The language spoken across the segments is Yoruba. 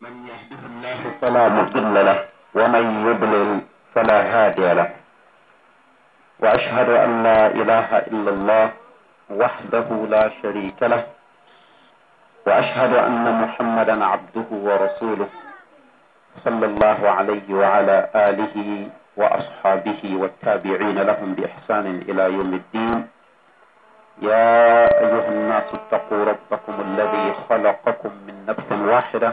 من يهده الله فلا مضل له ومن يضلل فلا هادي له واشهد ان لا اله الا الله وحده لا شريك له واشهد ان محمدا عبده ورسوله صلى الله عليه وعلى اله واصحابه والتابعين لهم باحسان الى يوم الدين يا ايها الناس اتقوا ربكم الذي خلقكم من نفس واحده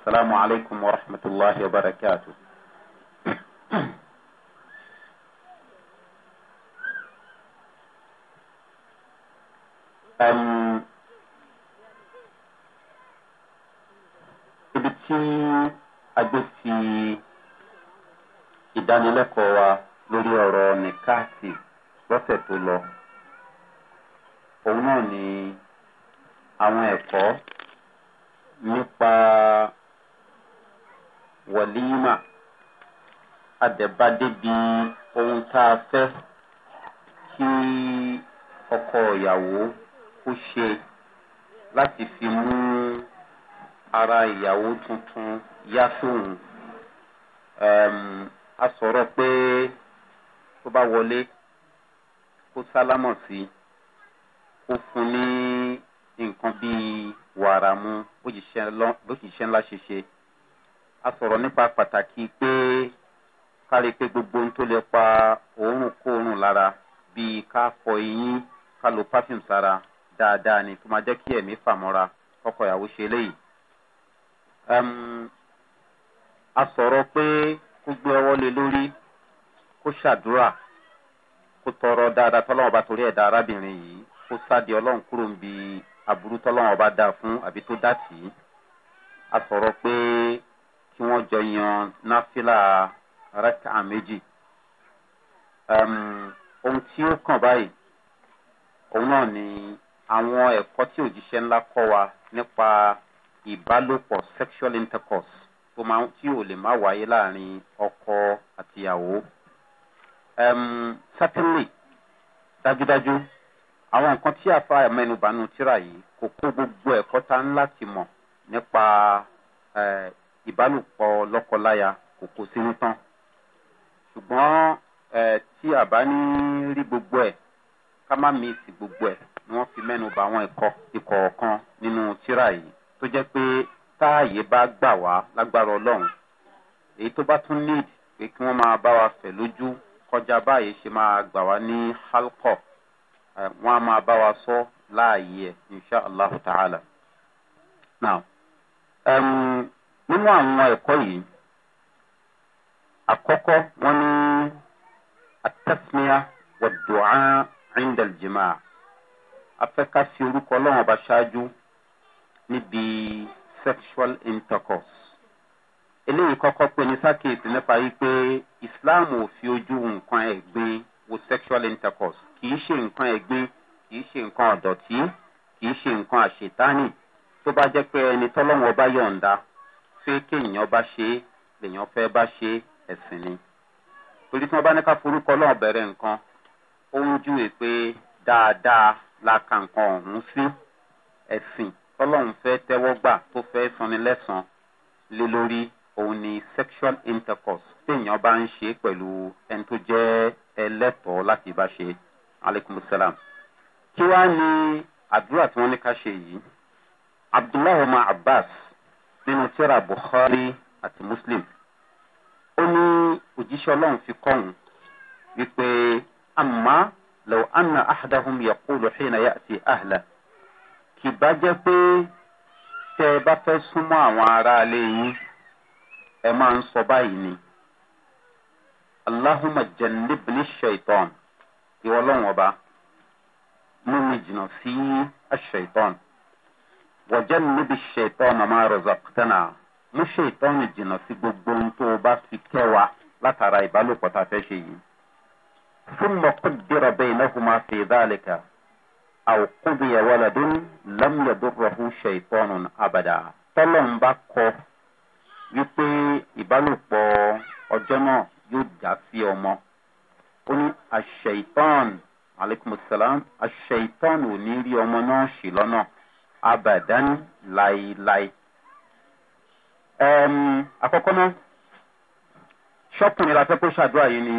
السلام عليكم ورحمة الله وبركاته um, ibi tí a gbé fi ìdánilẹ́kọ̀ọ́ wa lórí ọ̀rọ̀ nìkáàtì lọ́sẹ̀ tó lọ òun náà ni àwọn ẹ̀kọ́ nípa wàlímà àdẹ̀bá débi ohun tá a fẹ́ kí ọkọ ìyàwó kó ṣe láti fi mú ara ìyàwó tuntun yá sóhun. a sọ̀rọ̀ pé tó bá wọlé kó sálámọ̀ sí kó fún ní nǹkan bíi wàrà mu bó ti ṣe ńlá ṣe ṣe a sọ̀rọ̀ nípa pàtàkì pé kárí pé gbogbo ohun tó lè pa òórùn kóòrùn lára bíi ká fọ eyín ká lo perfume sára dáadáa ni tó máa jẹ́ kí ẹ̀mí fàmọ́ra kọ́kọ́ ìyàwó ṣe léyìí. a sọ̀rọ̀ pé kó gbé ọwọ́ lé lórí kó ṣàdúrà kó tọrọ dáadáa tọ́lọ́wọ́n bá torí ẹ̀dá arábìnrin yìí kó sáde ọlọ́run kúrò ń bi aburú tọ́lọ́wọ́n bá dáa fún àbí tó dá tì í. a sọ̀rọ̀ pé tí wọ́n jọ yan náfìlà rákà méjì. ohun tí ó kàn báyìí òun náà ni àwọn ẹ̀kọ́ tí òjíṣẹ́ ńlá kọ́ wa nípa ìbálòpọ̀ sexual intercourse tó máa tí ò lè má wáyé láàrin ọkọ àtìyàwó. certainly dájúdájú àwọn nǹkan tí àfa mẹnubánu tíra yìí kò kó gbogbo ẹ̀kọ́ tá ń láti mọ̀ nípa ìbálòpọ̀ lọ́kọláya kò kó sínú tán ṣùgbọ́n tí a bá ní rí gbogbo ẹ̀ ká má mi sí gbogbo ẹ̀ ni wọ́n fi mẹ́nu ba àwọn ẹ̀kọ́ ìkọ̀ọ̀kan nínú tíra yìí tó jẹ́ pé táàyè bá gbà wá lágbára ọlọ́run èyí tó bá tún need pé kí wọ́n máa bá wa fẹ̀ lójú kọjá báyìí ṣe máa gbà wá ní halkọ wọ́n á máa bá wa sọ láàyè ẹ̀ insha allah ta'ala. now um, nínú àwọn ẹ̀kọ́ yìí àkọ́kọ́ wọn ní atẹ́símíà wọ̀dùá ríndẹ̀lìjìmá afẹ́ká fi orúkọ ọlọ́run ọba ṣáájú níbi sexual intercourse eléyìí kọ́kọ́ pé ní sákèsì nípa wípé islam ò fi ojú nǹkan ẹ̀gbin wo sexual intercourse kì í ṣe nǹkan ẹ̀gbin kì í ṣe nǹkan ọ̀dọ̀tí kì ṣe nǹkan àṣetánì tó bá jẹ́ pé ẹni tọ́lọ́run ọba yọ̀ǹda pé kéèyàn bá ṣe é lèèyàn fẹ́ bá ṣe ẹ̀sìn ni torí tí wọ́n bá ní ká forúkọ náà bẹ̀rẹ̀ nǹkan ó ń júwe pé dáadáa la ka nǹkan ọ̀hún sí ẹ̀sìn tọ́lọ́run fẹ́ tẹ́wọ́ gbà tó fẹ́ sanni lẹ́sàn-án lé lórí òun ni sexual intercourse téèyàn bá ń ṣe pẹ̀lú ẹni tó jẹ́ ẹlẹ́tọ̀ọ́ láti bá ṣe aleykum salam kí wàá ní àdúrà tí wọ́n ní ká ṣe yìí abdullahi omar abbas nínú tíra buhari àti muslim ó ní òjíṣẹ́ ọlọ́run fi kọ́hún wípé àmọ́ lọ́wọ́ anna ahadahum yakulu xina ya ti ahla kì bá jẹ́ pé tẹ́ ẹ bá fẹ́ súnmọ́ àwọn aráalé yín ẹ máa ń sọ báyìí ni allahumma jannibni shaitan ìwọ lọ́wọ́n mú mi jìnnà sí ashaitan wọ̀jẹ́ níbi ṣètò màmá rọ̀zàkútẹ́nà mú ṣètò ìjìnà sí gbogbo ohun tó o bá fi kẹ́ wa látara ìbálòpọ̀ tá a fẹ́ ṣe yìí. fún mọ̀kúndínlọ́ bẹ́ẹ̀ náà kò máa fi ìdálẹ́ka àwòkúbi ẹ̀wọ́lẹ́dún lẹ́múlẹ́dúnrọ̀hún ṣètò ọ̀nà àbàdà tọ́lọ́ bá kọ wípé ìbálòpọ̀ ọjọ́ náà yóò já sí ọmọ. ó ní àṣẹ ìtọ́n aleykum salam àṣẹ ìtọ́n ò ní rí ọmọ náà ṣì lọ́nà abadan láéláé. àkọ́kọ́ náà ṣọ́kùnrin la fẹ́ kó ṣàdúrà yìí ni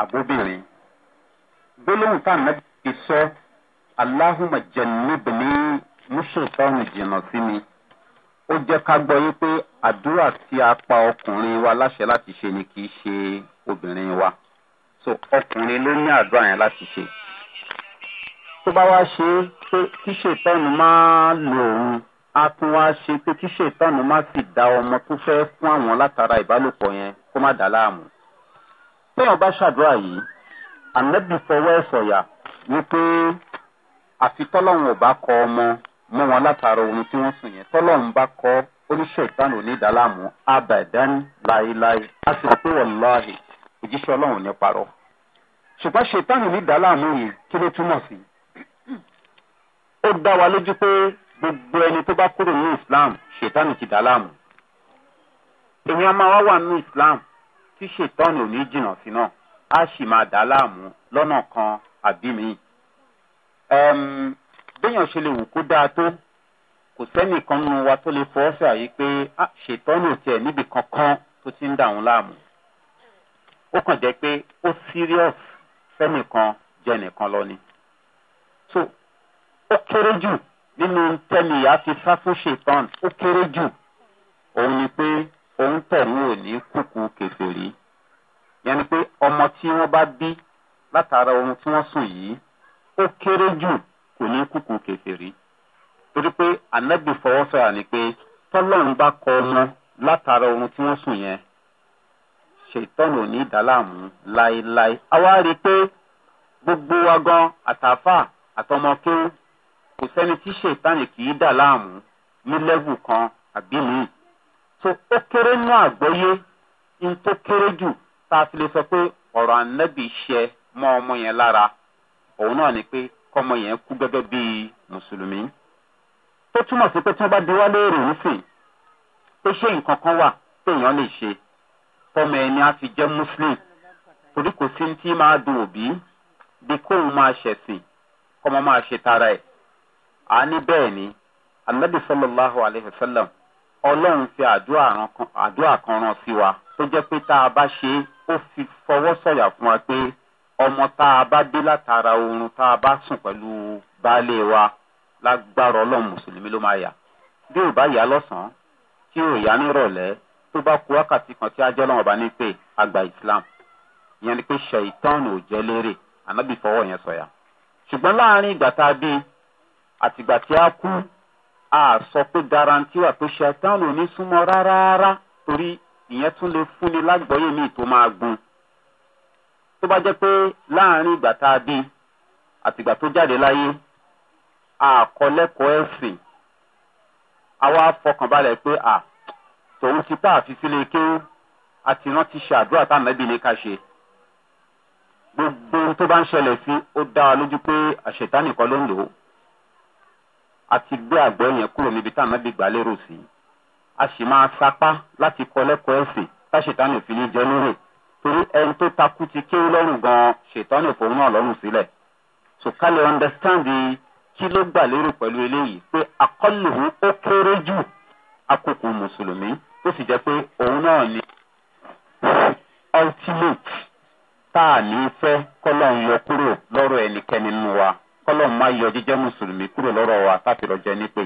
àbóbìnrin gbólóhùn tá ànábì fi sọ aláhùnmọ̀ jẹ̀nubìnrin mùsùlùmí jìnnà sí mi ó jẹ́ ká gbọ́ yín pé àdúrà tí a pa ọkùnrin wa láṣẹ láti ṣe ni kì í ṣe obìnrin wa so ọkùnrin ló ní àdúrà yẹn láti ṣe tó bá wá ṣe é pé kí ṣètọ́nù máa lò òun a tún wá ṣe pé kí ṣètọ́nù má sì dá ọmọ tó fẹ́ fún àwọn látara ìbálòpọ̀ yẹn kó má dà láàmú. téèyàn bá ṣàdúrà yìí ànábì fọwọ́ ẹ̀ sọ̀yà wípé àfi tọ́lọ́run ò bá kọ ọmọ mọ́ wọn látara ohun tí wọ́n sùn yẹn tọ́lọ́run bá kọ oníṣẹ́ ìtàn òní ìdáláàmú abàdán láéláé a sì pé ọlọ́run ní parọ́ ṣùgbọ́n ṣètàn òní ìdáláàmú yìí kí ló túmọ̀ sí i ó dá wa lójú pé gbogbo ẹni tó bá kúrò ní islam ṣètánì ti dá láàmú èèyàn máa wá wà nínú islam tí ṣètánì ò ní jìnnà sí náà á sì máa dá láàmú lọ́nà kan àbí mi. béèyàn ṣe lè wù kó dáa tó kò sẹ́nìkan nínú wa tó lè fọwọ́ sí àyè pé ṣètánì ò tiẹ̀ níbi kankan tó ti ń dà wọ́n láàmú ó kàn jẹ́ pé ó serious fẹ́nìkan jẹ́ nìkan lọ ni ó kéré jù nínú tẹ́lẹ̀ á fún ṣètàn ó kéré jù òun ni pé òun tẹ̀lé ò ní kúkú kẹfẹ́rí yẹn ni pé ọmọ tí wọ́n bá bí látara ohun tí wọ́n sùn yìí ó kéré jù kò ní kúkú kẹfẹ́rí torí pé ànábì fọwọ́sọ̀rọ̀ ni pé tọ́lọ́run bá kọ ọmọ látara ohun tí wọ́n sùn yẹn ṣètọ́n ò ìdáláàmú láéláé a wá rí i pé gbogbo wa àtàfà àtọmọkéwù kò sẹ́ni tí ṣètàn kì í dà láàmú ní lẹ́bù kan àbí mi. tó ó kéré nú àgbọ́yé ní tó kéré jù tá a fi lè sọ pé ọ̀rọ̀ ànábì ṣe mọ́ ọmọ yẹn lára òun náà ni pé kọ́mọ yẹn kú gẹ́gẹ́ bí mùsùlùmí. tó túmọ̀ sí pé tí wọ́n bá di wá léèrè nísìn pé ṣé nǹkan kan wà téèyàn lè ṣe tọmọ ẹni á fi jẹ́ muslim torí kò sí ní tí máa dùn òbí bí kóun máa ṣẹ̀sìn kọ́mọ máa ṣe tara ẹ̀ a ní bẹ́ẹ̀ ni anabi sallallahu alayhi sallam ọlọ́run fi àdúrà kan ràn sí wa tó jẹ́ pé tá a bá ṣe é ó fi fọwọ́ sọ̀yà fún wa pé ọmọ tá a bá dé látara oorun tá a bá sùn pẹ̀lú baálé wa lágbára ọlọ́run mùsùlùmí ló máa yà bí ò bá yà lọ́sàn-án tí ò yá nírọ̀lẹ́ tó bá ku wákàtí kan tí ajọ́ lọ́wọ́ bá ní pé àgbà islam ìyẹn ni pé ṣèitán ò jẹ́ lérè ànábì fọwọ́ yẹn sọ̀yà ṣùgbọ́n láàrin ìgbà tá a bíi àtìgbà tí a kú a sọ pé garanti wà pé ṣẹtàn ò ní súnmọ́ rárá torí ìyẹn tún lè fúnni lágbọ́yé míì tó máa gun tó bá jẹ́ pé láàrin ìgbà tá a bí àtìgbà tó jáde láyé àkọlẹ́kọ̀ọ́ ẹ̀sìn àwa fọkànbalẹ̀ pé à tòun ti tá àfi sílé kéwú àti rántí ṣe àdúrà táàmẹ́bí ní ká ṣe gbogbo ohun tó bá ń ṣẹlẹ̀ sí ó dá a lójú pé àṣetánìkan ló ń lò ó a ti gbé àgbọ̀ yẹn kúrò níbi tá a máa gbà lérò sí a sì máa sapá láti kọ́ lẹ́kọ̀ọ́ ẹ̀sìn tá ṣètàn òfin ní jẹ́ lóore torí ẹni tó takú ti kéwú lọ́rùn gan-an ṣètàn òfin náà lọ́rùn sílẹ̀ so ká lè understand kí ló gbà lérò pẹ̀lú eléyìí pé akọ́lùhù ó kéré jù akókò mùsùlùmí tó sì jẹ́ pé òun náà ni ultimate tá a ní fẹ́ kọ́lọ́run yọ kúrò lọ́rọ̀ ẹnikẹ́ni nínú wa kọ́lọ́n máa yọ jíjẹ́ mùsùlùmí kúrò lọ́rọ̀ wa káfíìrọ̀ jẹ nípè.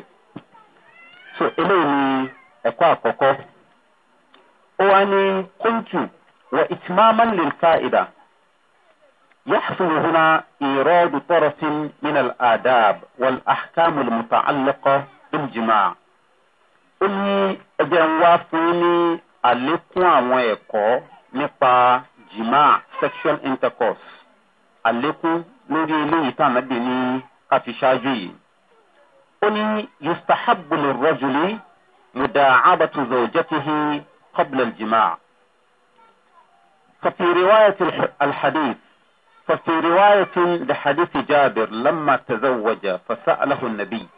so eléyìí ni ẹ̀kọ́ àkọ́kọ́. ó wá ní kóńtù wọ ìtìmáàmá lè fa ìdá. يحصل هنا إيراد طرف من الآداب والأحكام المتعلقة بالجماع. ó ní ẹjẹ́ ń wá fún ní àlékún àwọn ẹ̀kọ́ nípa jìmá sexual intercourse àlékún lórí eléyìí tá dé ní àfiṣáájú yìí ó ní yustahabulu rọjùlí muda abatuzo jẹtihi kọbla jimá ففي رواية الحديث ففي رواية لحديث جابر لما تزوج فسأله النبي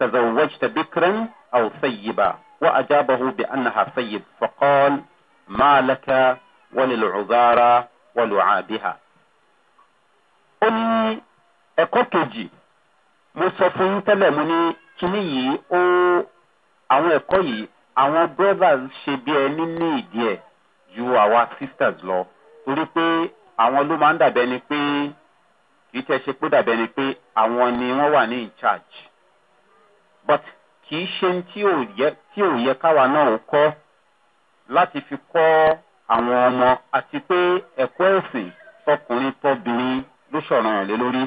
تزوجت بكرا أو ثيبا وأجابه بأنها ثيب فقال ما لك وللعذارى ولعابها oni ní ẹ̀kọ́ kejì mo sọ fún yín tẹ́lẹ̀ mo ní kíní yìí ó àwọn ẹ̀kọ́ yìí àwọn brothers ṣe bí ẹni ní ìdí ẹ̀ ju àwa sisters lọ torí pé àwọn ló máa ń dàbẹ́ ni pé kì í tẹ́ ṣe pé ni pé àwọn ni wọ́n wà ní in charge but kì í ṣe tí ò yẹ tí ò yẹ káwa náà ó kọ́ fi kọ́ àwọn ọmọ àti pé ẹ̀kọ́ ẹ̀sìn tọkùnrin tọbìnrin ló sọ̀rọ̀ yàn lórí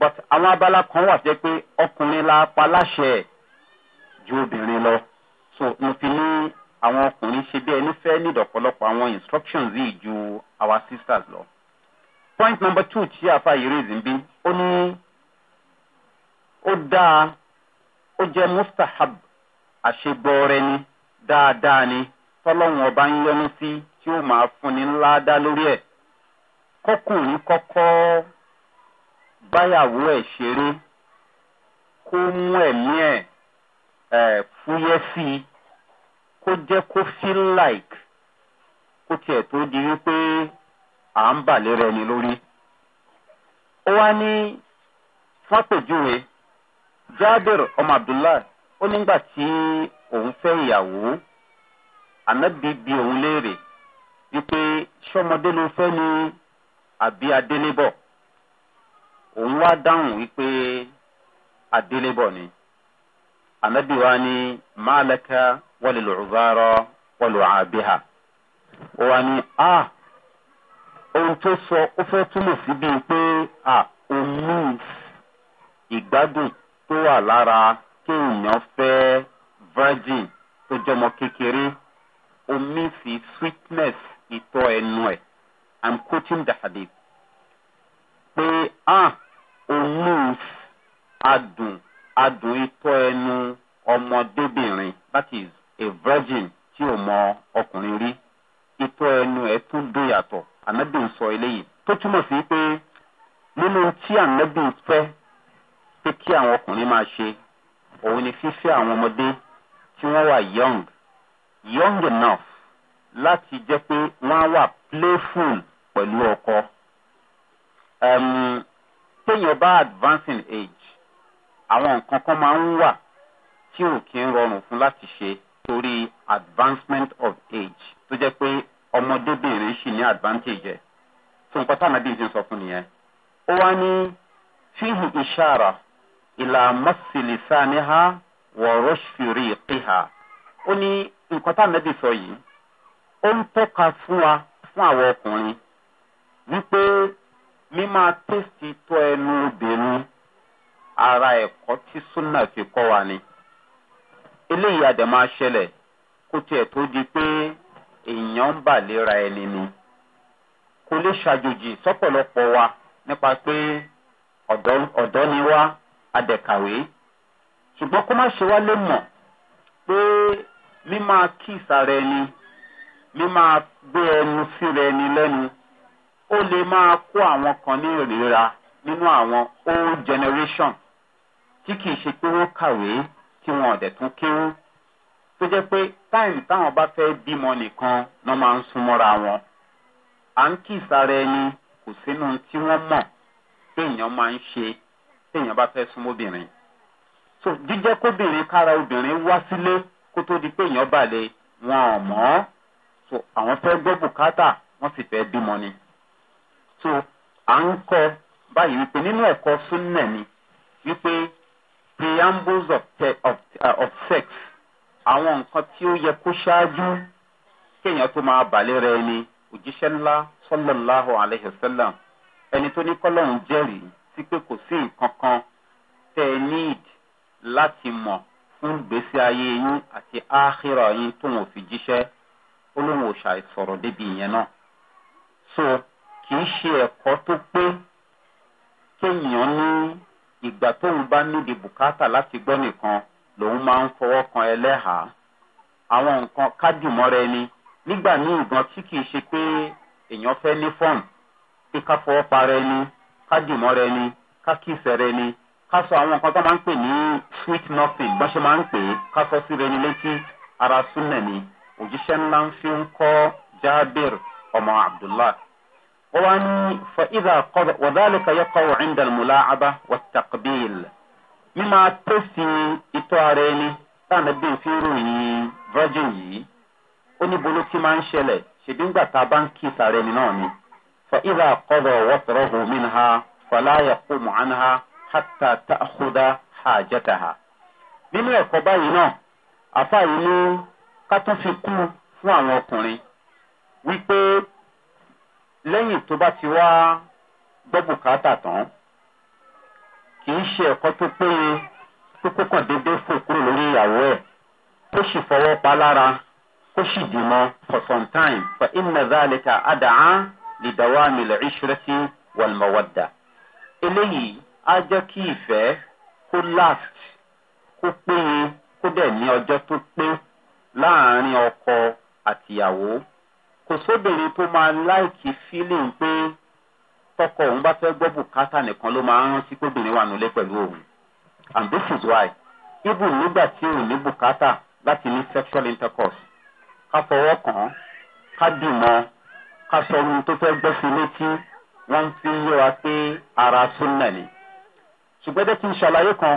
but àwọn abala kan wà jẹ́ pé ọkùnrin la pa láṣẹ ju obìnrin lọ so mo fi ní àwọn ọkùnrin ṣe bí ẹni fẹ́ ní ìdọ̀pọ̀lọpọ̀ àwọn instructions yìí ju our sisters lọ. point number two tí afa yìí rèé zimbi ó ní ó dáa ó jẹ́ mustahab àṣegbọ́ọ̀rẹ́ ni dáadáa ni tọ́lọ́wọ́n ọba ń yọnu sí tí ó máa fúnni ńlá dá lórí ẹ̀. kọkùnrin kọkọ báyàwó ẹ̀ ṣeré kó mú ẹ̀mí ẹ̀ fúyẹ́ sí i kó jẹ́ kó feel like kó tiẹ̀ tó di wípé à ń bà lérẹ̀ ni lórí. ó wá ní fápèjúwe jabir ọmọ abdullahi ó nígbà tí òun fẹ ìyàwó ànábì bí òun léèrè wípé ṣọmọdé ló fẹ́ ni. àbí adélébọ̀ òun wá dáhùn wípé adélébọ̀ ni anabi wa ni maalaka wọlé lùcúbárọ wọlé àbíhà ó wá ní a ohun tó sọ ó fẹ́ túmọ̀ sí bíi pé a omi ìgbádùn tó wà lára kéèyàn fẹ́ virgin tó jọmọ kékeré omi fi sweetness ìtọ́ ẹnu ẹ̀. I'm quoting the hadith. Pé ah òun adùn adùn itọ́ ẹnu ọmọdébìnrin that is a virgin tí ò mọ ọkùnrin rí itọ́ ẹnu ẹ̀ tún dùn yàtọ̀ ànábì ń sọ eléyìí tó túmọ̀ sí pé nínú tí ànábì fẹ́ pé kí àwọn ọkùnrin máa ṣe òun ni fífẹ́ àwọn ọmọdé tí wọ́n wà young young enough láti jẹ́ pé wọ́n á wà playful pẹ̀lú ọkọ téèyàn bá advancing age àwọn nǹkan kan máa ń wà tí ò kí ń rọrùn fún láti ṣe torí advancement of age tó jẹ́ pé ọmọdébìnrin sì ní advantage ẹ̀ tó nǹkan táwọn ẹbí ti sọ fún nìyẹn ó wá ní fíhì ìṣàrà ìlà mọ́sìlìsà ní ha wọ ṣìírí pé ha ó ní nǹkan táwọn ẹbí sọ yìí ó ń tọ́ka fún wa fún àwọn ọkùnrin wípé mímọ tẹ́sí tọ ẹnu obìnrin ara ẹkọ tí súnà fi kọ́ wa ni. eléyìí àdèmọ́ aṣẹlẹ̀ kó tiẹ̀ tó di pé èèyàn ń bà léra ẹni ni. kò lè ṣàjòjì sọ́pọ̀lọpọ̀ wa nípa pé ọ̀dọ́ ni wá adẹ̀kàwé. ṣùgbọ́n kó má ṣe wá lè mọ̀ pé mímọ kíìsà rẹ ni mímọ gbé ẹnu sí ni lẹ́nu. ó lè máa kó àwọn kan ní ìrira nínú àwọn old generation tí kìí ṣe pé wọ́n kàwé tí wọn ọ̀dẹ̀ tún kéwú tó jẹ́ pé táìmù táwọn bá fẹ́ bímọ nìkan náà máa ń súnmọ́ra wọn. à ń kì í sára ẹni kò sínú tí wọ́n mọ̀ téèyàn máa ń ṣe téèyàn bá fẹ́ súnmọ́bìnrin. so jíjẹ́ kóbìnrin kára obìnrin wá sílé kó tó di pé èèyàn balẹ̀ wọn ò mọ̀ so àwọn fẹ́ gbọ́ bùkátà wọ́n sì fẹ́ bímọ ni so à ń kọ báyìí wípé nínú ẹ̀kọ́ súnnà ni wípé preambles of, te, of, uh, of sex àwọn nǹkan tí ó yẹ kó ṣáájú kéèyàn tó máa bàlẹ́ rẹ ni òjíṣẹ́ ńlá sọ́lọ́láhu aláìsẹ́lá ẹni tó ní kọ́lọ́hún jẹ́rìí sí pé kò sí nǹkan kan tẹ́ ẹ níìd láti mọ̀ fún gbèsè ayé yín àti áhírà yín tóun ò fi jíṣẹ́ ó lóun ò débi ìyẹn náà. so kì í ṣe ẹ̀kọ́ tó pé kéèyàn ní ìgbà tóun bá níbi bùkátà láti gbọ́ nìkan lòun máa ń fọwọ́ kan ẹlẹ́hàá àwọn nǹkan kájùmọ́ra ẹni nígbà míì gan tí kì í ṣe pé èèyàn fẹ́ ní fọ́ọ̀mù pé ká fọwọ́ para ẹni kájùmọ́ra ẹni ká kìsẹ̀rẹ̀ ẹni ká sọ àwọn nǹkan tó máa ń pè ní sweet nothing bọ́n ṣe máa ń pè é ká sọ sí rẹni létí ara súnà ni òjíṣẹ́ ńlá ń fi ń kọ́ jábìr ọmọ abdullah wọ́n ní fa ìdá kọ́dọ̀ wàdálìkà yẹ kọ́ wọ́n ẹ̀ńdà múlá àbá wà tàkbíl. mímọ tẹ̀sí ìtọ́ ara ẹni táwọn ẹbí fi ròyìn virgin yìí ó ní bolo tí máa ń ṣẹlẹ̀ ṣèbí ńgbà tá a bá ń kí ìsàrẹ́ ẹni náà ni. fa ìdá kọ́dọ̀ wọ́tọ̀rọ̀ homin ha fọláyà kó mọ̀ án ha hàtà tá a kódà hàjẹ́ta ha. nínú ẹ̀kọ́ báyìí náà àfáà yìí ní ká tún fi kú fún àwọn ọkùnrin wípé lẹ́yìn tó bá ti wá gbọ́ bùkátà tán kì í ṣe ẹ̀kọ́ tó péye tó kókàn déédéé fò kúrò lórí ìyàwó ẹ̀ kó sì fọwọ́ pa lára kó sì dìmọ̀ for some time for innazalika adàá lìdàwọ́ àmìlẹ̀ ìṣúrẹ́sì wàlmọ̀wàdà eléyìí á jẹ́ kí ìfẹ́ kó last kó péye kó dẹ̀ ní ọjọ́ tó pé láàrin ọkọ àtìyàwó kò sóbìnrin tó máa láìkí fílìn pé tọkọ òun bá fẹ́ gbọ́ bùkátà nìkan ló máa ń rántí pé obìnrin wà nulẹ̀ pẹ̀lú òun and this is why even nígbà tí òun ní bùkátà láti ní sexual intercourse ká fọwọ́ kàn án ká dìmọ̀ ká sọ ohun tó fẹ́ gbọ́ sí létí wọ́n fi ń yẹra pé ara súnmọ̀ ni ṣùgbọ́n jẹ́ kí n ṣàlàyé kan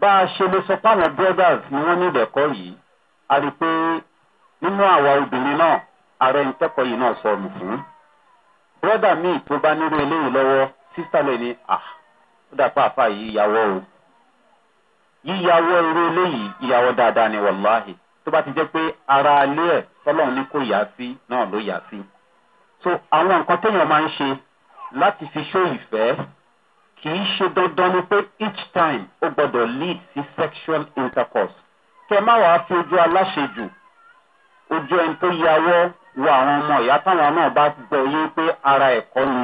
bá a ṣe lè sọ pé àwọn brothers ni wọ́n ní ìdẹ̀kọ́ yìí a rí i pé nínú àwa obìnrin náà ààrẹ ìtẹ́kọ̀ọ́ yìí náà sọnù fún. brọ́dà míì tó bá nírú eléyìí lọ́wọ́ sísá lè ní à ó dàpọ̀ àfa yìí yàwọ́ o. yíyàwọ́ irú eléyìí ìyàwọ́ dáadáa ni wàláhì tó bá ti jẹ́ pé ara alẹ́ ẹ̀ tọ́lọ́run ní kò yá sí náà ló yá sí. so àwọn nǹkan téèyàn máa ń ṣe láti fi ṣó ìfẹ́ kì í ṣe dandan ni pé each time ó gbọ́dọ̀ lead sí sexual intercourse kẹ má wàá fi ojú aláṣejù ojú ẹni tó yàwọ́ wo àwọn ọmọ ìyá táwọn náà bá gbọ́ yé pé ara ẹ̀kọ́ ni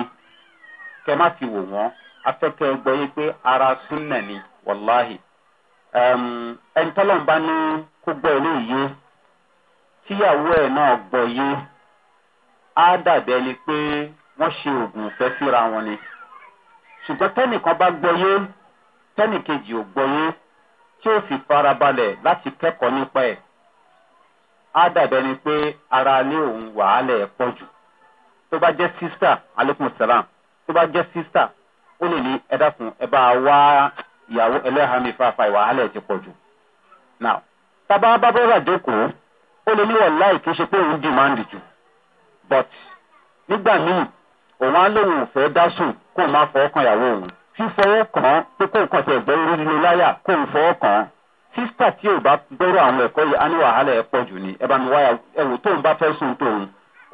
kẹ má fi wò wọ́n afẹ́kẹ́ gbọ́ yé pé ara súnà ni wàláhì. ẹni tọ́lọ̀ ń bá ní kó gbọ́ eléyìí tíyàwó ẹ̀ náà gbọ́ yé á dàbí ẹni pé wọ́n ṣe oògùn ìfẹ́ síra wọn ni. ṣùgbọ́n tẹ́nìkan bá gbọ́ yé tẹ́nìkejì ò gbọ́ yé tí ó fi farabalẹ̀ láti kẹ́kọ̀ọ́ nípa ẹ̀ á dabere ni pé ara ilé òun wàhálẹ̀ ẹ̀ pọ̀ jù tó bá jẹ́ sísítà aleykum salam tó bá jẹ́ sísítà ó lè ní ẹ ẹ bá wá ìyàwó ẹlẹ́hàá mi fàáfà ìwàhálẹ̀ ti pọ̀ jù. now tábà bá bọ́ra jókòó ó lè níwọ̀n láì ṣe pé òun but nígbà míì òun á lóun fẹ́ dá sùn kó o má fọwọ́ kan ìyàwó òun fífọwọ́ kàn án pé kó o kàn orí sísítà tí ò bá gbọ́rọ̀ àwọn ẹ̀kọ́ yìí á ní wàhálà ẹ̀ pọ̀ jù ní ẹ bá mi wáyà ẹ wò tóun bá fẹ́ sùn tóun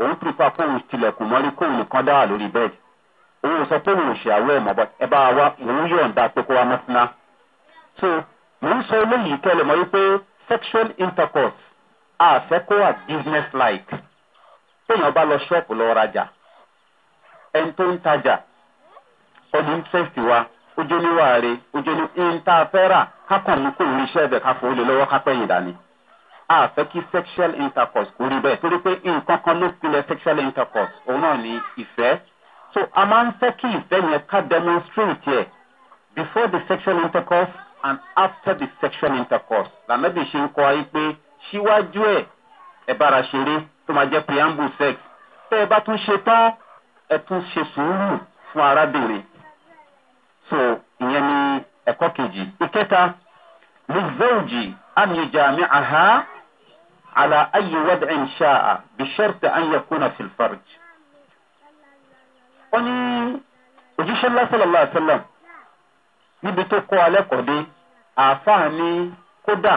òun pípa kóun tilẹ̀kùn mọ́lí kóun nìkan dáwà lórí bẹ́ẹ̀dì òun sọ pé òun ò ṣe àwọ̀ ẹ̀ bá ẹ wa òun yọ̀ǹda pé kó wa mọ́ síná. so mò ń sọ eléyìí kẹlẹ̀ mọ́ wípé sexual intercourse àfẹ́ kó wà business like téèyàn bá lọ ṣọ́ọ̀pù lọ rajà ẹni tó ń tajà ọdún interest kákàn ní kò rí iṣẹ́ ẹ̀bẹ̀ ká fòó lé lọ́wọ́ kápẹ́yìn dání a fẹ́ kí sexual intercourse kò rí bẹ́ẹ̀ torí pé nǹkan kan ló pinlẹ̀ sexual intercourse òun náà ni ìfẹ́ so a máa ń fẹ́ kí ìfẹ́ yẹn ká demonstrate yẹ before the sexual intercourse and after the sexual intercourse lànàbì ṣe ń kọ́ ayé pé síwájú ẹ̀ ẹ̀ bára ṣeré tó máa jẹ́ preamble sex tẹ́ ẹ bá tún ṣe tán ẹ tún ṣe sùúrù fún arábìnrin so ìyẹn ni ẹ̀kọ́ kejì ìkẹta. للزوج أن يجامعها على أي وضع شاء بشرط أن يكون في الفرج oni ojúṣe ńlá sọlọlá àtẹlẹ níbi tó kọ alẹ kọdé àáfàá ni kódà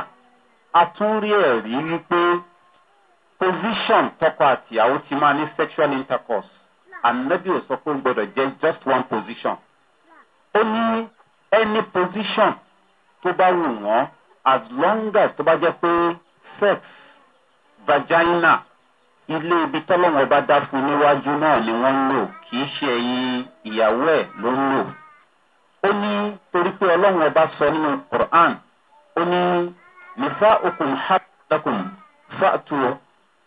atúnrí position tọkọ àtìyàwó ti máa ní sexual intercourse ànábì ò sọ gbọdọ jẹ just one position ó ní any position tó bá wù wọ́n as long as tó bá jẹ́ pé sex vagina ilé ibi tọ́lọ́wọ́n ọba dá fún níwájú náà ni wọ́n ń lò kì í ṣe ẹ̀yin ìyàwó ẹ̀ ló ń lò. ó ní torí pé ọlọ́run ọba sọ nínú quran ó ní nìfà okùn hàtàkùn fàtù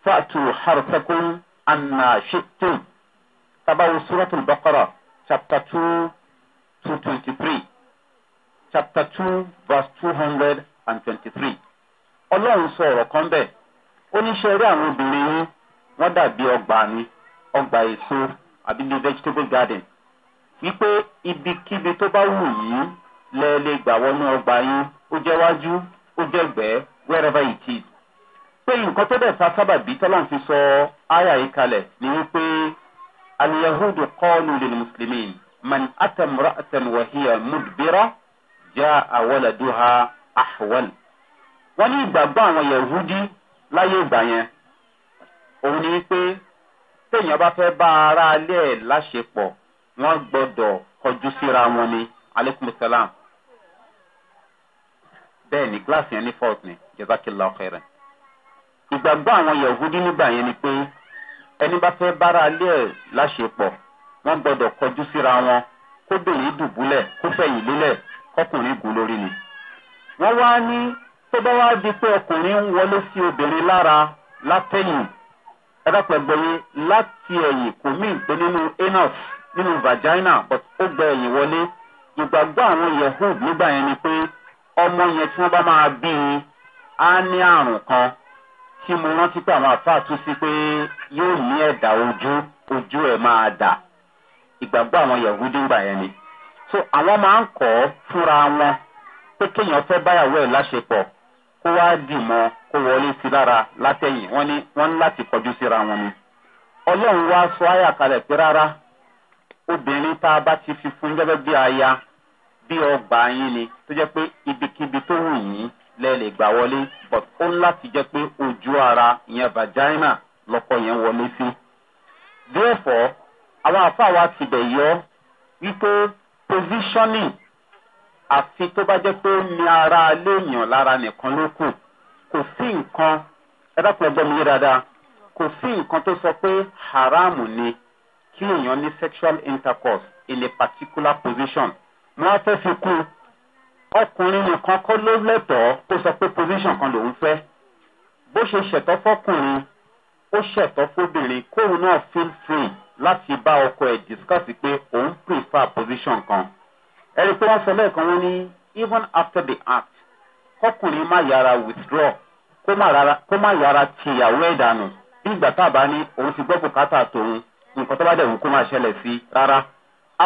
fàtù hàtàkùn ànà ṣètò tabawo suratul bakara chapter two two twenty three chapter two verse two hundred and twenty-three ọlọ́run sọ ọ̀rọ̀ kan bẹ́ẹ̀ ó ní sẹ́rí àwọn obìnrin yín wọ́n dàbí ọgbà ni ọgbà èso àbí ní vegetable garden wípé ibikíbi tó bá wù yín lẹ́ẹ̀ lè gbà wọnú ọgbà yín ó jẹ́ wájú ó jẹ́ gbẹ́ wherever it is pé nǹkan tó dẹ̀ fa sábàbí tọ́lọ́n fi sọ àyà yìí kalẹ̀ ni wípé aliyahudu kọ́ọ̀lù lè mùsùlùmí man atamra atamwahiya mudbira já àwọlẹ̀dúhà ahwal. wọ́n ní ìgbàgbọ́ àwọn yẹ̀wúdí láyé ìgbà yẹn òun ni pé téèyàn bá fẹ́ bá ara alẹ́ ẹ̀ láṣepọ̀ wọ́n gbọ́dọ̀ kọjú síra wọn ni aleykum salam. bẹ́ẹ̀ ni gíláàsì yẹn ní fault ni jẹ́sàkìlá ọ̀kẹ́rẹ́. ìgbàgbọ́ àwọn yẹ̀wúdí nígbà yẹn ni pé ẹni bá fẹ́ bára alẹ́ ẹ̀ láṣepọ̀ wọ́n gbọ́dọ̀ kọjú síra wọn kó bèrè dùbúlẹ̀ kó fẹ̀yìn lélẹ̀ ọkùnrin gùn lórí ni. wọ́n wá ní tó bá wá di pé ọkùnrin ń wọlé sí obìnrin lára látẹ̀yìn ẹ̀dàpọ̀ ẹgbẹ̀yìn láti ẹ̀yìn kò mí ìgbé nínú anus nínú vagina but ó gbẹ ẹ̀yìn wọlé ìgbàgbọ́ àwọn yehud nígbà yẹn ni pé ọmọ yẹn tí wọ́n bá máa bí i á ní àrùn kan tí mo rántí pé àwọn àfáà tún sí pé yóò ní ẹ̀dà ojú ojú ẹ̀ máa dà ìgbàgbọ́ àwọn yehud nígbà yẹn ni so àwọn máa ń kọ́ fúnra wọn pé kéèyàn fẹ́ báyàwó ẹ̀ láṣepọ̀ kó wá dì mọ́ kó wọlé sí lára látẹ̀yìn wọ́n ní wọ́n ní láti kọjú síra wọn ni ọlọ́run wá sọ àyà kalẹ̀ pé rárá obìnrin tá a bá ti fi fún gẹ́gẹ́ bí aya bí ọgbà yín ni tó jẹ́ pé ibikíbi tó wù yín lẹ́ lè gbà wọlé but ó ń láti jẹ́ pé ojú ara ìyẹn vagina lọ́kọ yẹn wọlé sí. therefore àwọn àfáà wa ti bẹ̀ yọ wípé positioning àfi tó bá jẹ́ pé ó ní ara léèyàn lára nìkan ló kù kò sí nǹkan ẹ̀dọ́pọ̀lọpọ̀ mi dáadáa kò sí nǹkan tó sọ pé haram ni kí èèyàn ní sexual intercourse in a particular position wọ́n á fẹ́ fi kú ọkùnrin nìkan kọ́ ló lẹ́tọ̀ọ́ kó sọ pé position kan lòún fẹ́ bó ṣe ṣẹ̀tọ́ fọkùnrin ó ṣẹ̀tọ́ fóbìnrin kóun náà feel free láti bá ọkọ ẹ̀ discuss pé òun prefer position kan ẹni pé wọ́n sọ lẹ́ẹ̀kan wọn ní even after the act kọkùnrin má yára withdraw kó má yára tìyàwó ẹ̀ dànù bí ìgbà tá a bá ní òun ti gbọ́ bùkátà tòun nǹkan tó bá dẹ̀ wù kó máa ṣẹlẹ̀ sí rárá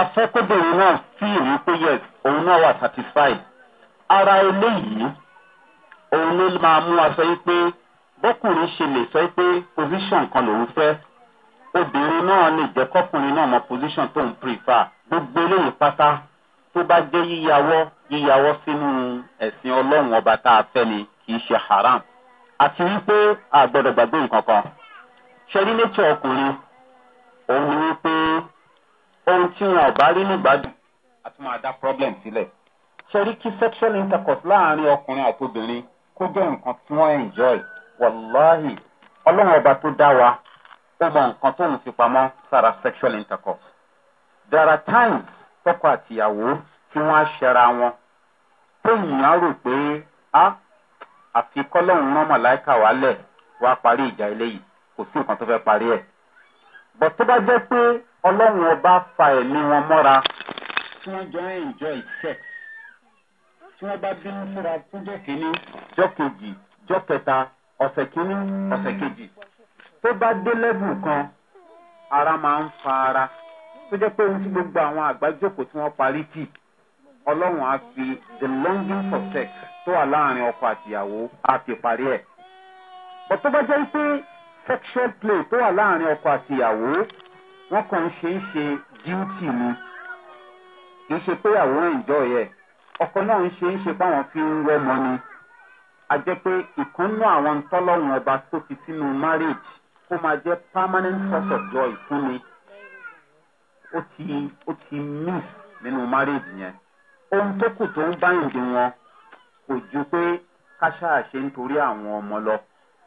afẹ́kọ́bìnrin náà fi ìwé pé yes òun náà wà satisfied ara eléyìí òun ló máa mú wa sọ yí pé bọ́kùnrin ṣe lè sọ pé position kan lòun fẹ́ obìnrin náà lè jẹ́ kọ́kùnrin náà mọ position tó ń prefer gbogbo eléyìí pátá tó bá jẹ́ yíyàwọ́ yíyàwọ́ sínú ẹ̀sìn ọlọ́run ọba tá a fẹ́ ni kì í ṣe haram àti wípé àgbọ̀dọ̀ gbàgbé nǹkan kan ṣẹ́rí nature ọkùnrin òun ni wípé ohun tí wọn ò bá rí nígbàdùn àti máa dá problem sílẹ̀ ṣẹ́rí kí sexual intercourse láàrin ọkùnrin àti obìnrin kó jẹ́ nǹkan tí wọ́n enjoy wàláhì ọlọ́run ọba tó dá wa ó mọ nǹkan tó ń fi pamọ́ sára sexual intercourse there are times tọkọ àtìyàwó tí wọ́n á ṣẹra wọn tóyìn á rò pé á àfi kọ́lọ́hún rán màláìka wálẹ̀ wá parí ìjà eléyìí kò sí nǹkan tó fẹ́ parí ẹ̀ bọ̀ tó bá jẹ́ pé ọlọ́run ọba fa ẹ̀mí wọn mọ́ra tí wọ́n jọ ń enjoy sex tí wọ́n bá bínú síra fún jọ́ kínní jọ́ kejì jọ́ kẹta ọ̀sẹ̀ kínní ọ̀sẹ̀ kejì tó bá dé lẹ́bù kan ara máa ń fa ara tó jẹ́ pé ohun tí gbogbo àwọn àgbájókòó tí wọ́n parí tì ọlọ́run á fi the longing for sex tó wà láàrin ọkọ àtìyàwó á fi parí ẹ̀. bọ̀ tó bá jẹ́ pé sexual play tó wà láàrin ọkọ àtìyàwó wọ́n kàn ń ṣe ń ṣe duty ni kì í ṣe pé ìyàwó ń yẹ ọkọ náà ń ṣe ń ṣe báwọn fi ń wọ́mọ ni a jẹ́ pé ìkànnú àwọn tọ́lọ́run ọba tó fi sínú marriage kó permanent source of joy fún mi ó ti ó ti miss nínú marriage yẹn ohun tó kù tó ń báyìí wọn kò ju pé káṣáà ṣe ń torí àwọn ọmọ lọ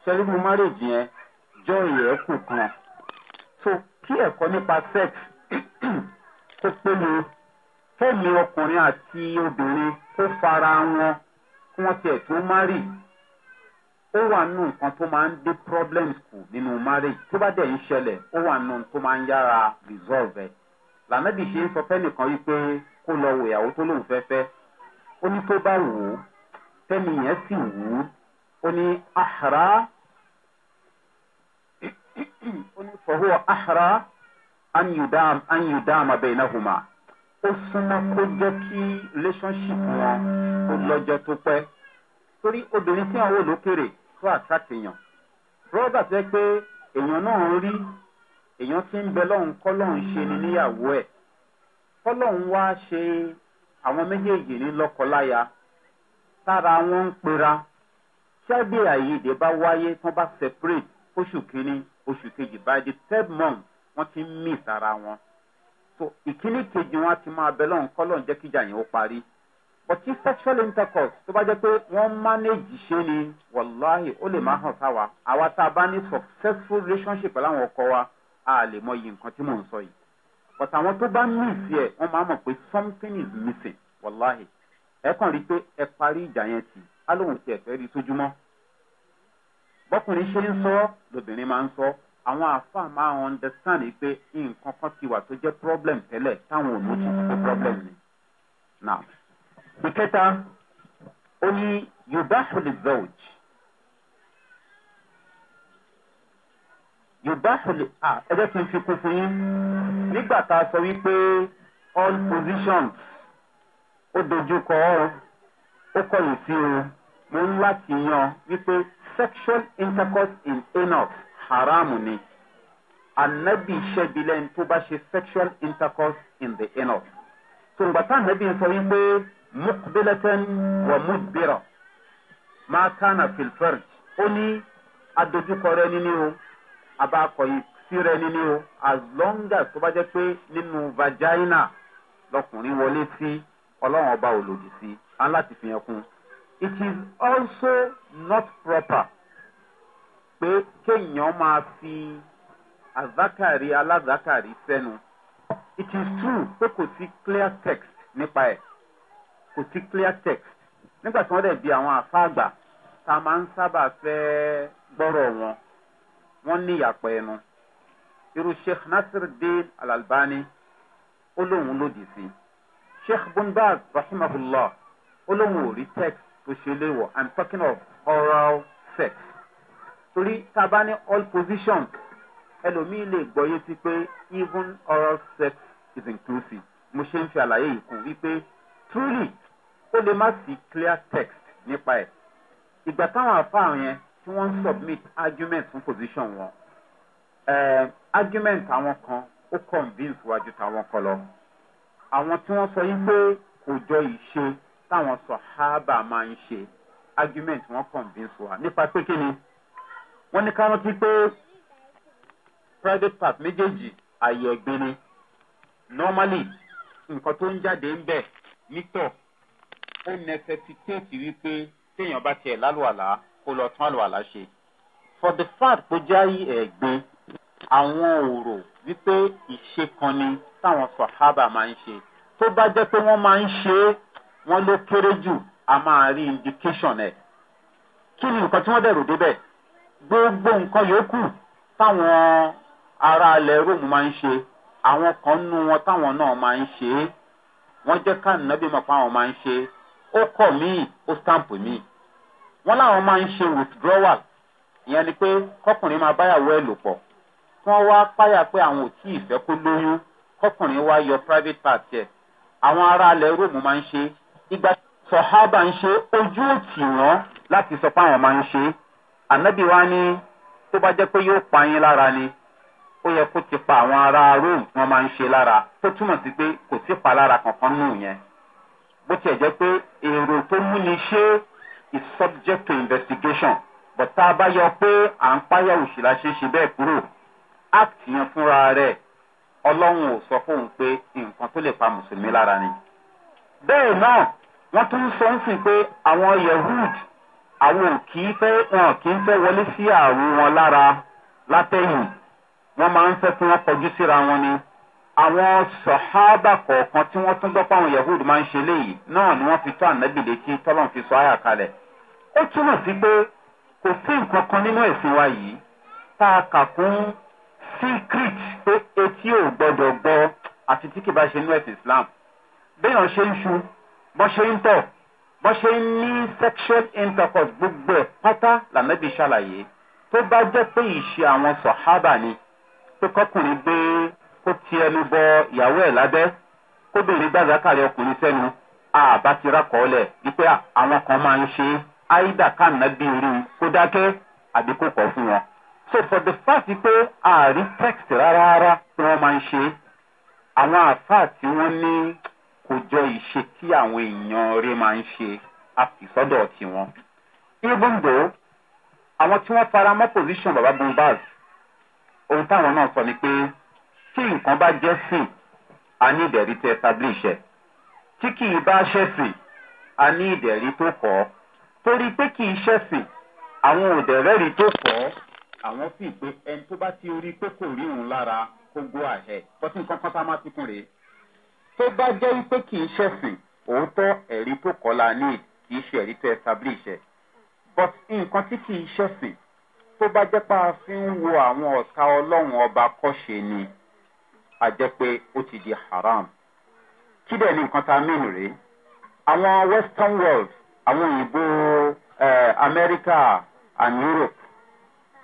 ṣẹlẹ nínú marriage yẹn joy ẹ kù kan so kí ẹ̀kọ́ nípa sex kó pé mi kẹ́mi ọkùnrin àti obìnrin kó fara wọn kí wọ́n tiẹ̀ tó marry ó wà nù nǹkan tó máa ń dé problems kù nínú marriage tó bá dẹ̀ ń ṣẹlẹ̀ ó wà nù tó máa ń yára resolve ẹ̀ lànàbì ṣe ń sọ fẹ́nìkan wípé kó lọ wò ìyàwó tó lóun fẹ́ fẹ́ ó ní tó bá wò ó tẹ́ni yẹn sì wù ú ó ní àhàrá ó ní fọwọ́ àhàrá anyudam abẹ́nahùmá ó súnmọ́ kó jẹ́ kí relationship wọn ó lọ́jọ́ tó pẹ́ torí obìnrin tí àwọn olókèrè tó attract èèyàn brother fẹ́ pé èèyàn náà ń rí èèyàn ti ń bẹ lọ́hùn kọ́lọ́hùn ṣe ni níyàwó ẹ̀ kọ́lọ́hùn wá ṣe àwọn méjèèjì ní lọ́kọláya tára wọn ń pera ṣáàbì àyèdè bá wáyé tán bá separate oṣù kínní oṣù kejì by the third month wọn ti ń mí ìsara wọn so ìkíní kejì wọn ti máa bẹ lọ́hùn kọ́lọ́hùn jẹ́ kíjà yẹn ó parí ọtí sexual intercourse tó bá jẹ́ pé wọ́n manage ṣe ni wàláhì ó lè máa hàn sáwa àwa tá a bá ní successful relationship pẹ̀lú àwọn ọkọ wa a lè mọ iye nǹkan tí mò ń sọ yìí but àwọn tó bá ní ìfì ẹ̀ máa mọ̀ pé something is missing wàláhì ẹ kàn rí i pé ẹ parí ìjà yẹn tì á lóun ti ẹ̀fẹ́ rí sójúmọ́ bọ́kùnrin ṣe ń sọ lóbìnrin máa ń sọ àwọn àfa máa ń understand pé nǹkan kan ti wà tó jẹ́ problem tẹ́lẹ̀ táwọn ò ní ti sọ pé problem ni now ìkẹta ó ní yorùbá fúnni vẹ́ọ̀j yorùbá fúnni à ẹ jẹ́ kí n fi kún fún yín nígbà tá a sọ wípé all positions ó dojú kọ ọ́ ó kọ̀yìn sí o mo ń láti yan wípé sexual intercourse in enough haram ni anabi ṣẹ́bilẹ̀ tó bá ṣe sexual intercourse in the enough. tòǹgbà tá ànábì ń sọ wípé mukbilatan wa mudbira máa kánà filferd ó ní adójúkọ rẹ níní o abakọyì sí rẹ níní o as long as tó bá jẹ pé nínú vagina lọkùnrin wọlé sí ọlọ́run ọba ò lòdì sí á láti fi hàn kún it is also not proper pé kéèyàn máa fi azakari alazakari sẹ́nu it is true pé kò sí clear text nípa ẹ̀ kò sí clear text nígbà tí wọ́n dẹ̀ bi àwọn àfa àgbà tá a máa ń sábà fẹ́ gbọ́rọ̀ wọn wọ́n ní ìyàpọ̀ ẹnu irú sheikh nasiruddin alalbani ó lóun lòdì sí sheikh bunbaz rahimahullah ó lóun ò rí text tó ṣe léwọ̀ i'm talking of oral sex torí tá a bá ní all positions ẹlòmíì lè gbọ́yé sí pé even oral sex is inclusive mo ṣe ń fi àlàyé yìí kún wípé truly ó lè má sí clear text nípa ẹ̀ ìgbà táwọn àfáà yẹn tí wọ́n submit argument fún position wọn uh, argument àwọn kan ó convince wájú táwọn kan lọ àwọn tí wọ́n sọ yí pé kò jọ ìṣe táwọn sọ hábà máa ń ṣe argument wọn convince wa nípa pé kí ni wọ́n ní ká rántí pé private part méjèèjì àyè ẹ̀gbin ni normally nǹkan tó ń jáde ń bẹ̀ nítọ̀ ó necessitate wípé téèyàn bá tiẹ̀ lálùwàlá kó lọ tún àlùwàlá ṣe for the fact pé jáì ẹ̀gbin àwọn òrò wípé ìṣe kan ni táwọn sọ̀hábà máa ń ṣe tó bá jẹ́ pé wọ́n máa ń ṣe é wọ́n ló kéré jù a máa rí indication ẹ̀ kí ni nǹkan tí wọ́n dẹ̀rù débẹ̀ gbogbo nǹkan yòókù táwọn ará alẹ́ róòmù máa ń ṣe àwọn kan nú wọn táwọn náà máa ń ṣe é wọ́n jẹ́ ká nàbí mọ̀ pé àwọn máa ń ṣe é ó kọ̀ míì ó stamp míì wọ́n láwọn máa ń ṣe withdrawal ìyẹn ni pé kọkùnrin máa báyàwó ẹ̀ lò pọ̀ kí wọ́n wá páyà pé àwọn ò tí ì fẹ́ kó lóyún kọkùnrin wá yọ private part ẹ̀ àwọn ará alẹ́ róòmù máa ń ṣe ìgbà sọ̀hábà ń ṣe ojú òtì wọ́n láti sọ pé àwọn máa ń ṣe ànábì wa ní tó bá jẹ́ pé yóò pa yín lára ni ó yẹ kó ti pa àwọn ará róòmù tí wọ́n máa ń ṣe lára tó túmọ̀ sí pé kò sí palára kankan nù yẹn bó tiẹ̀ jẹ́ pé èrò tó múni ṣe is subject to investigation but tá a bá yọ pé à ń páyà òṣìlá ṣe ṣe bẹ́ẹ̀ kúrò act yẹn fúnra rẹ̀ ọlọ́run ò sọ fóun pé nǹkan tó lè pa mùsùlùmí lára ni. bẹ́ẹ̀ náà wọ́n tún ń sọ ń sìn pé àwọn yehud àwọn ò kì í fẹ́ wọn kì í fẹ́ wọlé sí àrùn wọn lára látẹ̀yìn wọ́n máa ń fẹ́ kí wọ́n kọjú síra wọn ni àwọn sọ̀hábà kọ̀ọ̀kan tí wọ́n tún gbọ́pọ̀ àwọn yahood máa ń ṣe léyìí náà ni wọ́n fi tó ànábì létí tọ́lọ́n fi sọ àyà kalẹ̀. ó túmọ̀ sí pé kò sí nǹkan kan nínú ẹ̀sìn wa yìí tá a kà fún secret pé etí ò gbọ́dọ̀ gbọ́ àti tí kì bá ṣe nínú ẹ̀sìn islam. béèyàn ṣe ń ṣu bọ́ ṣe ń tọ̀ bọ́ ṣe ń ní sexual intercourse gbogbo ẹ̀ pátá lànàbì ṣàlàyé tó bá jẹ́ pé ìṣe àwọn sọ̀hábà ni pé kọ́kùnrin gbé kó ti ẹnu bọ ìyàwó ẹ̀ lábẹ́ kóbìnrin gbàdákàrí ọkùnrin sẹ́nu àbá ti rákọọ́lẹ̀ wípé àwọn kan máa ń ṣe áìdà kànáà bí irú kó dákẹ́ àbí kó kọ́ fún wọn. so for the fact pé ààrí text rárá rárá tí wọ́n máa ń ṣe àwọn àfáà tí wọ́n ní kò jọ ìṣe tí àwọn èèyàn rẹ máa ń ṣe àfìsọ́dọ̀ tiwọn. even though àwọn tí wọ́n fara mọ́ position baba bumbaz ohun táwọn náà sọ ni pé tí nǹkan bá jẹ́ sìn a ní ìdẹ̀rí tẹ establish ẹ̀ tí kì í bá ṣẹ̀sìn a ní ìdẹ̀rí tó kọ́ ọ́ torí pé kì í ṣẹ̀sìn àwọn òdẹ̀rẹ́rì tó kọ́ ọ́ àwọn fi pé ẹni tó bá ti rí pé kò rí òun lára kó gbó àhẹ bọ́tí nǹkan kan tá a máa fi kún rèé tó bá jẹ́ pé kì í ṣẹ̀sìn òótọ́ ẹ̀rí tó kọ́ la ní kì í ṣe ẹ̀rí tó establish ẹ̀ but nǹkan tí kì í ṣẹ̀sìn tó bá jẹ́ pa fi ń wo àwọn ọ̀tá ọlọ́run ọba kọ́ṣe ni a jẹ́ pé ó ti di haram kí dẹ̀ ni nǹkan tá a mìíràn rèé àwọn western world àwọn òyìnbó america and europe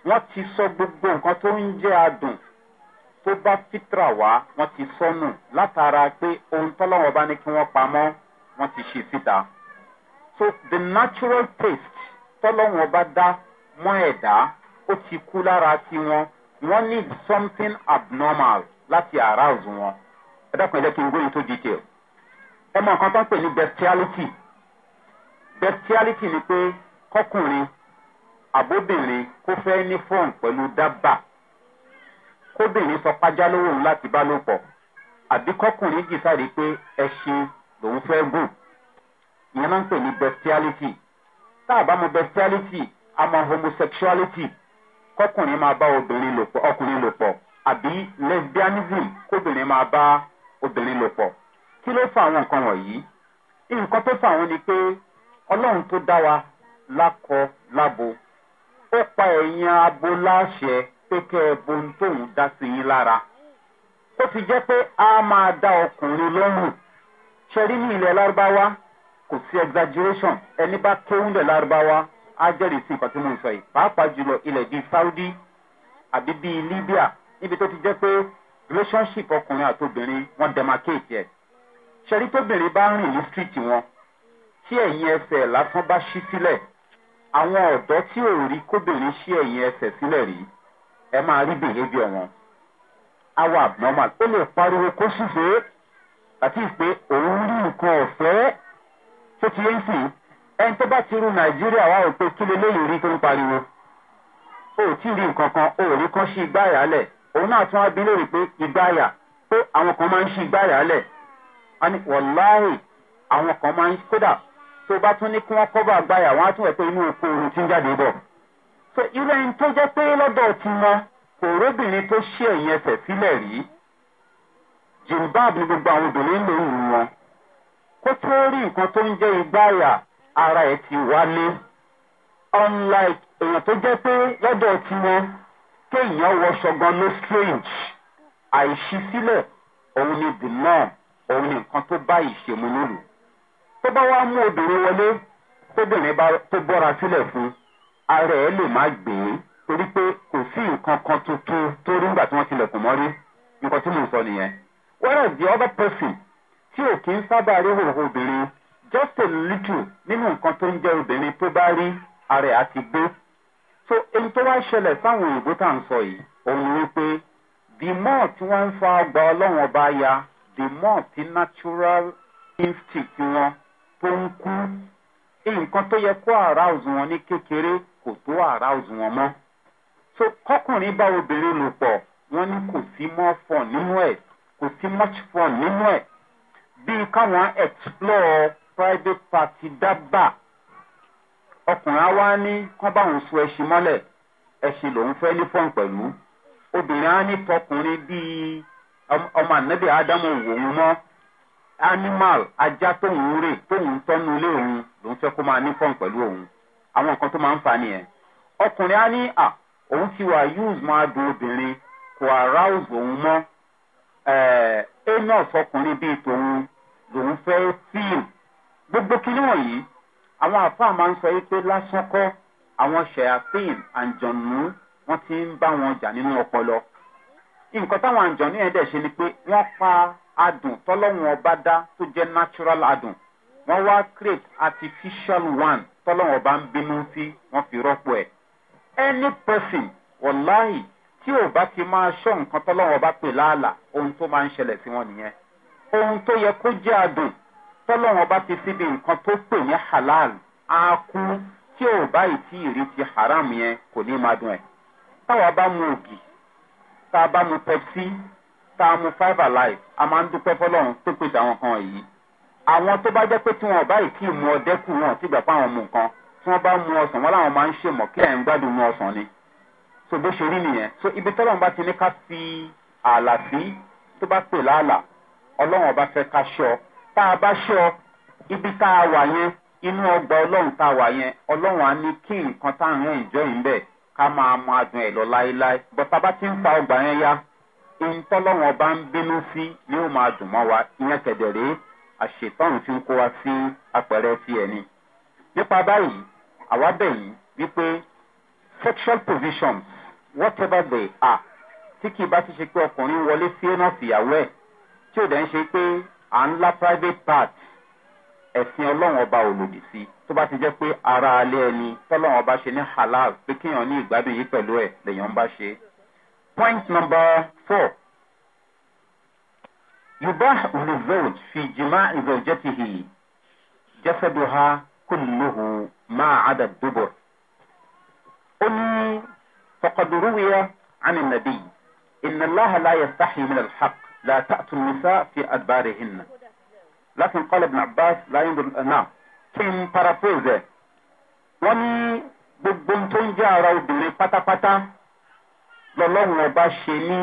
wọ́n ti sọ gbogbo nǹkan tó ń jẹ́ adùn tó bá fitra wá wọ́n ti sọnù látara pé ohun tọ́lọ́wọ́ bá ní kí wọ́n pamọ́ wọ́n ti ṣe síta so the natural taste tọ́lọ́wọ́ bá dá mọ́ ẹ̀dá ó ti kú lára tiwọn wọ́n need something abnormal láti arouse wọn ẹ dákun ẹ jẹ́ kí n go into detail ẹ mọ nǹkan tó ń pè ní bestiality bestiality ni pé kọkùnrin àbóbìnrin kó fẹ́ ní fóun pẹ̀lú dábà kóbìnrin sọ pàjá lówó láti bá lò pọ̀ àbí kọkùnrin jì sáré pé ẹṣin lòun fẹ́ gùn ìyẹn máa ń pè ní bestiality tá a bá mọ bestiality a mọ homosexuality kọkùnrin máa bá obìnrin lò pọ̀ ọkùnrin lò pọ̀ àbí lesbianism kóbìnrin máa bá obìnrin lò pọ̀ kí ló fa àwọn nǹkan wọ̀nyí nǹkan tó fa àwọn ni pé ọlọ́run tó dá wa lákọ lábo ó pa ẹ̀yìn abo láṣẹ pé kẹ́ ẹ bo ohun tóun dá sí yín lára ó ti jẹ́ pé a máa dá ọkùnrin lọ́rùn ṣẹ́rí ní ilẹ̀ lárúbáwá kò sí exaggeration ẹni bá kéwọ́n lẹ̀ lárúbáwá á jẹ́rìí sí nǹkan tí mo ń sọ yìí pàápàá jùlọ ilẹ̀ bíi saudi àbí bíi libya níbi tó ti jẹ́ pé relationship ọkùnrin àtobìnrin wọ́n demarcate ẹ̀ ṣẹ́rí tóbìnrin bá rìn ní street wọn tí ẹ̀yìn ẹsẹ̀ lásán bá ṣí sílẹ̀ àwọn ọ̀dọ́ tí ò rí kóbìnrin ṣí ẹ̀yìn ẹsẹ̀ sílẹ̀ rí ẹ máa rí behaviour wọn awọ abnormal ó lè pariwo kó ṣùṣe àti pé òun rí nǹkan ọ̀fẹ́ tó ti ń sìn ẹni tó bá ti ru nàìjíríà wá òpin kí lè rí tó ń pariwo ó tí rí nǹkan kan ó rí kan ṣí igbá ìyálẹ̀ òun náà tún wá bí léèrè pé ìgbáyà pé àwọn kan máa ń ṣí ìgbáyà lẹ̀ a ní wọ̀láhì àwọn kan máa ń kódà tó bá tún ní kí wọ́n kọ́bà àgbáyà wọ́n á tún wẹ̀ pé inú oko oòrùn ti ń jáde bọ̀. so irú ẹni tó jẹ́ pé lọ́dọ̀ ti wọn kò róbìnrin tó ṣí ẹ̀yìn ẹsẹ̀ sílẹ̀ rí jìnbáàbù gbogbo àwọn obìnrin ló ń wọn kó tó rí nǹkan tó ń jẹ́ ìgbáyà ara ẹ̀ ti wálé unlike èèyàn tó jẹ́ pé lọ́dọ̀ ti wọn téèyàn wọṣọ gan ló strange àìṣísílẹ̀ òun ni the norm òun ni nǹkan tó bá ìṣèmú nílùú tó bá wá mú obìnrin wọlé tóbìnrin bá tó bọ́ra sílẹ̀ fún ara ẹ̀ lè má gbé e torí pé kò sí nǹkan kan tuntun tó rí nígbà tí wọ́n tilẹ̀kùn mọ́rí nǹkan tí mò ń sọ nìyẹn whereas the other person tí ò kí ń sábà rí hòhò obìnrin just a little nínú nǹkan tó ń jẹ́ obìnrin tó bá rí ara ẹ̀ á ti gbé so èyí tó wá ṣẹlẹ̀ sáwọn òyìnbó tá à ń sọ yìí òun ni wípé the more tí wọ́n ń fa ọgbà ọlọ́run ọba ya the more ti natural instinct wọn tó ń kú nǹkan tó yẹ kó arouse wọn ní kékeré kò tó arouse wọn mọ́ so kọkùnrin bá obìnrin lò pọ̀ wọ́n ní kò sí more fun nínú ẹ̀ kò sí much fun nínú ẹ̀ bíi káwọn explore private party dábàá. ọkùnrin awa wá ní kán báwọn so ẹṣin mọ́lẹ̀ ẹṣin lòun fẹ́ ní fọ́n pẹ̀lú obìnrin á ní tọkùnrin bíi ọmọ ànábì ádámù òun mọ́ animal ajá tóun rè tóun tọ́nu ilé òun lòun fẹ́ kó máa ní fọ́n pẹ̀lú òun àwọn nǹkan tó máa ń fa nìyẹn ọkùnrin á ní à òun ti wà use máa dùn obìnrin kò arouse òun mọ́ ẹ̀ẹ́d anus ọkùnrin bíi tòun lòun fẹ́ fíìl gbogbo kí ni wọ̀nyí àwọn àfáà máa ń sọ yìí pé lásán kọ́ àwọn ṣẹ̀yàfíìn àǹjọ̀nù wọ́n ti ń bá wọn jà nínú ọpọlọ. nǹkan táwọn àǹjọ̀nù yẹn dẹ̀ ṣe ni pé wọ́n pa adùn tọ́lọ́wọ́n ọba dá tó jẹ́ natural adùn wọ́n wá create artificial one tọ́lọ́wọ́n ọba ń bínú sí wọ́n fi rọ́pò ẹ̀. any person wọ̀láhì tí ò bá ti máa ṣọ́ nǹkan tọ́lọ́wọ́n ọba pè láàlà ohun tó máa ń ṣẹlẹ̀ sí wọn nìyẹn. ohun tó yẹ kó jẹ́ adùn tọ́lọ́wọ́n bá ti síbi nǹkan tó pè ní halal á kú tí ò báyìí tí ìrí ti haram yẹn kò ní máa dùn ẹ̀. táwa bá mu ògì tá a bá mu pepsi tá a mu five alive a máa ń dúpẹ́ fọlọ́run tó pèsè àwọn kan yìí. àwọn tó bá jẹ́ pé tí wọn báyìí kì í mu ọdẹ kù wọn ti gbà pa àwọn mu nǹkan tí wọ́n bá mu ọsàn wọn làwọn máa ń ṣe mọ̀ kí ẹ̀ ń gbádùn mu ọsàn ni. so bó ṣe rí nìyẹn so ibi tọ́lọ́run bá ti ní ká fi ààlà sí tó bá pè láàlà ọlọ́run ọba fẹ́ ká ṣọ́ tá a bá ṣọ ibi tá a wà yẹn inú ọgbà ọlọ́run tá a wà yẹn ọlọ́run á ní kí nǹkan tá à ń rìn jọ yìí bẹ́ẹ̀ ká máa mọ adùn ẹ̀ lọ láéláé bọ́tà bá ti ń fa ọgbà yẹn ya ohun tọ́lọ́run ọba ń bínú sí ni ó máa dùn mọ́ wa ìyẹn kẹ̀dẹ̀ rèé àṣetọ́run ti ń kó wa sí apẹ̀rẹ̀ ti ẹ̀ ni. nípa báyìí àwa yìí wípé sexual provisions whatever they are tí kì í bá ti ṣe pé ọkùnrin wọlé sí ẹ̀nà ìyàwó ẹ̀ tí ò dẹ̀ ń ṣe pé à ń la private part ẹ̀sìn ọlọ́run ọba ò lòdì sí tó bá ti jẹ́ pé ara alẹ́ ẹni tọ́lọ́run ọba ṣe ní halal pé kéèyàn ní ìgbádùn yìí pẹ̀lú ẹ̀ lèèyàn ń bá ṣe. point number four yorùbá result fi jìmá ìzọ̀jẹ́tìhì jẹ́sẹ̀dùhà kùnlùhù máa àdà dùbọ̀. ó ní fọkàdùrúwìyà ànínàbí ìnàláhàlá sáhìmìlẹ̀ hàkù. لا تأتوا النساء في أدبارهن لكن قال ابن عباس لا ينظر نعم كم paraphrase wọ́n ní gbogbo tó ń jẹ́ ara obìnrin pátápátá lọ́lọ́run ọba ṣe ní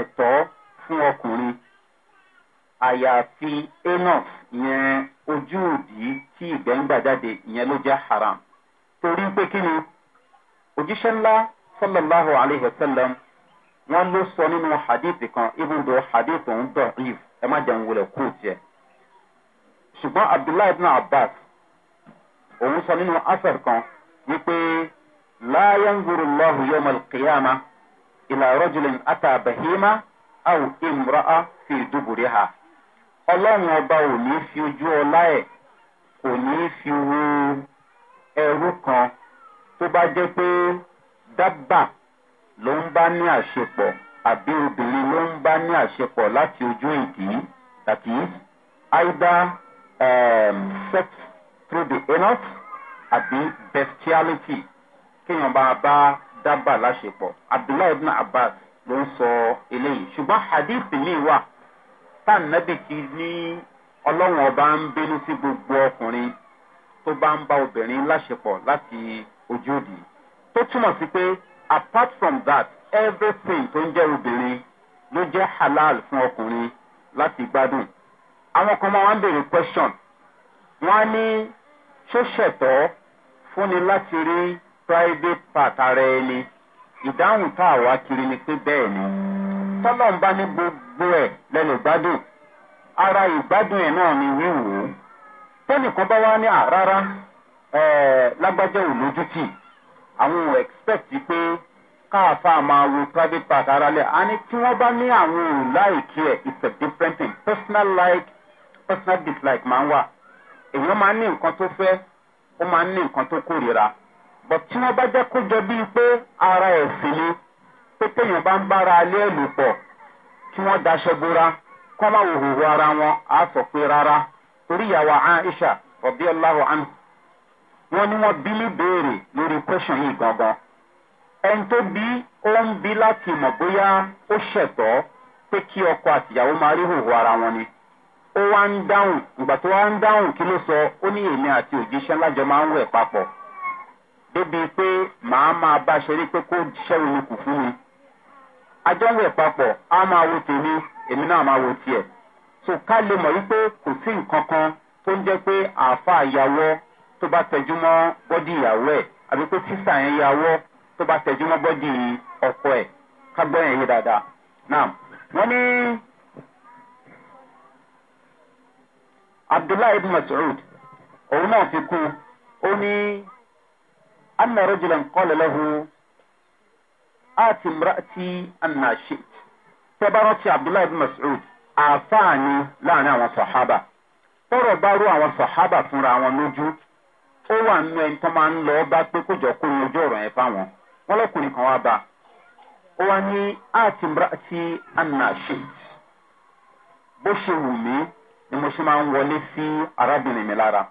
ẹ̀tọ́ fún ọkùnrin àyàfi enof yẹn ojú òdì tí ìgbẹ́ ń gbà jáde ìyẹn ló jẹ́ haram torí pé kí ni òjíṣẹ́ ńlá sọ́lọ́láhùn aláìhẹ́sẹ́lẹ́mù wọn ló sọ nínú hadith kan even though hadith òun dọ̀rif ẹ má jẹun wọlé kú tiẹ̀. ṣùgbọ́n abdullahi ibn abbas òun sọ nínú asar kan wípé láyán gbúrú lọ́hùn yóò mọ̀lẹ́ kìyàmá ìlà rọ́jùlẹ̀n ata bahima aw fi duburi ha. ọlọ́run ọba ò ní fi ojú ọlá ẹ̀ kò ní fi wo ẹrú kan tó bá jẹ́ pé dábàá ló ń bá ní àṣepọ̀ àbí obìnrin ló ń bá ní àṣepọ̀ láti ojú ìdí that is either um, sex through the anus àbí bestiality kéèyàn bá bá dábàá láṣepọ̀ abdullahi ibn abbas ló ń sọ eléyìí ṣùgbọ́n hadith mi wà tá nàbì ti ní ọlọ́run ọba ń bínú sí gbogbo ọkùnrin tó bá ń bá obìnrin láṣepọ̀ láti ojú ìdí tó túmọ̀ sí pé. apart from that everything tó ń jẹ́ obìnrin ló jẹ́ halal fún ọkùnrin láti gbádùn. àwọn kan máa ń béèrè question wọ́n á ní ṣó ṣẹ̀tọ́ fúnni láti rí private part ara ẹni ìdáhùn tá a wá kiri ni pé bẹ́ẹ̀ ni tọ́lọ̀ ń bá ní gbogbo ẹ̀ lẹ́nu gbadun. ara ìgbádùn ẹ̀ náà ni wíwò ó tẹ́nìkan bá wá ní àrárá lágbájá ò àwọn ò expect pé káàfà máa wo private park ara lẹ̀ a ní tí wọ́n bá ní àwọn ò láìkí ẹ̀ it's a different thing personal like personal dislike máa ń wà èèyàn máa ń ní nǹkan tó fẹ́ ó máa ń ní nǹkan tó but tí wọ́n bá jẹ́ kó jọ bíi pé ara ẹ̀sìn ni pé téèyàn bá ń bára alẹ́ ẹ̀lù pọ̀ kí wọ́n daṣọ ara wọn á sọ pé rárá torí ìyàwó wọn ni wọn bí ní lori lórí kwẹsàn yìí gangan ẹni tó bí ó ń bí láti mọ bóyá ó ṣẹtọ pé kí ọkọ àtìyàwó máa rí ara wọn ni ó wá ń dáhùn ìgbà tó wá ń dáhùn kí ló sọ ó ní èmi àti òjíṣẹ́ lájọ máa ń wẹ̀ papọ̀ débi pé màá máa bá ṣe rí pé kó kù fún mi ajọ́ ń wẹ̀ papọ̀ á wo tèmi èmi náà máa wo so ká lè mọ wípé kò sí nǹkan kan tó ń tó bá tẹjú mọ́ bọ́dì ìyàwó ẹ̀ àbí pé sísà yẹn yàwọ́ tó bá tẹjú mọ́ bọ́dì ọkọ ẹ̀ ká gbọ́ yẹn yé dáadáa. náà wọ́n ní abdullahi ibn masoud òun náà fi kú ó ní anna rajula nkọ́lẹ̀ lọ́hu àti mìíràtì anna ṣe tẹ́ bá rántí abdullahi ibn masoud àáfàá láàrin àwọn sàhábà tọrọ bá rú àwọn sàhábà fúnra wọn lójú. ó wà nínú ẹni tó máa ń lọ bá pé kó jọ kó wọn lọkùnrin kan wá bá ó wá ní àti mìíràtì ànàṣe bó ṣe wù mí ni mo ṣe máa ń wọlé sí arábìnrin mi lára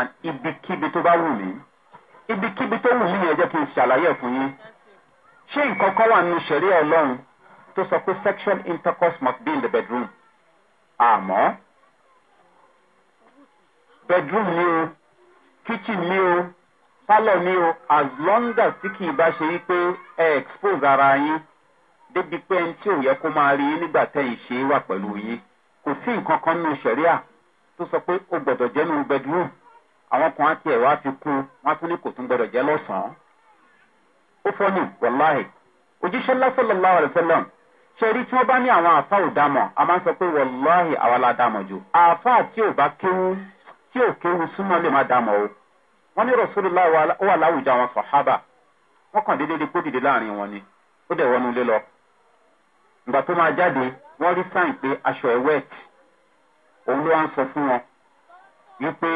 and ibikíbi tó bá wù mí ibikíbi tó wù mí yẹn jẹ́ fún yín ṣé nǹkan kan wà nínú ṣẹ̀rí ọlọ́run sọ pé sexual intercourse must be in the bedroom àmọ́. bedroom ni o kitchen ni o pálọ̀ ni o as long as tí kì í bá ṣe wípé ẹ expose ara yín débi pé ẹni tí ò yẹ kó máa rí yín nígbà tẹ́ ṣe wà pẹ̀lú yín kò sí nǹkan kan nínú sẹ̀ríà tó sọ pé o gbọ̀dọ̀ jẹ́ nínú bedroom àwọn kan á tiẹ̀ wá ti kú wọ́n á tún ní kò tún gbọdọ̀ jẹ́ lọ́sàn-án ó fọ́nù wàláhì òjíṣẹ́ lásọ̀lọ́lá àlùfẹ́lọ́m ṣe rí tí wọ́n bá ní àwọn àfa ò dámọ̀ a máa ń sọ pé wàláhì àwa la dámọ̀ jù àfa àti ò bá kéwú tí òkéwu súnmọ́ lè má dàmọ́ o wọ́n ní rasulillah wà láwùjọ àwọn sọ̀hábà wọ́n kàn déédéé di kódìdé láàrin wọn ni ó dẹ̀ wọnú lọ. ìgbà tó máa jáde wọ́n rí sáìn pé aṣọ ẹ̀ wet òun ló wá ń sọ fún wọn wípé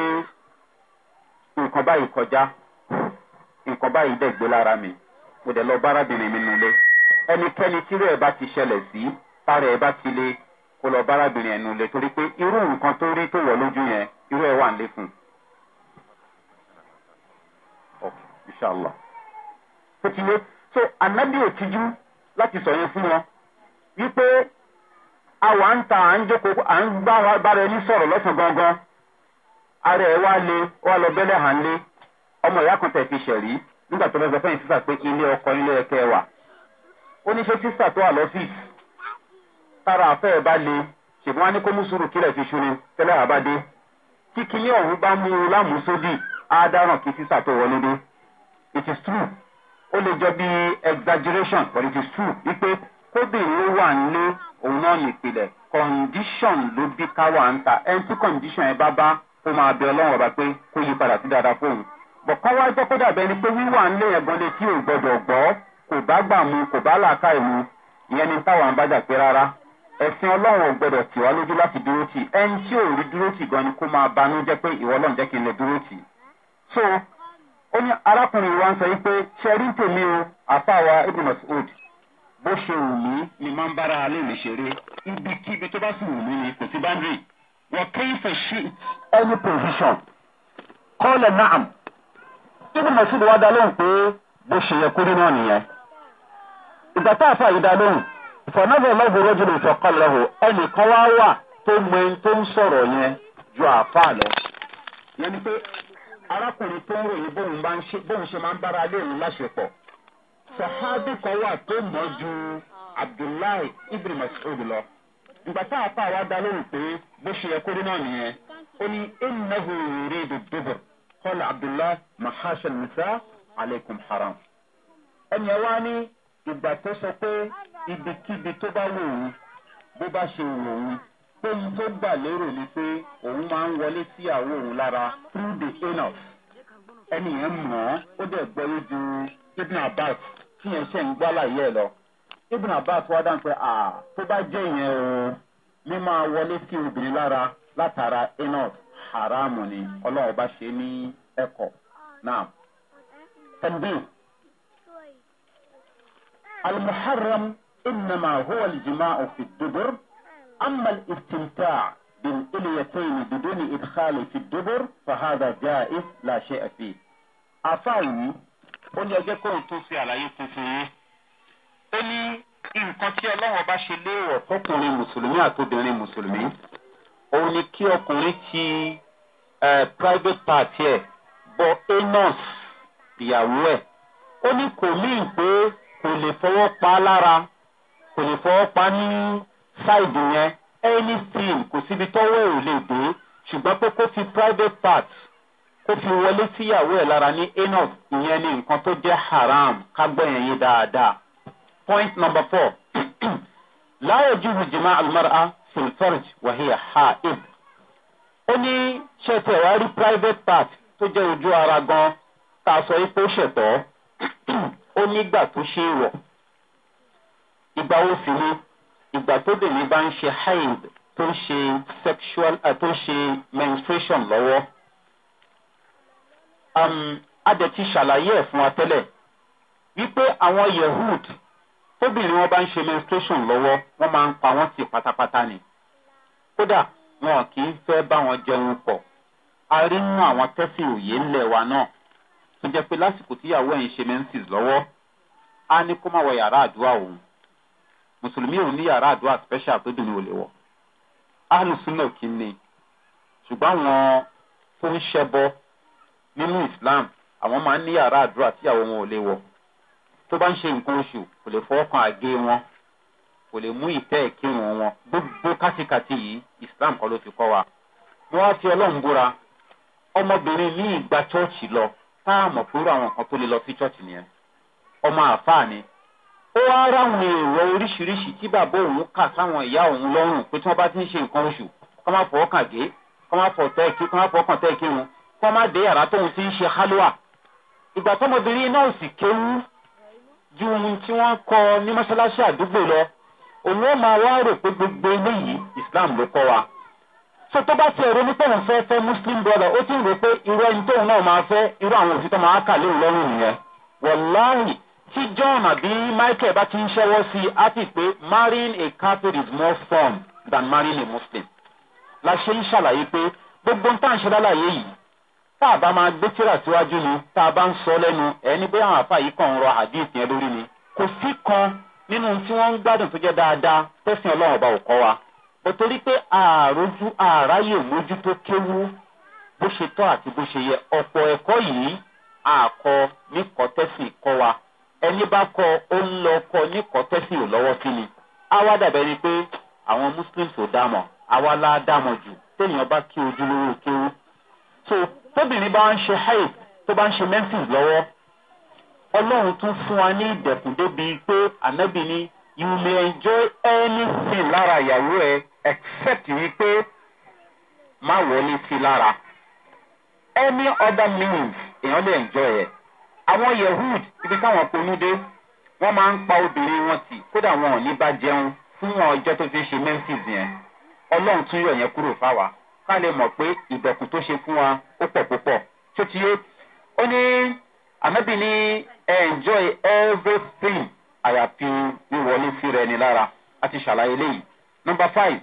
nǹkan báyìí kọjá nǹkan báyìí dẹ̀ gbé lára mi mo dẹ̀ lọ bárábìnrin mi nulẹ̀ ẹnikẹ́ni tí irú ẹ̀ bá ti ṣẹlẹ̀ sí tààrà ẹ̀ bá ti le kó lọ bárábìnrin ẹ̀ nulẹ̀ torí pé irú nǹkan tó rí tó wọ̀ lójú yẹn irú ẹ̀ wà ń ok inshallah. so anabi otiju lati láti sọ yẹn fún wọn wípé àwa ń ta à ń jókòó à ń gbá bára ẹni gangan ara ẹ̀ wá lé wá lọ bẹ́lẹ̀ hàn lé ọmọ ìyá kan tẹ̀ fi ṣẹ̀rí nígbà tó lọ́sọ fẹ́yìn sísà pé ilé ọkọ ilé ẹ̀kẹ́ wà ó ní ṣe sísà tó wà lọ́fíìsì le ṣùgbọ́n a ní kó mú sùúrù kílẹ̀ fi tí kinní ọ̀hún bá mú un lámùúsódì á dáràn kí sísà tó wọlé dé it is true ó lè jọ bí exaggeration but it is true wípé kóbìnrin wà ní òun náà nìpìlẹ̀ condition ló bí káwà ń ta ẹni tí condition ẹ bá bá ó máa bẹ ọlọ́run ọba pé kó yí padà sí dáadáa fóun bọ̀ káwá jẹ́ kó dàbẹ́ ni pé wíwà ń lé ẹ̀gbọ́n létí ò gbọ́dọ̀ gbọ́ kò bá gbà mu kò bá làákà ìmú ìyẹn ni táwọn bá pé rárá ẹ̀sìn ọlọ́run gbọ́dọ̀ tì wá lójú láti dúró tì ẹni tí ò rí dúró tì gan ni kó máa banú jẹ́ pé ìwọ ọlọ́run jẹ́ kí n lè dúró tì. so ó ní arákùnrin wa ń sọ wípé ṣẹ́rí ń tèmi o àfàwà ibn old bó ṣe wù mí ni máa ń bára alẹ́ mi ṣeré ibikíbi tó bá sì wù mí ni kò sí boundary wọ́n kéyìn fẹ́ ṣí any position kọ́lẹ̀ naam ibn old wa dá lóhùn pé bó ṣe yẹ kórè náà nìyẹn ìgbà tá a fà yìí dá lóhùn fọ̀nàfọ̀ lọ́gùn rọ́jòlè ìfọ̀kànlọ́hùn ẹnìkan wá wà tó mọ ẹni tó ń sọ̀rọ̀ yẹn ju àáfàá lọ. yẹn ni pé arákùnrin tó ń ròyìn bóun bá ń ṣe bóun ṣe máa ń bára lé òun láṣepọ̀ sahabi kan tó mọ̀ ju abdullahi ibn masoud lọ. ìgbà tá a pa àwa dá lóhùn pé bó ṣe yẹ kórè náà nìyẹn ó ní innahu yurid dubur kọ́lá abdullahi mahashan nisa aleikum haram. ẹnìyẹn wá ní ìgbà tó sọ pé ibikíbi tó bá wò ó bó bá ṣe wò ó pé tó gbà lérò ni pé òun máa ń wọlé sí òun lára through the anus ẹni yẹn mọ̀ ọ́ ó dẹ̀ gbọ́yé ju ibn abbas tí yẹn ṣe ń gbá láyé ẹ lọ ibn abbas wá dáhùn pé à tó bá jẹ́ ìyẹn o mi máa wọlé sí obìnrin lára látara anus haramu ni ọlọ́run bá ṣe ní ẹ̀kọ́ náà. Tanbih. al إنما هو الجماع في الدبر أما الاستمتاع بالإليتين بدون إدخال في الدبر فهذا جائز لا شيء فيه أفاوي ó ní ọjọ́ kóun tó ṣe àlàyé funfun yìí ó ní nǹkan tí ọlọ́run ọba ṣe léèwọ̀ fọkùnrin mùsùlùmí àtòbìnrin mùsùlùmí òun ni kí ọkùnrin ti private part ẹ̀ bọ anus ìyàwó ẹ̀ ó ní kò mí pé kò lè fọwọ́ pa á lára kò lè fọwọ́ pa ní ṣáìdì yẹn anything kò síbi tọ́wọ́ ẹ̀ ò lè dé ṣùgbọ́n pé kó fi private part kó fi wọlé síyàwó ẹ̀ lára ní enough ìyẹn ni nǹkan tó jẹ́ haram kágbẹ̀yìn yín dáadáa. point number four láyé jùlọ jìmá almar'a filfarj wàhíyà haib ó ní ṣètò ẹ̀wá rí private part tó jẹ́ ojú ara gan-an tá a sọ yìí ṣẹ̀tọ́ ó nígbà tó ṣe é wọ̀ ìgbà wo sì ni ìgbà tóbìnrin bá ń ṣe haid tó ń ṣe sexual uh, tó ń ṣe menstruation lọ́wọ́ um, a dẹ̀ ti ṣàlàyé ẹ̀ fún wa tẹ́lẹ̀ wípé àwọn yehud tóbìnrin wọn bá ń ṣe menstruation lọ́wọ́ wọ́n máa ń pa wọ́n sí pátápátá ni kódà wọn kì í fẹ́ bá wọn jẹun pọ̀ a rí nínú àwọn tẹ́sí òye ńlẹ̀ wa náà tó jẹ́ pé lásìkò tíyàwó ẹ̀ ń ṣe menses lọ́wọ́ á ní kó má wọ yàrá àdúrà òun mùsùlùmí ò ní yàrá àdúrà special tó dùn ò lè wọ ahlùsúnà kì í ni ṣùgbọ́n àwọn tó ń ṣẹbọ nínú islam àwọn máa ń ní yàrá àdúrà tíyàwó wọn ò lè wọ tó bá ń ṣe nǹkan oṣù kò lè fọwọ́ àgé wọn kò lè mú ìtẹ́ ìkírun wọn gbogbo kátikàti yìí islam kọ́ ló fi kọ́ wa wọn á fi ọlọ́run búra ọmọbìnrin ní ìgbà chọ́ọ̀chì lọ táàmù fúru àwọn kan tó lè lọ sí chọ́ọ̀chì nìyẹn ọmọ àfáà ni ó wá ráwọn èrò oríṣiríṣi tí bàbá òun kà sáwọn ìyá òun lọ́rùn pé tí wọ́n bá ti ń ṣe nǹkan oṣù kọ́ má fọ́ kàn gé kọ́ má fọ́ tẹ́ kí kọ́ má fọ́ kàn tẹ́ kí wọn kọ́ ti ń ṣe hálùwà. ìgbà tọmọbìnrin náà sì kéwú ju ohun tí wọ́n kọ ní mọ́ṣáláṣí àdúgbò lọ òun ó máa wá rò pé gbogbo eléyìí islam ló kọ́ wa. so tó bá ti ẹ̀rọ muslim brother ó ti ń rò pé irú ẹni tóun náà máa fẹ́ irú àwọn òfin tó tí john àbí michael bá ti ń ṣẹ́wọ́ sí i á ti pé marrying a catholic is more fun than marrying a muslim la ṣe ń ṣàlàyé pé gbogbo tá à ń ṣe lálàyé yìí tá a bá máa gbé tíra síwájú ni tá a bá ń sọ lẹ́nu ẹni bí àwọn àfa yìí kàn ń rọ àdéhùn yẹn lórí ni kò sí kan nínú tí wọ́n ń gbádùn tó jẹ́ dáadáa tẹ̀sán ọlọ́run ọba ò kọ́ wa bó torí pé àròjú àráyè mójú tó kéwú bó ṣe tọ́ àti bó ṣe yẹ ọ̀pọ̀ ẹ̀kọ́ yìí àkọ ní kọ́tẹ́sì kọ́ wa ẹni bá kọ ó ń lọ kọ ní kọtẹ́sì ò lọ́wọ́ sí ni àwa dàbẹ̀ ni pé àwọn muslims ò dámọ̀ àwa la dámọ̀ jù téèyàn bá kí ojúlówó kéwú. so tóbìnrin bá ń ṣe haid tó bá ń ṣe menses lọ́wọ́ ọlọ́run tún fún wa ní ìdẹ̀kùn débi pé ànábì ni you may enjoy anything lára ìyàwó ẹ except wípé má wọlé sí lára any other means èèyàn lè enjoy ẹ̀ àwọn yehud ibi táwọn ponú dé wọ́n máa ń pa obìnrin wọn tì kódà wọn ò ní bá jẹun fún ọjọ́ tó fi ṣe memphis yẹn ọlọ́run tún yọ̀ yẹn kúrò fáwa ká lè mọ̀ pé ìbẹ̀kùn tó ṣe fún wa ó pọ̀ púpọ̀ tó ti yé ó ní àmọ́bí ní enjoy everything àyàfi wíwọlé sí rẹ ni lára àti ṣàlàyé léyìí. nọmba five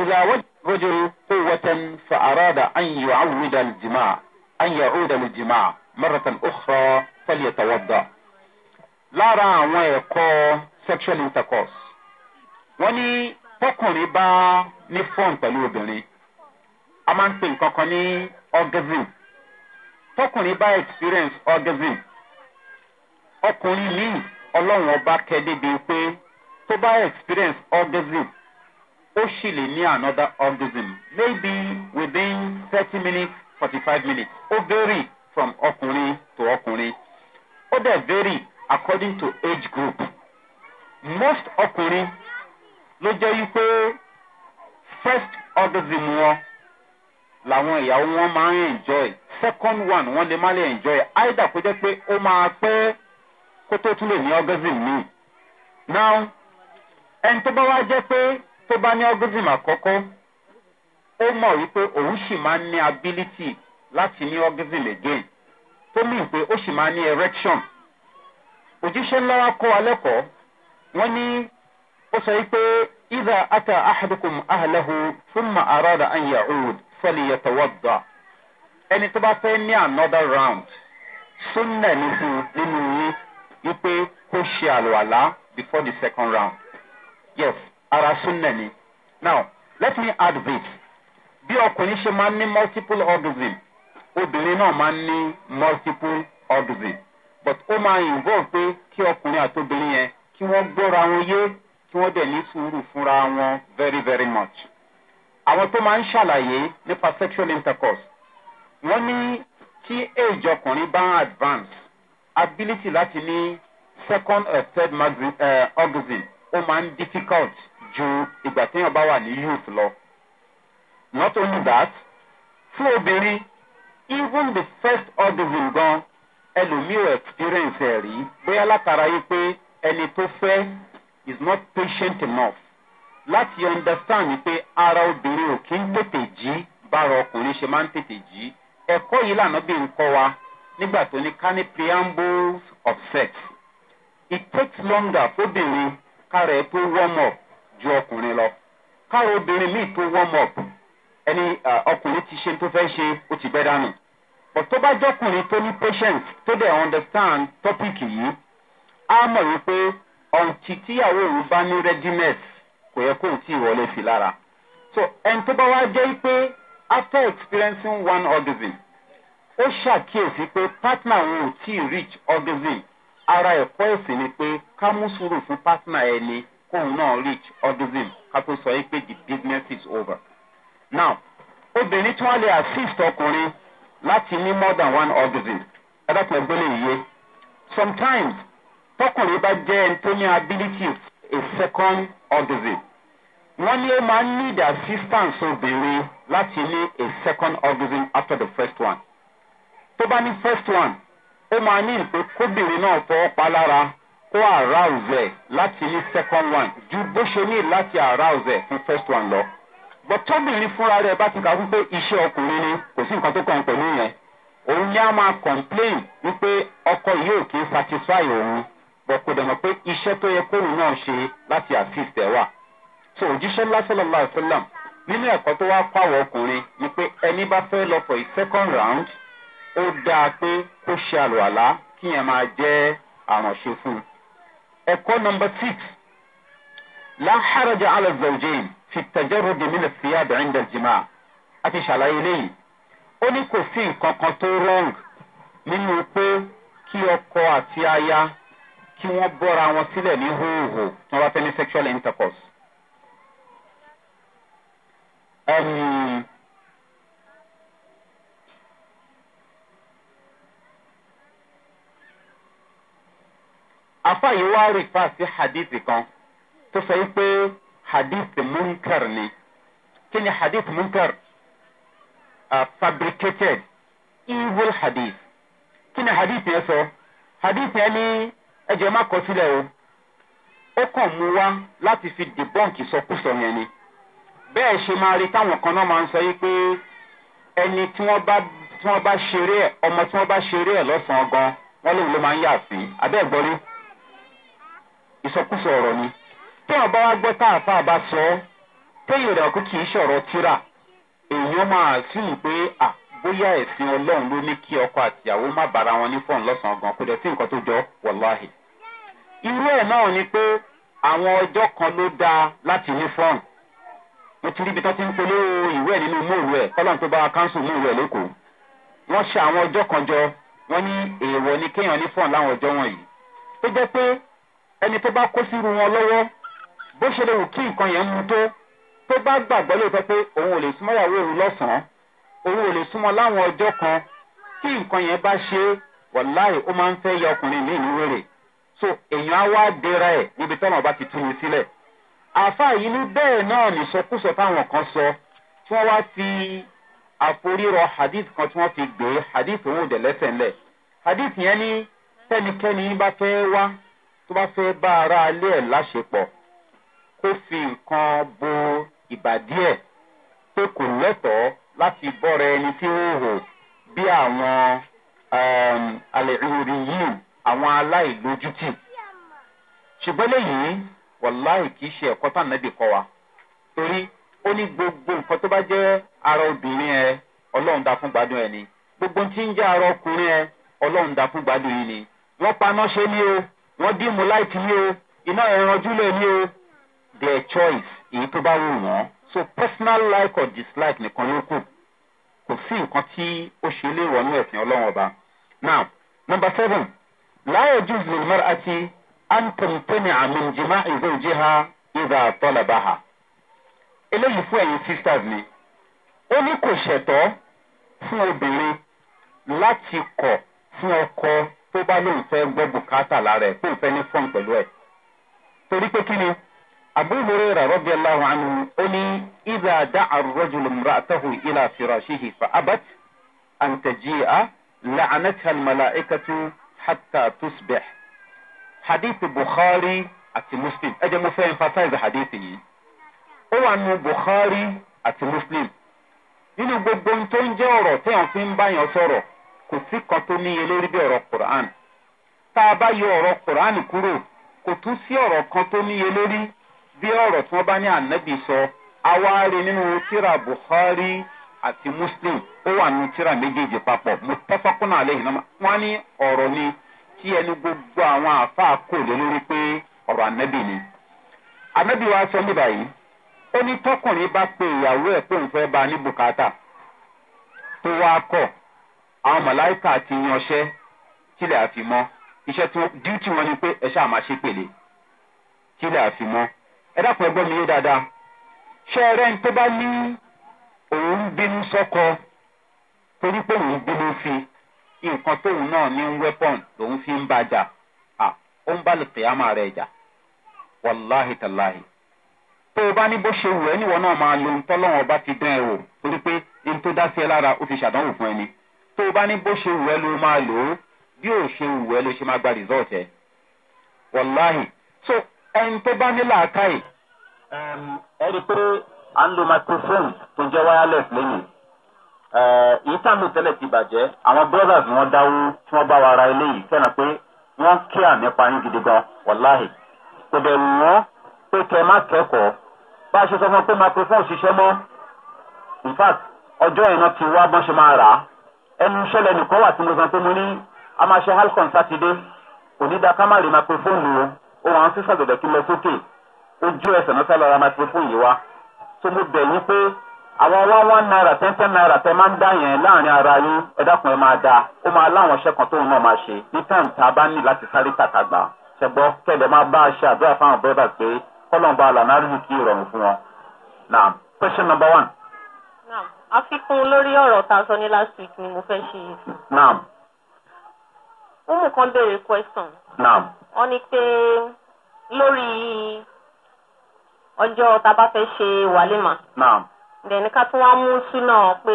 ìlà àwọ̀jọ́rò kó wọ́tẹ́n fa àràdà àyàn àwùjọ àlùjìmá àyàn àwùjọ àlùjìmá. مرة أخرى فليتوضأ lára àwọn ẹ̀kọ́ sexual intercourse وني ní با bá تلو بني. pẹ̀lú obìnrin a máa ń pè nǹkan kan ní orgasm tọkùnrin bá experience orgasm ọkùnrin míì ọlọ́run ọba kẹ́ débi pé tó bá experience orgasm ó sì lè ní another orgasm maybe within thirty minutes forty five minutes ó vary from ọkùnrin to ọkùnrin ó dẹ̀ vary according to age group most ọkùnrin ló jẹ́ wípé first orgasm wọn làwọn ìyàwó wọn máa ń enjoy second one wọn lè má lè enjoy either kó jẹ́ pé ó máa pẹ́ kó tó tún lè ní orgasm míì now ẹni tó bá wá jẹ́ pé tó bá ní orgasm àkọ́kọ́ ó mọ̀ wípé òun sì máa ń ní ability láti ní orgasm again tó mìí pé ó sì máa ní erection òjíṣẹ́ ńlá wa kọ́ alẹ́kọ̀ọ́ wọ́n ní ó sọ wípé ìdá ata ahadukum ahalahu fúnma arada an yaud fọlì yẹtọwọdọ ẹni tó bá fẹ́ ní another round súnà nínú nínú yín wípé kó ṣe àlùwàlá before the second round yes ara súnà ni now let me add this bí ọkùnrin ṣe máa ń ní multiple orgasms? obìnrin náà máa ń ní multiple orgasm but ó máa involve pé kí ọkùnrin àtobìnrin yẹn kí wọ́n gbọ́ra wọn yé kí wọ́n dẹ̀ ní sùúrù fúnra wọn very very much. àwọn tó máa ń ṣàlàyé nípa sexual intercourse wọ́n ní tí age ọkùnrin bá ń advance ability láti ní second or third eh, orgasm ó máa ń difficult ju ìgbà téèyàn bá wà ní youth lọ. not only that fún obìnrin even the first ordinary gan ẹlòmíì experience ẹ̀ rí bóyá látara yìí pé ẹni tó fẹ́ is not patient enough láti understand pé ara obìnrin ò kí ń tètè jí bára ọkùnrin ṣe máa ń tètè jí ẹ̀kọ́ yìí lànà bí nǹkan wa nígbà tó ní ká ní preambles of sex it takes longer fóbìnrin kára ẹ tó warm up ju ọkùnrin lọ kára obìnrin míì tó warm up ẹni ọkùnrin ti ṣe tó fẹ́ ṣe ó ti bẹ́ dànù but tó bá jọkùnrin tó ní patient tó dẹ̀ understand topic yìí á mọ̀ wípé ọ̀ǹtí tíyàwó òun bá ní readiness kò yẹ kó o tí ì fi lára so ẹni tó bá wá jẹ́ pé after experiencing one orgasm ó ṣàkíyèsí pé partner òun ò tí ì reach orgasm ara ẹ̀kọ́ ẹ̀sìn ni pé ká mú sùúrù fún partner ẹni kóun náà reach orgasm ká tó sọ yìí pé the business is over now obìnrin tí wọ́n lè assist ọkùnrin láti ní more than one orgasm ẹ̀dọ́kùn ẹgbẹ́ lè yé sometimes tọkùnrin bá jẹ́ ẹni ability a second orgasm wọ́n ní ó máa ń need assistance obìnrin láti ní a second orgasm after the first one tó bá ní first one ó máa ní ìpè kóbìnrin náà fọwọ́ pa lára kó arouse ẹ̀ láti ní second one ju bó ṣe ní láti arouse ẹ̀ fún first one lọ bọ́tọ́bìnrin fúnra rẹ̀ bá ti kà wípé iṣẹ́ ọkùnrin ni kò sí nǹkan tó kàn pẹ̀lú yẹn òun ni a máa complain wípé ọkọ yóò kí satisfy òun bọ̀ kò dẹ̀ pé iṣẹ́ tó yẹ kóòrùn náà ṣe láti assist ẹ̀ so òjíṣẹ́ lásìlọ́lá ìfẹ́lám nínú ẹ̀kọ́ tó wá pàwọ̀ ọkùnrin ni pé ẹni bá fẹ́ lọ for a second round ó dáa pé kó ṣe àlùwàlá kí yẹn máa jẹ́ àrànṣe fún un. ẹ̀kọ́ number six láhàrájà alẹ́ zọ̀jẹ̀yìn fi tẹjọ́rọ̀dì mílẹ̀ fìyàdì ẹ̀ńdẹ̀ jìmá a ti ṣàlàyé léyìí ó ní kò sí nǹkan kan tó wrong nínú pé kí ọkọ àti aya kí wọ́n bọ́ra wọn sílẹ̀ ní hóòhò tí wọ́n bá fẹ́ ní sexual intercourse. Um, afa yìí wá rí fásitì hadith kan tó sọ yìí pé hadith munkar ni kí ni hadith munkar uh, fabricated evil hadith kí ni hadith yẹn sọ hadith yẹn ní ẹjẹ má kọ sílẹ o ó kàn mú wá láti fi debunk ìsọkúsọ yẹn ni bẹ́ẹ̀ ṣe máa rí táwọn kan náà máa ń sọ yí pé ẹni tí wọ́n bá tí wọ́n bá ṣeré ẹ̀ ọmọ tí wọ́n bá ṣeré ẹ̀ lọ́sàn-án gan wọ́n lóun ló máa ń yà sí abẹ́ ẹ̀gbọ́rí ìsọkúsọ ọ̀rọ̀ ni téèyàn bá wá gbọ́ tá àfa bá sọ ọ́ téèyàn rẹ̀ kó kì í ṣọ̀rọ̀ tíra èèyàn máa sílù pé à bóyá ẹ̀sìn ọlọ́run ló ní kí ọkọ àtìyàwó má bára wọn ní fọ́ọ̀n lọ́sàn-án gan kó dẹ̀ sí nǹkan tó jọ wọ̀láhì. irú ẹ̀ náà ni pé àwọn ọjọ́ kan ló dáa láti ní fọ́ọ̀n mo ti ríbi tán ti ń polówó ìwé ẹ̀ nínú móòrù ẹ̀ kọ́lọ́n tó bá káńsù móòrù ẹ̀ lẹ́kọ̀ọ́ wọ́n ṣe àwọn ọjọ́ kan jọ wọ́n ní èèwọ̀ ni kéèyàn ní fọ́ọ̀n láwọn ọjọ́ wọ̀nyí tó jẹ́ pé ẹni tó bá kó sírú wọn lọ́wọ́ bó ṣe lè wù kí nǹkan yẹn mú tó tó bá gbàgbọ́ lè fẹ́ pé òun ò lè súnmọ́ ìyàwó òru lọ́sàn-án òun ò lè súnmọ́ láwọn ọjọ́ kan tí nǹkan yẹn bá ṣe wàláì ó máa ń fẹ́ yọ ọkùnrin ní wèrè so èèyàn á wá dera ẹ̀ níbi tọ́nà ọba ti túni sílẹ̀ àáfàá yìí ní bẹ́ẹ̀ náà nìṣọkúsọ táwọn kan sọ tí wọ́n wá fi àforírọ hadith kan tí wọ́n fi gbé hadith òun òdẹ̀ lẹ́sẹ̀ hadith yẹn ní tẹ́nikẹ́ni bá fẹ́ wá tó bá fẹ́ bá ara alẹ́ láṣepọ̀ kó fi nǹkan bo ìbàdí ẹ̀ pé kò lẹ́tọ̀ọ́ láti bọ́ra ẹni tí ó hò bí àwọn um, alẹ́rìnrì yìí àwọn aláìlójútì. ṣùgbọ́n lẹ́yìn wàláì kì í ṣe ẹ̀kọ́ tànàbì kọ́ wa torí ó ní gbogbo nǹkan tó bá jẹ́ ara obìnrin ẹ ọlọ́run dá fún gbádùn ẹ ni gbogbo tí ń jẹ́ ara ọkùnrin ẹ ọlọ́run dá fún gbádùn yìí ni wọ́n paná ṣe ní o wọ́n dìmú láìpì ní o iná ẹ̀rànjú lè ní o their choice èyí tó bá wù wọ́n so personal like or dislike nìkan ló kù kò sí nǹkan tí ó ṣe lè wọnú ẹ̀sìn ọlọ́run ọba now number seven láyé jùzù lùmọ́rọ́ àti antòmtẹ́nì àmìjìmá ìzòjì ha ìzà tọ́lẹ̀bá ha eléyìí fún ẹ̀yin sisters ni ó ní kò ṣẹ̀tọ́ fún obìnrin láti kọ̀ fún ọkọ tó bá lóun fẹ́ gbọ́ bùkátà lára ẹ̀ pé fẹ́ ní fọ́ọ̀n pẹ̀lú ẹ̀ torí pé kí ni àbúrò rẹ̀ rọ́bì aláwọ̀ àánú ó ní ìdá dá àrùrọ́jùlù mìíràn àtàwù ilà fìràṣìhì fa abat àǹtẹ̀jìyà làánàtà màláìkàtú hàtà tusbẹ̀. hadith bukhari àti muslim ẹ jẹ́ mo fẹ́ emphasize hadith yìí ó wà nù bukhari àti muslim nínú gbogbo ohun tó ń jẹ́ ọ̀rọ̀ tí wọ́n fi ń báyàn sọ̀rọ̀ kò sí kan tó níye lórí bí ọ̀rọ̀ quran tá a bá yọ ọ̀rọ̀ quran kúrò kò tún sí ọ̀rọ̀ kan tó níye lórí bí ọ̀rọ̀ tí wọ́n bá ní ànábì sọ awárí nínú tíra buhari àti muslim ó wà nínú tíra méjèèjì papọ̀ mustapha aleyhi náà wọ́n ní ọ̀rọ̀ ni tí ẹni gbogbo àwọn àáfàá kò lé lórí pé ọ̀rọ̀ ànábì ni. ànábì wa sọ níbà yìí ó ní tọkùnrin bá pe ìyàwó ẹ̀ pé òun fẹ́ bá a ní bùkátà tó wá kọ̀ àwọn mọ̀láìkà ti yanṣẹ́ kílẹ̀ àfimọ́ iṣẹ́ tó díútì wọn ni pé ẹ ṣáà pèlè kílẹ̀ àfimọ́. ẹ egbe ẹgbọ́n mi yé dáadáa ṣé ẹ rẹ́ni tó bá ní òun bínú sọ́kọ torí pé òun bínú fi nǹkan tóun náà ní wẹ́pọ̀n lòun fi ń bàjà ó ń bá lè pè jà wàláhì tàláhì tó o bá ní bó ṣe wù ẹ́ níwọ̀n náà máa lo ti dán ẹ wò torí pé tó dá sí ẹ lára ó fi ṣàdánwò fún tó o bá ní bó ṣe wù ẹ́ ló máa lò ó bí ò ṣe wù ló ṣe máa gba rìsọ́ọ̀tì ẹ wàláhì so ẹni tó bá ní làákàyè. ẹ rí i pé à ń lo microphone tó jẹ́ wireless lẹ́yìn èyí tá à tẹ́lẹ̀ ti bàjẹ́ àwọn brothers wọn dáwó tí wọ́n bá wa ra eléyìí kẹ́nà pé wọ́n kí à nípa yín gidi gan wàláhì kò dẹ̀ wọ́n pé kẹ́ má kẹ́kọ̀ọ́ bá a ṣe sọ fún ọ pé microphone ṣiṣẹ́ mọ́ in fact ọjọ́ ìran ti wá bọ́n ṣe máa rà á ẹnu iṣẹ́ lẹ́nu wà tí mo san pé mo ní a máa ṣe halcon sátidé kò ní da ká má rí microphone lò ó ohun àwọn sísà dọ̀dọ̀ kí lọ sókè ojú ẹsẹ̀ náà sálára máa ti fún yìí wá tó mo bẹ̀ yín pé àwọn wá wá náírà ten ten náírà tẹ máa ń dá yẹn láàrin ara yín ẹ̀dákùnrin máa da ó máa láwọn iṣẹ́ kan tóun náà máa ṣe ní tẹ́ǹ tá a bá ní láti sáré tàkà gbà ṣẹgbọ́ kẹlẹ̀ máa bá a ṣe àdúrà fáwọn bẹ́ẹ̀bà pé kọ́lọ́ǹba àlànà rí kí ìrọ̀rùn fún wọn. now question number one. now àfikún lórí ọ̀rọ̀ tá a sọ ní last week ni mo fẹ́ ṣe yìí. now ụmụ kan bere question. naa wọ́n ní pé lórí ọjọ́ tá a bá fẹ́ ṣe wàlímà. naam. then ká tún wá mú súnà pé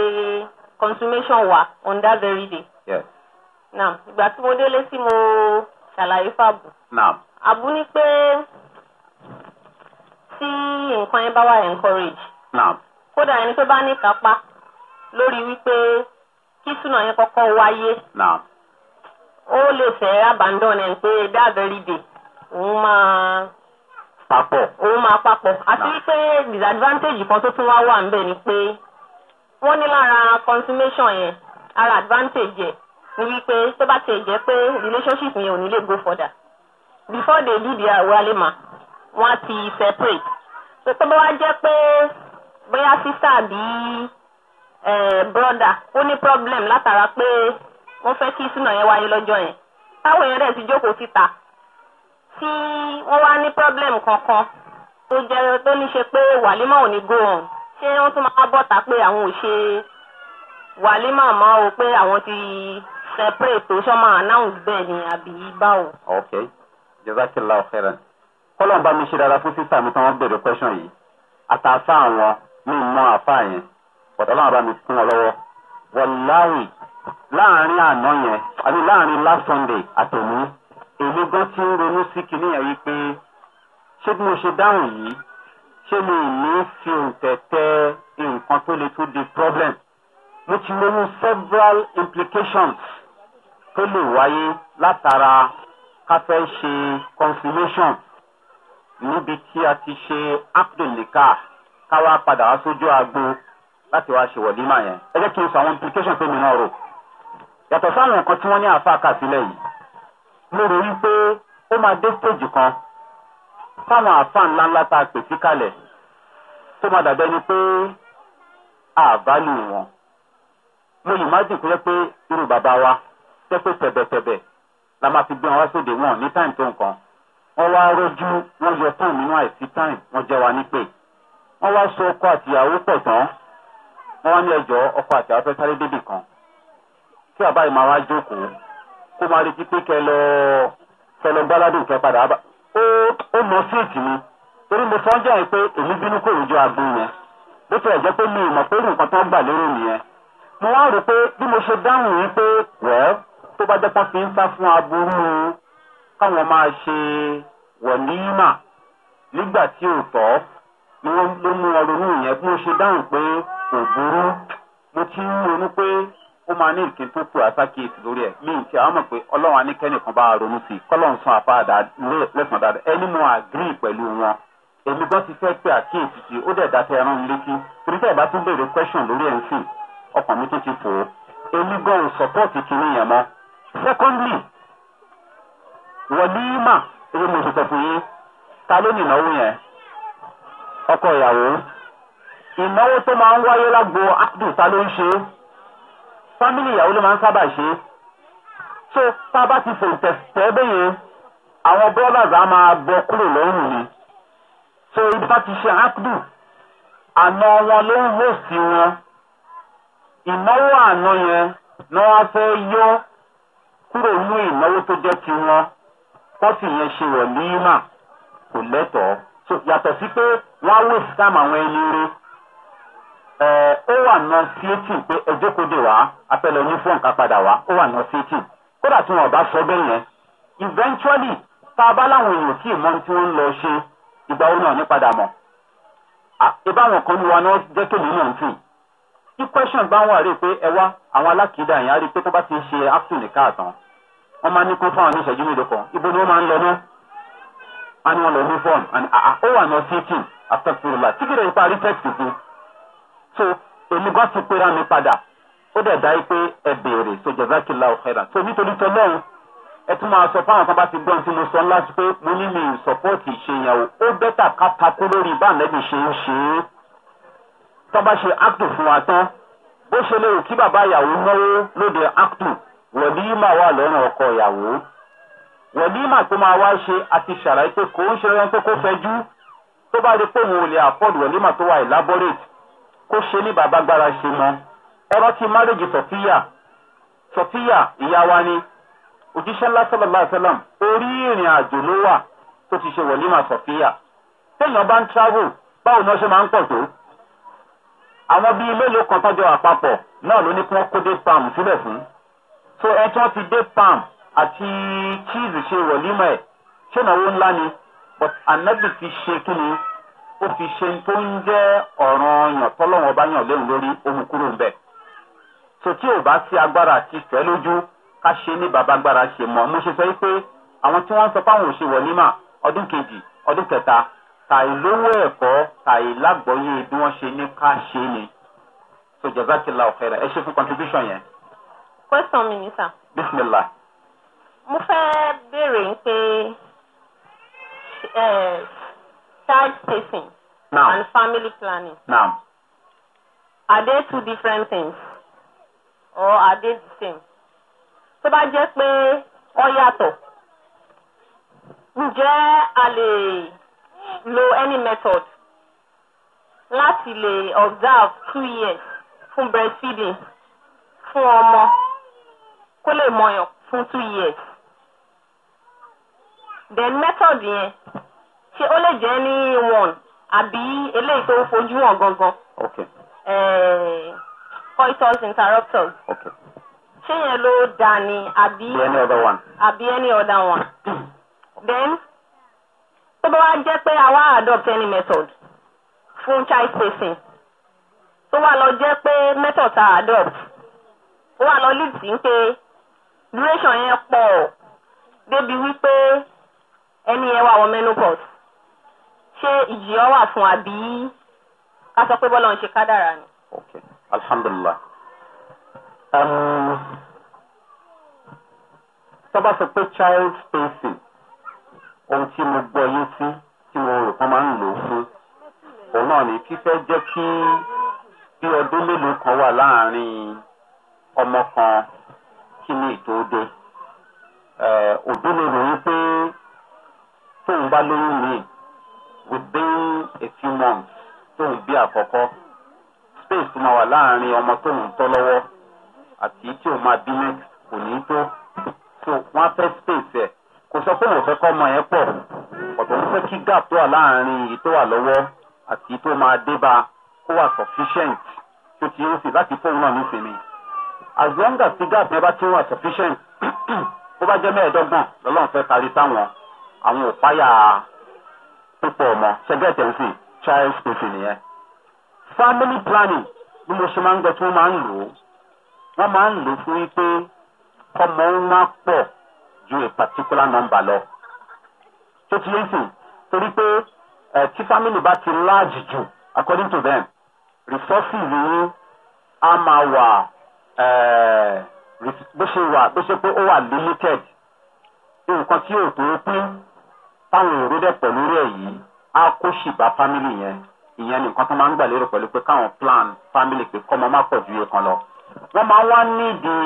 consummation wà on that very day. yes. naam ìgbà tí mo délé sí mo ṣàlàyé fàbù. naam. àbú ni pé tí nǹkan yẹn bá wà encourage. naam. kódà ẹni tó bá ní kápá lórí wípé kí súnà yẹn kọ́kọ́ wáyé. ó lè fẹ́ abandon ẹ̀ pé that very day òun máa. papọ̀. òun máa papọ̀ àti wípé disadvantage kan tó tún wá wà ń bẹ̀ ni pé wọ́n ní lára consummation yẹn ara advantage yẹn ni wípé tó bá tiẹ̀ jẹ́ pé relationship yẹn ò ní go further before they do their walima wọ́n á ti separate so tó bá wá jẹ́ pé bóyá sister àbí eh, brother ó ní problem látara pé wọ́n fẹ́ kí súnà yẹn wáyé lọ́jọ́ yẹn táwọn èèyàn dẹ̀ ti jókòó síta tí wọ́n wá ní pọ́blẹ́mù kankan tó jẹ́ tó ní ṣe pé wàlímọ̀ ò ní go ṣé wọ́n tún máa bọ̀tà pé àwọn ò ṣe wàlímọ̀ mọ́ o pé àwọn ti separate o ṣọ́mọ announce bẹ́ẹ̀ ni àbí báwo. ok jazakillah khairan kọ́lọ̀ bá mi ṣe dára fún sísá mi tí wọ́n bèrè question yìí àtàfà àwọn mi mọ àfà yẹn ọ̀dọ́ bá mi kún ọ lọ́wọ́ wọ́n láàrin àná yẹn àbí láàrin last sunday àtòmú èmi gan ti ń ronú sí kinní yẹn wípé ṣé bí mo ṣe dáhùn yìí ṣé mi ì ní fi òǹtẹ̀ tẹ nǹkan tó le tó di problem mo ti ronú several implications tó lè wáyé látara ká fẹ́ ṣe consummation níbi tí a ti ṣe abdulika ká wá padà wá sójú agbo láti wá ṣe wọ̀dí mà yẹn ẹ jẹ́ kí n sọ àwọn implications tó mi náà rò yàtọ̀ sáwọn nǹkan tí wọ́n ní àáfàá kà sílẹ̀ yìí mo rò wípé ó máa dé stage kan táwọn àáfàá ńlá ńlá tá a pè sí kalẹ̀ tó máa dàbẹ́ ni pé àbálù wọn mo yìí má dìkú yẹ pé irú bàbá wa jẹ́ pé tẹ̀bẹ̀tẹ̀bẹ̀ la máa fi gbé wọn wá sóde wọn ní táìm tó nǹkan wọn wá rọjú wọn yọ fún mi àìsí táìm wọn jẹ wa nípè wọn wá so ọkọ àtìyàwó pọ̀ tán wọn wá ní ẹjọ́ ọkọ àtìyàwó fẹ́ sáré débì kan tí bàbá yìí máa wá jókòó kó máa retí pé kẹ lọ kẹ lọ gbáládùn kẹ padà wá bá ó ó mọ síìtì mi torí mo sọ́jà yìí pé èmi bínú kò rújọ àgbo yẹn bó tilẹ̀ jẹ́ pé mi ò mọ̀ pé nǹkan tó ń gbà lérò nìyẹn mo wá rò pé bí mo ṣe dáhùn yìí pé wẹ́ẹ́ tó bá jẹ́ fi ń sá fún aburú káwọn máa ṣe wọ̀límà nígbà tí ò tọ́ ni wọ́n ló mú ọ ronú yẹn bí mo ṣe dáhùn pé kò burú mo ti ń ronú pé ó ní nǹkan tó kù àtàkìyèsí lórí ẹ̀ mí ìṣe àwọn mọ̀ pé ọlọ́run kan bá ronú sí i kọ́lọ́run sún apá lẹ́sàn dáadáa ẹni mú àgírí pẹ̀lú wọn èmi ti fẹ́ pé àkíyèsí sí ó dẹ̀ dáta ẹran létí torí ẹ̀ bá tún béèrè question lórí ẹ̀ ń mi tó ti fò ó èmi yẹn mọ́ secondly mo sọ̀tọ̀ fún yín ta ló yẹn fámìlì ìyàwó ló máa ń sábà ṣe é so tá a bá ti fòǹtẹ̀ tẹ́ bẹ́yẹn àwọn brothers á máa bọ kúrò lọ́rùn ni so ibi tá ti ṣe ápdù àna wọn ló ń hò sí wọn ìnáwó àná yẹn ni wọn fẹ́ yọ kúrò nínú ìnáwó tó jẹ́ tiwọn pọ́tì yẹn ṣe wọ̀ ní mà kò lẹ́tọ̀ọ́ so yàtọ̀ sí pé wọ́n á wò sí táàmù àwọn ẹni rẹ̀ ẹ ó wà nọ fíétìn pé ẹjọ́ kò dé wá apẹ̀lẹ̀ oní fún ọ̀nká padà wá ó wà nọ fíétìn kódà tí wọn ò bá sọ bẹ́ẹ̀ yẹn eventually tá a bá láwọn èèyàn tí ìmọ̀ tí wọ́n ń lọ ṣe ìgbà wo náà ní padà mọ̀ ìbáwọn kan ní wa náà jẹ́ kéèmí náà ń fì tí question bá wà rí i pé ẹ wá àwọn alákìídà yẹn á rí i pé tó bá ti ṣe afton ní káàtàn wọ́n máa ní kó fáwọn oníṣẹ́jú mélòó kan ibo ni wọ́n máa ń lọ náà wọ́n ní wọ́n lọ ní fọ́ọ̀mù ó wà nọ fíétìn àtọ́kùnrin là tí ìparí text fún un so èmi gan ti pera mi padà ó dẹ̀ dá pé ẹ béèrè so jazakila ọ̀hẹ́rà so nítorí tọ́lọ́run ẹ tún máa sọ fáwọn kan bá ti gbọ́n tí mo sọ ńlá sí pé mo ní mi sọ́pọ́ọ̀tì ìṣèyàn o ó bẹ́tà ká takú lórí báńdẹ́bì ṣe ń ṣe é tọ́ bá ṣe áàtù fún wa tán bó ṣe léwu kí bàbá ìyàwó náwó lóde áàtù wọ̀límà wà lọ́rùn ọkọ ìyàwó wọ̀límà tó máa wá ṣe àti ṣàlàyé pé kò ń ṣe rẹ́ńpẹ́ kó fẹjú tó bá rí pé òun ò lè afford wọ̀límà tó wà elaborate kó ṣe ní bàbá gbára ṣe mọ ẹrọ tí márèjì sọfíà sọfíà ìyá wa ni òjíṣẹ́ ńlá sọ́lọ́lá sẹ́lẹ̀m orí ìrìn àjò ló wà tó ti ṣe wọ̀límà sọfíà téèyàn bá ń travel báwo ni wọ́n ṣe máa ń pọ̀ tó àwọn bíi mélòó kan tọ́jọ àpapọ̀ náà ló ní kí wọ́n kó dé palm síbẹ̀ fún so ẹ tí wọ́n ti dé palm àti cheese ṣe wọ̀límà ẹ̀ ṣé ìnáwó ńlá ni but anabi ti ṣe kí ni ó fi ṣe tó ń jẹ́ ọ̀ràn yàn tọ́lọ́wọ́n bá yàn léwu lórí ohun kúrò ń bẹ̀. tó tí ò bá sí agbára àti ìfẹ́ lójú ká ṣe ní bàbá ṣe mọ́ mo ṣe sọ pé àwọn tí wọ́n sọ fáwọn òṣè wọ̀ nímà ọdún kejì ọdún kẹta tàì lówó ẹ̀kọ́ tàì lágbọ́yé bí wọ́n ṣe ní ká ṣe ni. so jazakila ọ̀fẹ́rẹ́ ẹ ṣe fún contribution yẹn. question mi ni sir. bisimilah. mo fẹ́ béèrè pé eh, child spacing now. and family planning. Now. Are they two different things? Or are they the same? Tó bá jẹ́ pé ọ yàtọ̀, ǹjẹ́ a lè lo any method láti lè observe two years fún breastfeeding fún ọmọ kó lè mọyàn fún two years? Then method yẹn. ṣé ó lè jẹ́ ní one àbí eléyìí tó ń fojú hàn gangan. Eh, coitus interruptus. okay. ṣé yẹn ló da ni àbí. any one. àbí any other one. then tó bá wá jẹ́ pé àwa adopt any method fún child spacing tó wà lọ jẹ́ pé method ta adopt ó wà lọ lead sí pé duration yẹn pọ̀ débi wípé ẹni yẹn wà wọ menopause ṣé ìjìyà wà fún àbí ká sọ pé bọ́lá ń ṣe kádàrà ni. ok alhamdulilah. Um, tọ́ba sọ pé child spacing ohun tí mo gbọ́ yé sí tí mo rò pé máa ń lò ó fún òun náà ni fífẹ́ jẹ́ kí bí ọdún mélòó kan wà láàrin ọmọ kan kí ni ìtòódé eh, òbí lè rò wípé tóun bá lóyún míì within a few months tóun bí àkọ́kọ́ space tó máa wà láàrin ọmọ tóun tọ́ lọ́wọ́ àti tí òun máa bí next kò ní tó so wọ́n á fẹ́ space ẹ̀ kò sọ pé òun fẹ́ kọ́ ọmọ yẹn pọ̀ ọ̀dọ̀ òun fẹ́ kí gap tó wà láàrin èyí tó wà lọ́wọ́ àti tó máa dé bá kó wà sufficient tó ti ń sìn láti fóun náà nísìnyí as long as tí gap yẹn bá ti wà sufficient bó bá jẹ́ mẹ́ẹ̀ẹ́dọ́gbọ̀n lọ́lọ́run fẹ́ parí sáwọn àwọn òpáyà pípọ̀ ọmọ ṣẹgẹ́tẹ̀ sí child spacing nìyẹn. family planning bí mo ṣe máa ń gbọ́ tí wọ́n máa ń lò ó wọ́n máa ń lò ó ju a particular number lọ. tó ti yé sìn torí pé tí family bá ti large jù according to them resources yìí á máa wà bó ṣe wà bó ṣe pé ó wà limited nǹkan tí ò tó pín táwọn èrò dẹ̀ pẹ̀lú rẹ̀ yìí á kó sì bá fámìlì yẹn ìyẹn nìkan tó máa ń gbà lérò pẹ̀lú pé káwọn plan fámìlì pé kọ́mọ má pọ̀ ju iye kan lọ. wọ́n máa wá nídìí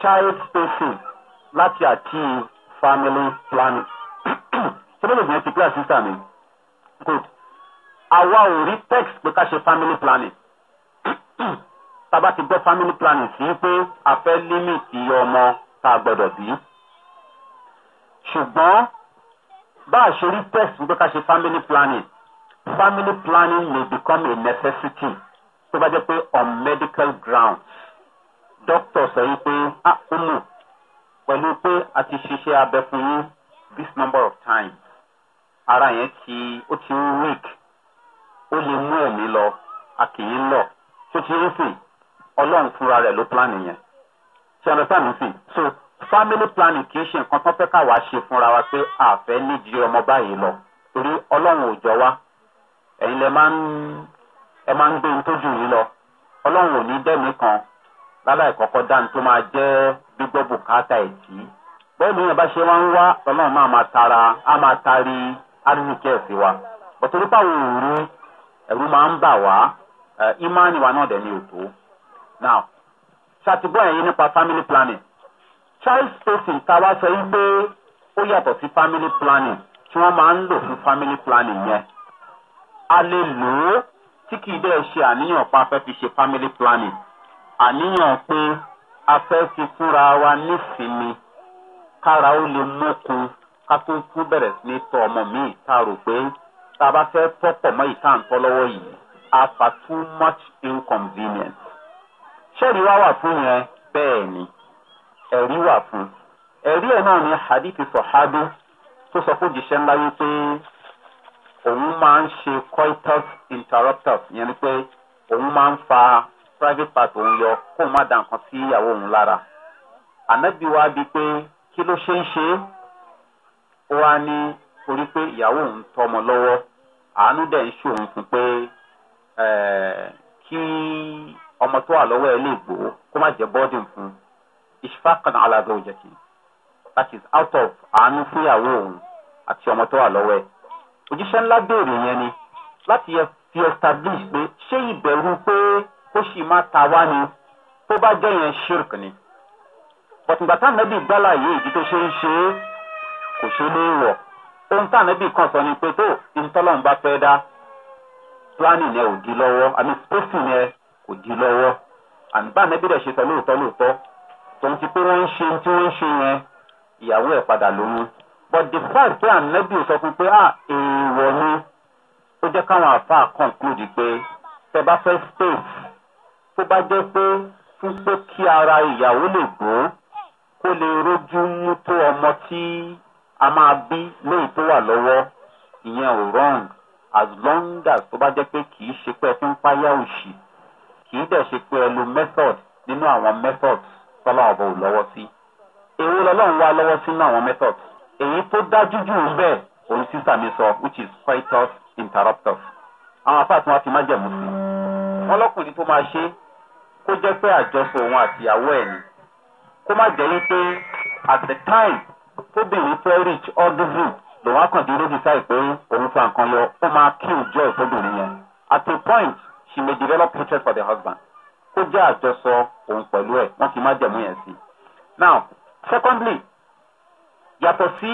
child spacing láti àti family planning. ṣé bẹ́ẹ̀ lóògùn ẹ ti clear sister mi? good. àwa ò rí text pé ká ṣe family planning. tába ti gbọ́ family planning sí pé a fẹ́ límìtì ọmọ tá a gbọ́dọ̀ bí. ṣùgbọ́n bá a ṣe rí test nípa ká ṣe family planning family planning may become a necessity tó bá jẹ́ pé on medical grounds doctor sọ yìí pé a ó mọ̀ pẹ̀lú pé a ti ṣiṣẹ́ abẹ fún yín this number of times ara yẹn ti ó ti ń weak ó lè mú ẹ̀mí lọ a kì í lọ tó ti ń sìn ọlọ́run fúnra rẹ̀ ló plan yẹn ṣe understand me sìn so. Famili planning kì í ṣe nǹkan tó fẹ́ ká wàá ṣe fúnra wa pé àfẹ́ nídìí ọmọ báyìí lọ torí ọlọ́run ò jọ wá ẹ̀yin lẹ máa ń ẹ máa ń gbé ohun tó jù yín lọ ọlọ́run ò ní dẹ́mi kan láláì kọ́kọ́ dáhùn tó máa jẹ́ gbígbọ́ bùkátà ẹ̀tí bẹ́ẹ̀ ni ìyẹn bá ṣe wá ń wá ọlọ́run tara á máa wa ọ̀tọ̀rí pàwọn òru ẹ̀rú máa ń bà wá ìmánìwá náà ni òtó now ṣàtìgbọ́ ẹ̀yin nípa family planning. child spacing ta a wá sọ wípé ó yàtọ̀ sí family planning tí wọ́n máa ń lò fún family planning yẹn a lè lò ó tí kì í bẹ́ẹ̀ ṣe àníyàn pa fẹ́ fi ṣe family planning àníyàn pé a fẹ́ fi fúnra wa nísìnyí kára ó lè mókun ká tó tún bẹ̀rẹ̀ sí ní tọ ọmọ míì tá rò pé tá bá fẹ́ tọ́pọ̀ mọ́ ìta ń tọ́ lọ́wọ́ yìí a fa too much inconvenience ṣé ìwá wà fún yẹn bẹ́ẹ̀ ni. ẹ̀rí wà fún ẹ̀rí ẹ̀ náà ni hadith sọ̀hábí tó sọ fún jíṣẹ́ ńlá wípé òun máa ń ṣe coitus interruptus yẹn ni pé òun máa fa private part òun yọ kó má da nǹkan sí ìyàwó òun lára wa bíi pé kí ló ṣe ń ṣe ó wá ní torí pé ìyàwó òun lọ́wọ́ àánú dẹ̀ ń ṣe òun ọmọ tó wà lọ́wọ́ ẹ lè gbòó kó má jẹ́ fún ìṣfàkàn alágbèwòjẹ̀kì that is out of àánú fúnyàwó òun àti ọmọ tó wà lọ́wọ́ ẹ̀. òjíṣẹ́ ńlá béèrè yẹn ni láti yẹ fi establish pé ṣé ìbẹ̀rù pé kó sì máa ta wá ni tó bá jẹ́ yẹn shirk ni. bọ̀tùgbà tánàbì gbálàyé ìdí tó ṣe ń ṣe é kò ṣe lé wọ̀ ohun tánàbì kan sọ ni pé tó ìtọ́lọ́run bá fẹ́ dá planning yẹn ò di lọ́wọ́ àmì spacing yẹn kò di lọ́wọ́ àǹbá nẹ́bí rẹ̀ ṣe sọ lóòótọ́ lóòótọ́ tòun ti pé wọ́n ń ṣe tí wọ́n ń ṣe yẹn ìyàwó ẹ̀ padà lóyún but the fact pé ànábì sọ fún pé ah èèwọ̀ ni ó jẹ́ káwọn àfa conclude pé tẹ bá fẹ́ space tó bá jẹ́ pé fún pé kí ara ìyàwó lè gbó kó lè rójú mú tó ọmọ tí a máa bí léyìí tó wà lọ́wọ́ ìyẹn ò wrong as long as tó bá jẹ́ pé kì í ṣe pé ẹ fi ń páyà òṣì kì í dẹ̀ ṣe pé ẹ lo method nínú àwọn methods tọ́lọ́wọ́ bò lọ́wọ́ sí. èwo lọ́lọ́run wá lọ́wọ́ sí náà wọn method. èyí tó dájú jù bẹ́ẹ̀ òun sísà mi sọ which is coitus interruptus. àwọn afáà tí wọ́n ti má jẹ̀mú sí. wọ́n lọ́kùnrin tó máa ṣe kó jẹ́ pé àjọsọ òun àtìyàwó ẹ̀ ni. kó má jẹ́ wípé at the time tóbìnrin fẹ́ reach ọdúnrún lòun á kàn dé lójú sáì pé òun fa nǹkan yọ ó máa kí òjò ẹ̀ yẹn. at a point she may develop hatred for the husband ó jẹ́ àjọsọ òun pẹ̀lú ẹ̀ wọ́n fi má jẹ̀mú yẹn sí. now secondly yàtọ̀ sí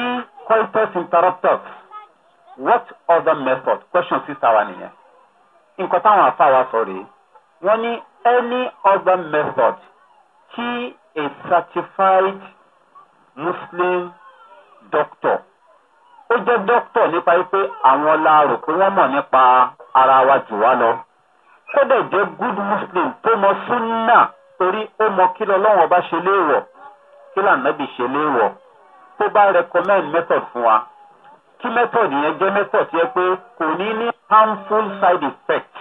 coitus interruptus what other method question sísá wa nìyẹn nǹkan táwọn afa wa sọ rèé wọ́n ní any other method kí a certified muslim doctor ó jẹ́ doctor nípa wípé àwọn la rò pé wọ́n mọ̀ nípa ara wa jù wá lọ kó dẹ̀ good muslim tó mọ súnà torí ó mọ kí lọ́wọ́ bá ṣe léèwọ̀ kí lànàbì ṣe léèwọ̀ tó bá recommend method fún wa kí method yẹn jẹ́ method yẹ pé kò ní ní harmful side effect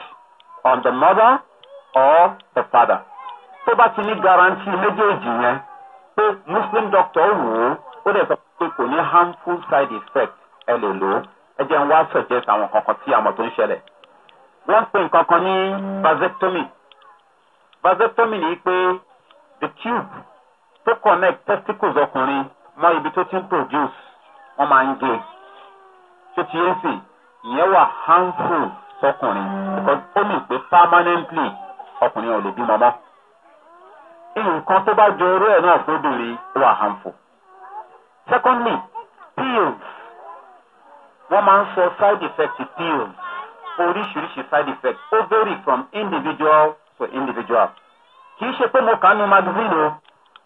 on the mother or the father tó bá ti ní guarantee méjèèjì yẹn pé muslim doctor wò ó ó dẹ̀ sọ pé kò ní harmful side effect ẹ lè lò ó ẹ jẹ́ ń wá suggest àwọn kankan tí àmọ̀ tó ń ṣẹlẹ̀ wọ́n pè nǹkan kan ní vasectomy vasectomy ni pé the tube tó connect testicles ọkùnrin mọ ibi tó ti ń produce wọ́n máa ń gé tó ti yẹn sì ìyẹn wà harmful sọkùnrin because ó mì pé permanently ọkùnrin ò lè bímọ mọ́ nǹkan tó bá jọ orú ẹ̀ náà fóbìnrin wà harmful secondly pills wọ́n máa ń sọ side effect pills oríṣiríṣi side effects. ó vary from individual to individual. kì í ṣe pé mo kàánú magazine o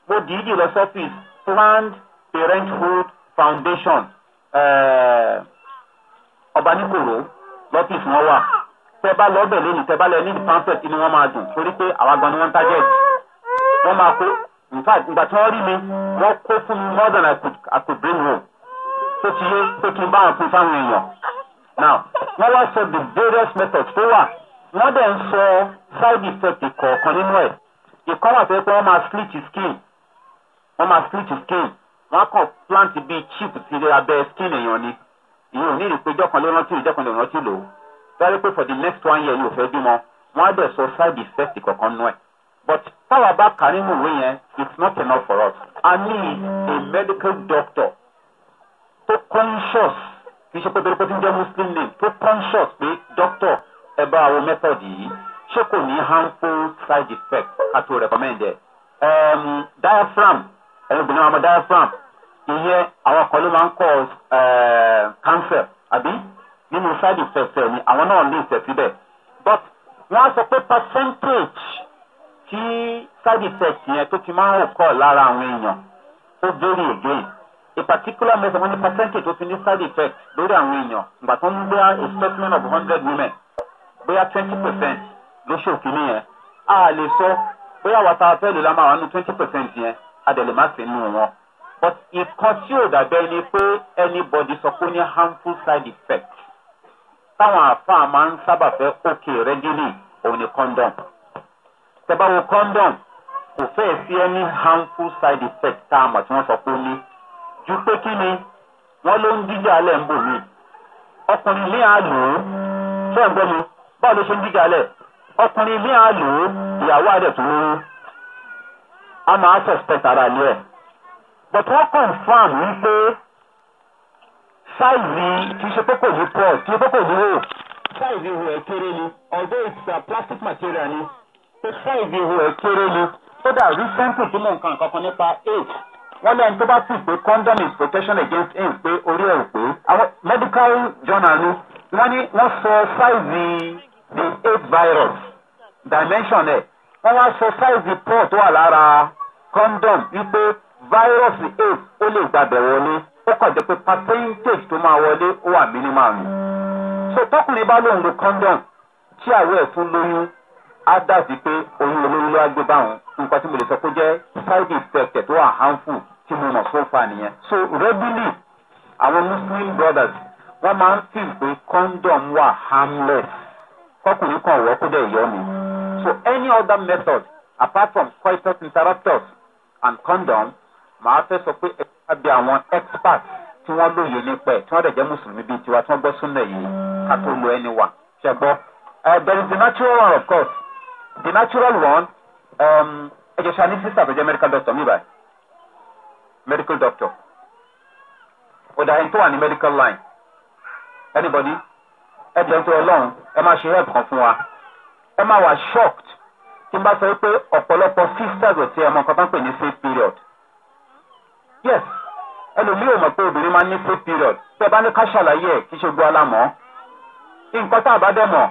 mo dìídì lọ sọ́fíìsì planned parenthood foundation eh, ọba uh, nìkòrò lọ́fíìsì wọn wà tẹ bá lọ́bẹ̀ lónìí tẹ bá lọ ní pamphlet inú wọn máa dùn torí pé àwọn agbọn ni ń target wọ́n máa kó in fact ìgbà tí wọ́n rí mi wọ́n kó fún mi more than i could, I could bring home tó ti yé pé kí n bá wọn pin fáwọn èèyàn now wọ́n wá sọ the various methods tó wà wọ́n dẹ̀ ń sọ side effect kọ̀ọ̀kan nínú ẹ̀ ìkọ́ wà pé wọ́n máa split skin wọ́n máa split skin wọ́n á kàn plant bíi chip sí abẹ́ skin èèyàn ni ìyẹn ò ní ìrìn pé jọ́kan ló rántí ìjọ́kan ló rántí lò ó dárí pé for the next one year yóò fẹ́ bímọ wọ́n á dẹ̀ sọ side effect kọ̀ọ̀kan nínú ẹ̀ but táwa bá kà nínú ìwé yẹn it's not enough for us i need a medical doctor tó conscious kì í ṣe pé torí pé tí ń jẹ́ muslim league tó conscious pé doctor ẹ bá àwọn method yìí ṣé kò ní harmful side effect ká tó recommend ẹ. diaphragm ẹni obìnrin wa diaphragm ìyẹn àwọn kan ló máa ń cause uh, cancer àbí nínú side effect ẹ e, ni àwọn náà lè tẹ̀ síbẹ̀ but wọ́n á sọ pé percentage tí side effect yẹn tó ti máa ń kọ̀ lára àwọn èèyàn ó vary again a particular measure wọn ní percentage tó ti side effect lórí àwọn èèyàn ìgbà tó ń gbé a statement of hundred women bóyá twenty percent ló ṣòkì nìyẹn a lè sọ bóyá wà tá a fẹ́ lè la máa wà nù twenty percent yẹn a dẹ̀ lè má sí nù wọn but nǹkan tí ò dàbẹ́ ni pé anybody sọ pé ó ní harmful side effect táwọn àáfàá máa ń sábà fẹ́ òkè rẹ́gílì òun ni condom tẹ́báwo condom kò fẹ́ẹ̀ sí any harmful side effect tá a mọ̀ tí wọ́n sọ pé ó ní ju pé kí ni wọ́n ló ń díjà alẹ́ ń bò mí ọkùnrin mi à lò ó ṣé ẹ̀ ń gbọ́ mi báwo ló ṣe ń díjà alẹ́ ọkùnrin mi à lò ó ìyàwó àdẹ̀ tó lóyún a máa suspect ara ilé ẹ̀ but wọ́n confam wípé sáìzì kì í ṣe pé kò ní pọ̀ kì í ṣe pé kò ní hò sáìzì ihò ẹ̀ kéré ni although it's a uh, plastic material ni pé sáìzì ihò ẹ̀ kéré ni kódà recently tí mò ń kan nǹkan kan nípa eight wọ́n lẹ́yìn tó bá sì pé condom is protection against aids pé orí ẹ̀ ò pé àwọn medical journal ni wọ́n ní wọ́n sọ sáìzì the aids virus dimension ẹ̀ wọ́n wá sọ sáìzì port wà lára condom wípé virus aids ó lè gbàgbẹ́ wọlé ó kàn jẹ́ pé percentage tó máa wọlé ó wà minimal ni. so tọkùnrin bá lóun lo condom tí àwọ̀ ẹ̀ fún lóyún á dàbí pé oyún olóyún ló wá gbé báwọn nǹkan tí mo lè sọ pé jẹ́ side effect tó wà harmful tí mo mọ̀ so far nìyẹn. so regularly àwọn muslim brothers wọ́n máa ń fi pé condom wà harmless kọkùnrin kan wọ́ kó dẹ̀ yọ ni. so any other method apart from coitus interruptus and condom màá fẹ́ sọ pé ẹ̀ka bí àwọn experts tí wọ́n lóye nípa ẹ̀ tí wọ́n dẹ̀ jẹ́ mùsùlùmí bíi tiwa tí wọ́n gbọ́ súnlẹ̀ yìí ká tó lo ẹni wà ṣẹ́gbọ́. there is the natural one of course the natural one ẹ jẹ́ sani sísà tó jẹ́ medical doctor mi báyìí medical doctor Oda ẹni tó wà ní medical line anybody ẹ e jẹ́ nítorí ọlọ́run ẹ e máa ṣe help kan fún wa ẹ máa wà shocked tí n bá sọ pé ọ̀pọ̀lọpọ̀ sisters ọ̀tí ẹ̀ mọ nǹkan bá ń pè ní safe period yes ẹlòmíì e ò mọ̀ pé obìnrin máa ń ní safe period tẹ́ bá ní ká ṣàlàyé ẹ̀ kí ṣe gbọ́ alámọ̀ nǹkan tá a bá dẹ̀ mọ̀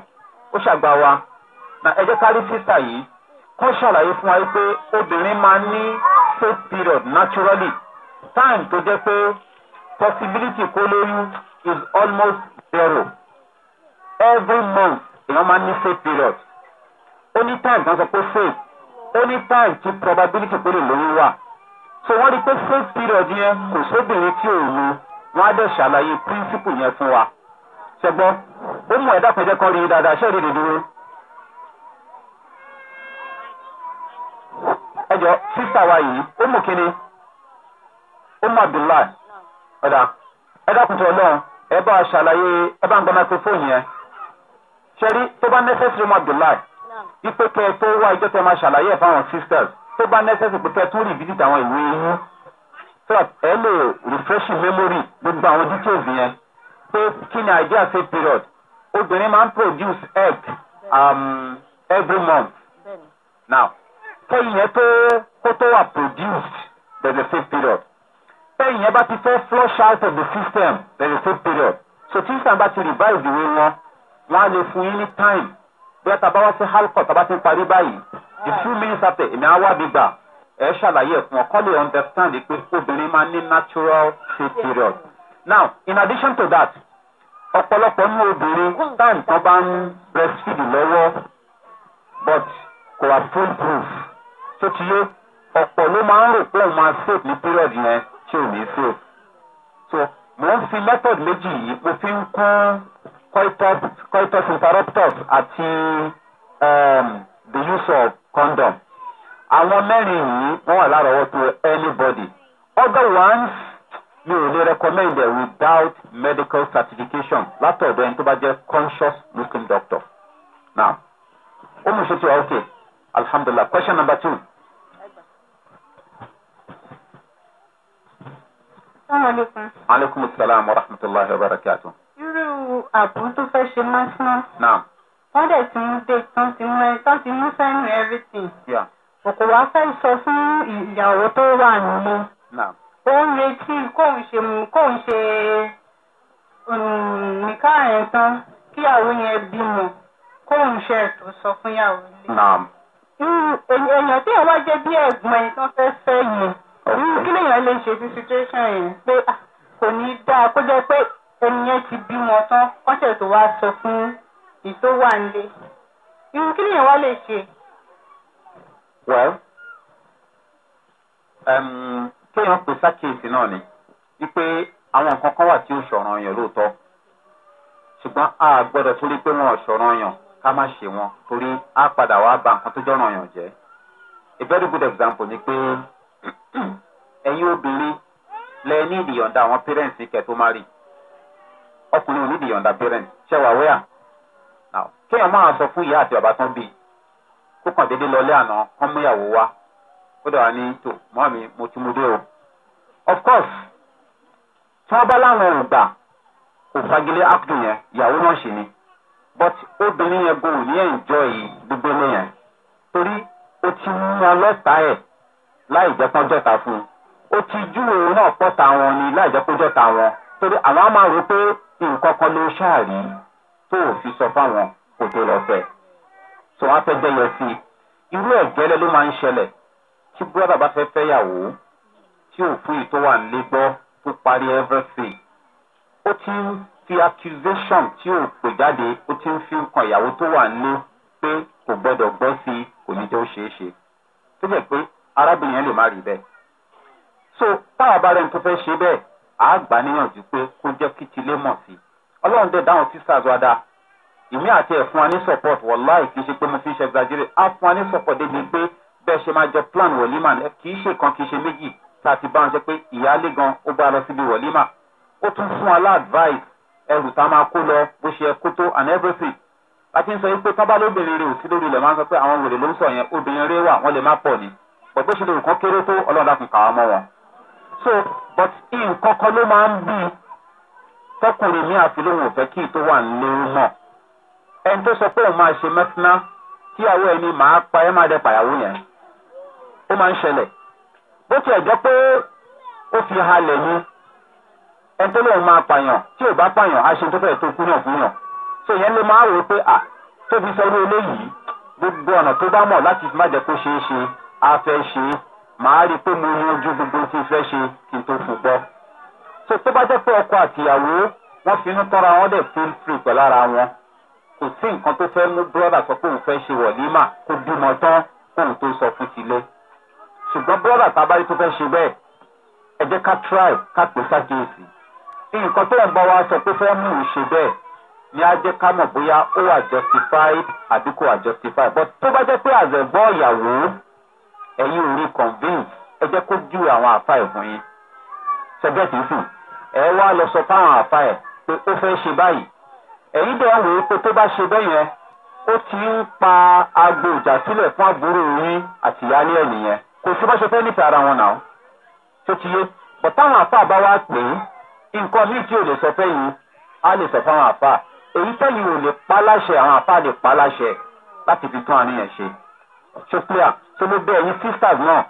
ó ṣàgbà wa ẹ jẹ́ ká rí sísà yìí kọ́ ṣàlàyé fún wa pé obìnrin máa ní safe period naturally time tó jẹ́ pé possibility kó lóyún is almost zero every month èèyàn máa ní safe period Only time kan sọ pé safe only time tí probability kó lè lóyún wà so wọ́n rí pé safe period yẹn kò sóbìnrin tí ò lu wọ́n á dẹ̀ ṣàlàyé principle yẹn fún wa ṣẹgbọ́n ó mú ẹ̀dá pẹ̀jẹ́ kan rí i dáadáa ṣẹ́ẹ̀rì rẹ̀ dúró. ẹjọ sísá wa yìí ó mú kínní ó mú abdullahi ọ̀dà ẹ dákùtù ọlọ́run ẹ bá a ṣàlàyé ẹ bá ń gbọ́n pé fóònù yẹn ṣẹ́rí tó bá nẹ́sẹ̀sìrì mú abdullahi ipe kẹ tó wá ẹjọ́ tẹ máa ṣàlàyé ẹ̀ fáwọn sisters tó bá nẹ́sẹ̀sìrì pé kẹ tún rí visit àwọn ìwé yín so ẹ lè refreshing memory gbogbo àwọn details yẹn pé kí ni idea say period obìnrin máa ń produce egg um, every month now kẹ́yìn yẹn tó kó tó wà produced there the same period kẹ́yìn yẹn bá ti fẹ́ flush out of the system there the same period so tí sàn bá ti revive the way wọn wọn á lè fún yín ní time bóyá tá a bá wá sí halkọ tá a bá ti parí báyìí the few minutes after èmi á wá mi gbà ẹ ṣàlàyé ẹ̀fún ọkọ lè understand pé obìnrin máa ní natural safe period now in addition to that ọ̀pọ̀lọpọ̀ ní obìnrin tá nǹkan bá ń breastfeed lọ́wọ́ but kò wá full proof tó ti yé ọ̀pọ̀ ló máa ń rò pé òun máa save ní period yẹn tí ò ní save so mò ń fi method méjì yìí mo fi ń kún coitus interruptus àti um, the use of condom àwọn mẹ́rin yìí wọ́n wà lárọ̀ọ́wọ́tò anybody other ones mi ò lè recommend it without medical certification látọ̀dọ̀ ẹni tó bá jẹ́ conscious muslim doctor now ó mú ṣe tí wà ok alhamdulilah question number two. salaamaleykum. aleykum salaam wa rahmatulahi wa barakatu. irú àbú tó fẹ́ ṣe mọ́sán. naam. wọ́n dẹ̀ ti ń dé tán ti mú ẹ tán ti mú sẹ́yìn everything. òkò wá fẹ́ sọ fún ìyàwó tó wà nílé. naam. ó ń retí kóun ṣe kóun ṣe um, nìkan ẹ̀ tán kíyàwó yẹn bímọ kóun ṣe ètò sọ fún yàwó ilé. naam. èèyàn tí ẹ wá jẹ bí ẹ̀gbọ́n ẹ̀ tán fẹ́ fẹ́ yẹn irú kí lèèyàn lè ṣe sí situation yẹn pé kò ní dáa kó jẹ́ pé ènìyàn ti bímọ tán kọ́sẹ̀ tó wá sọ fún ìtò wà nílé irú kí lèèyàn wá lè ṣe. well um, kéèyàn pè sákèésì náà ni wípé àwọn nǹkan kan wà tí ó ṣọ̀ràn yẹn lóòótọ́ ṣùgbọ́n a gbọ́dọ̀ torí pé wọn ò ṣọ̀ràn yàn ká má ṣe wọn torí a padà wá ba nǹkan tó jọ̀ràn yàn jẹ́ a very good example ni pé. ẹ̀yin obìnrin lẹ ní ìdìyọ̀ǹda àwọn parents kẹ̀ tó má rí ọkùnrin ò ní parents ṣe wà wẹ́yà kéèyàn máa sọ fún ìyá àti bàbá tán bíi kó kàn déédéé lọlé àná kán mú ìyàwó wá ní tò o of course tí wọ́n bá láwọn ò kò fagilé yẹn ìyàwó náà ni but obìnrin yẹn gbòòrò ní ẹ̀ǹjọ́ yìí gbogbo ilé yẹn torí o ti mú wọn láì jẹ́ pọ́n jọ́ta fún un ó ti júwe òun náà pọ́ta wọn ni láì jẹ́ pọ́n jọ́ta wọn torí àwọn á máa rò pé nǹkan kan ló ṣáàrí tó ò fi sọ fáwọn kò tó lọ fẹ́ tó wọ́n á fẹ́ gbẹ́yẹ sí i irú ẹ̀gẹ́lẹ́ ló máa ń ṣẹlẹ̀ tí búrọ́dà bá fẹ́ fẹ́yàwó tí òfin tó wà nílé gbọ́ tó parí everything ó ti ń fi accusation tí ò pè jáde ó ti ń fi nǹkan ìyàwó tó wà nílé pé kò gbọ́dọ̀ gbọ́ sí kò ní tó ṣeé ṣe tó jẹ́ pé arábìnrin yẹn lè má rí bẹ́ẹ̀. so táwọn abára ẹni tó fẹ́ ṣe bẹ́ẹ̀ á gbà níyànjú pé kó jẹ́ kí tilé mọ̀ sí i ọlọ́run dẹ̀ dáhùn sisters wa dáa ìmí àti ẹ̀fún wa ní support wọláì kì í ṣe pé mo fi ṣe exaggerate á fún wa ní support débi pé bẹ́ẹ̀ ṣe máa jọ plan wọ̀límà kì í ṣe kan kì í ṣe méjì tá a ti bá wọn ṣe pé ìyáálé gan ó bá lọ síbi wọ̀límà ó tún fún wa láàdváìs ẹrù tá a máa kó lọ bó ṣe kó tó and everything láti ń sọ pé tábàlóbìnrin rè ò sí lórí ilẹ̀ máa ń sọ pé àwọn wèrè ló ń sọ yẹn obìnrin rè wà wọ́n lè má pọ̀ ni bọ̀dé ṣe lè kó kéré tó ọlọ́run láti kà mọ́ wọn. so but nǹkan kan ló máa ń bí tọkùnrin ní àfilóhùn òfẹ́ kí tó wà nílé mọ̀ ẹni tó sọ pé òun máa ṣe mẹ́tíná kíyàwó ẹni máa pa ẹ́ máa dẹ pàyàwó yẹn ó máa ń ṣẹlẹ̀ bó tiẹ̀ jẹ́ pé ó fi halẹ̀ ni ẹni tó lóun máa pààyàn tí ò bá pààyàn á ṣe tó tó kúnyàn kúnyàn so ìyẹn ló máa rò ó pé à tó fi sọ irú eléyìí gbogbo ọ̀nà tó bá mọ̀ láti má jẹ́ kó ṣeé ṣe a fẹ́ ṣe màá rí i pé mo yanjú gbogbo tí fẹ́ ṣe kí n tó fún gbọ́. so tó bá jẹ́ pé ọkọ àtìyàwó wọ́n fi inú tọ́ra wọn dẹ̀ feel free pẹ̀lú ara wọn kò sí nǹkan tó fẹ́ mú brọ́dà sọ pé òun fẹ́ ṣe wọ̀límà kó bímọ tán kóun tó sọ fún tilé ṣùgbọ́n brọ́dà tábárí tó fẹ́ ṣe bẹ́ẹ̀ ẹ jẹ́ ká try ká pè sákèésì nǹkan tó ń bá wa sọ pé fẹ́ mú un ṣe bẹ́ẹ̀ ni a jẹ́ ká mọ̀ bóyá ó wà justified àbí kò wà justified but tó bá jẹ́ pé àzẹ̀gbọ́ ìyàwó ẹ̀yin ò rí convince ẹ jẹ́ kó ju àwọn àfa ẹ̀ fún yín ṣẹgẹ́tì sùn ẹ wá lọ sọ fáwọn àfa ẹ̀ pé ó fẹ́ ṣe báyìí ẹ̀yin dẹ̀ wò ó pé tó bá ṣe bẹ́ẹ̀ yẹn ó ti ń pa agbo ìjà sílẹ̀ fún àbúrò yín àti ìyáálé ẹ̀ nìyẹn kò sí bá ṣe fẹ́ nífẹ̀ẹ́ ara wọn náà tó ti yé bọ̀táwọn àfa bá wá pè é nǹkan míì tí ò lè sọ fẹ́ yìí á lè sọ fáwọn àfa èyí tẹ́lẹ̀ ò lè pa láṣẹ àwọn àfa lè pa láṣẹ láti fi tún àníyàn ṣe. ṣe clear tó ló bẹ́ẹ̀ yín sisters náà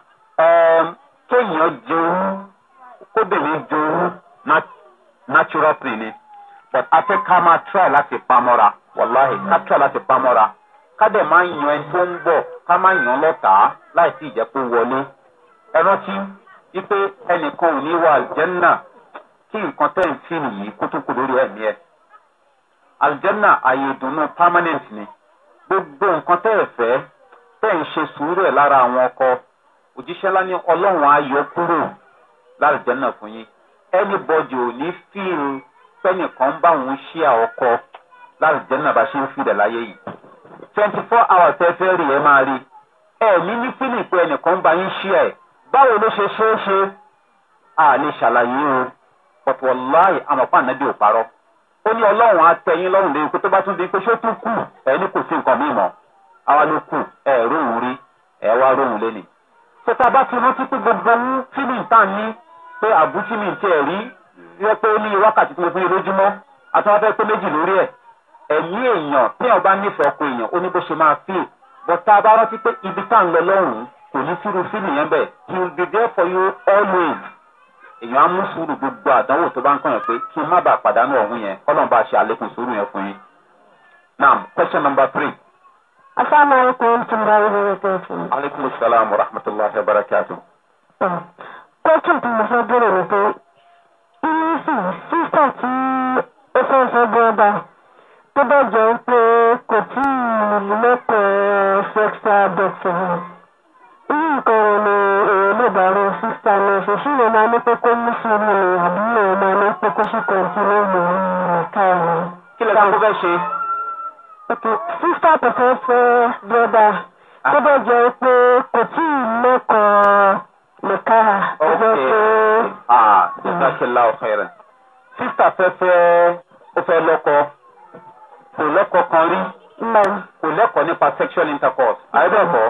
um, kéèyàn jowú kóbìnrin jowú natural thing ni but a fẹ́ ká máa try láti pamọ́ra wàláhì ká try láti pamọ́ra ká dẹ̀ máa yan ẹni tó ń bọ̀ ká máa yan lọ́tàá láì sí ìjẹ́ wọlé ẹ rántí wípé ẹnìkan ò ní wà jẹ́nà kí nǹkan tẹ́ ń fi nìyí kó tó kù lórí ẹ̀mí ẹ̀ aljanna àyè ìdùnnú permanent ni gbogbo nǹkan tẹ́ ẹ̀ fẹ́ bẹ́ẹ̀ ń ṣe sùúrù ẹ̀ lára àwọn ọkọ òjíṣẹ́ lá ní ọlọ́run ayọ̀ kúrò lálùjẹ́ náà fún yín anybody ò ní fíìl pẹ́nìkan bá òun ṣí àwọkọ lálùjẹ́ náà bá ṣe ń fìdẹ̀ láyé yìí twenty four hours ẹ fẹ́ rí ẹ máa rí ẹ̀mí ní fíìlì pé ẹnìkan bá yín ṣí ẹ̀ báwo ló ṣe ṣeé ṣe à lè ṣàlàyé o pọ̀tù ọ̀láì àmọ̀pá ànábì ò parọ́ ó ní ọlọ́run á lọ́rùn lẹ́yìn àwa ló kù ẹ róhùn rí ẹ wá róhùn lé ni. tẹ́tà bá ti rántí pé gbogbo owó fílì tá à ń ní pé àbútí mi ti ẹ̀ rí yẹ pé ó ní wákàtí tó fún lójúmọ́ àtúwọ́n fẹ́ pé méjì lórí ẹ̀ ẹ̀mí èèyàn tí ọba nífẹ̀ẹ́ ọkọ èèyàn ó ní bó ṣe máa fíl bọ́tà bá rántí pé ibi tá ń lọ lọ́rùn kò ní fírú fílì yẹn bẹ́ẹ̀ he will be there for you always èèyàn á mú sùúrù gbogbo àdánwò tó bá ń kàn yẹn pé kí n má bàa pàdánù ọ̀hún yẹn kọ́lọ́n bá ṣe àlékún sùúrù yẹn fún yín. now question number three asalaamualeykum wa rahmatulahi wa barakatu. aleykum salaam wa rahmatulahi wa barakatu. Ah, question tí mo fẹ́ bẹ̀rẹ̀ ni pé irú sì sísà tí ó fẹ́ fẹ́ bọ́ ọba tó bá jẹ́ pé kò tí ì lẹ́kọ̀ọ́ sẹ́ksà ni èèyàn lè bá rẹ sísà náà ṣe sí ìrìn máa ní pé kó ní sí ìrìn àbí ìrìn máa ní pé kó sì kọ̀ọ̀tì lóògùn ìrìn káàrọ̀. kó fẹ́ ṣe ok sísá ah. tó fẹ́ fẹ́ bọ́dà tó bẹ̀ jẹ́ pé kò tí ì lẹ́kọ̀ọ́ lẹ́ka ọjọ́ pé. sísá kìlá ọ̀fẹ́rẹ̀ sísá fẹ́ fẹ́ ó fẹ́ lọ́kọ kò lẹ́kọ̀ọ́ kan rí kò lẹ́kọ̀ọ́ nípa sexual intercourse àìbẹ̀kọ́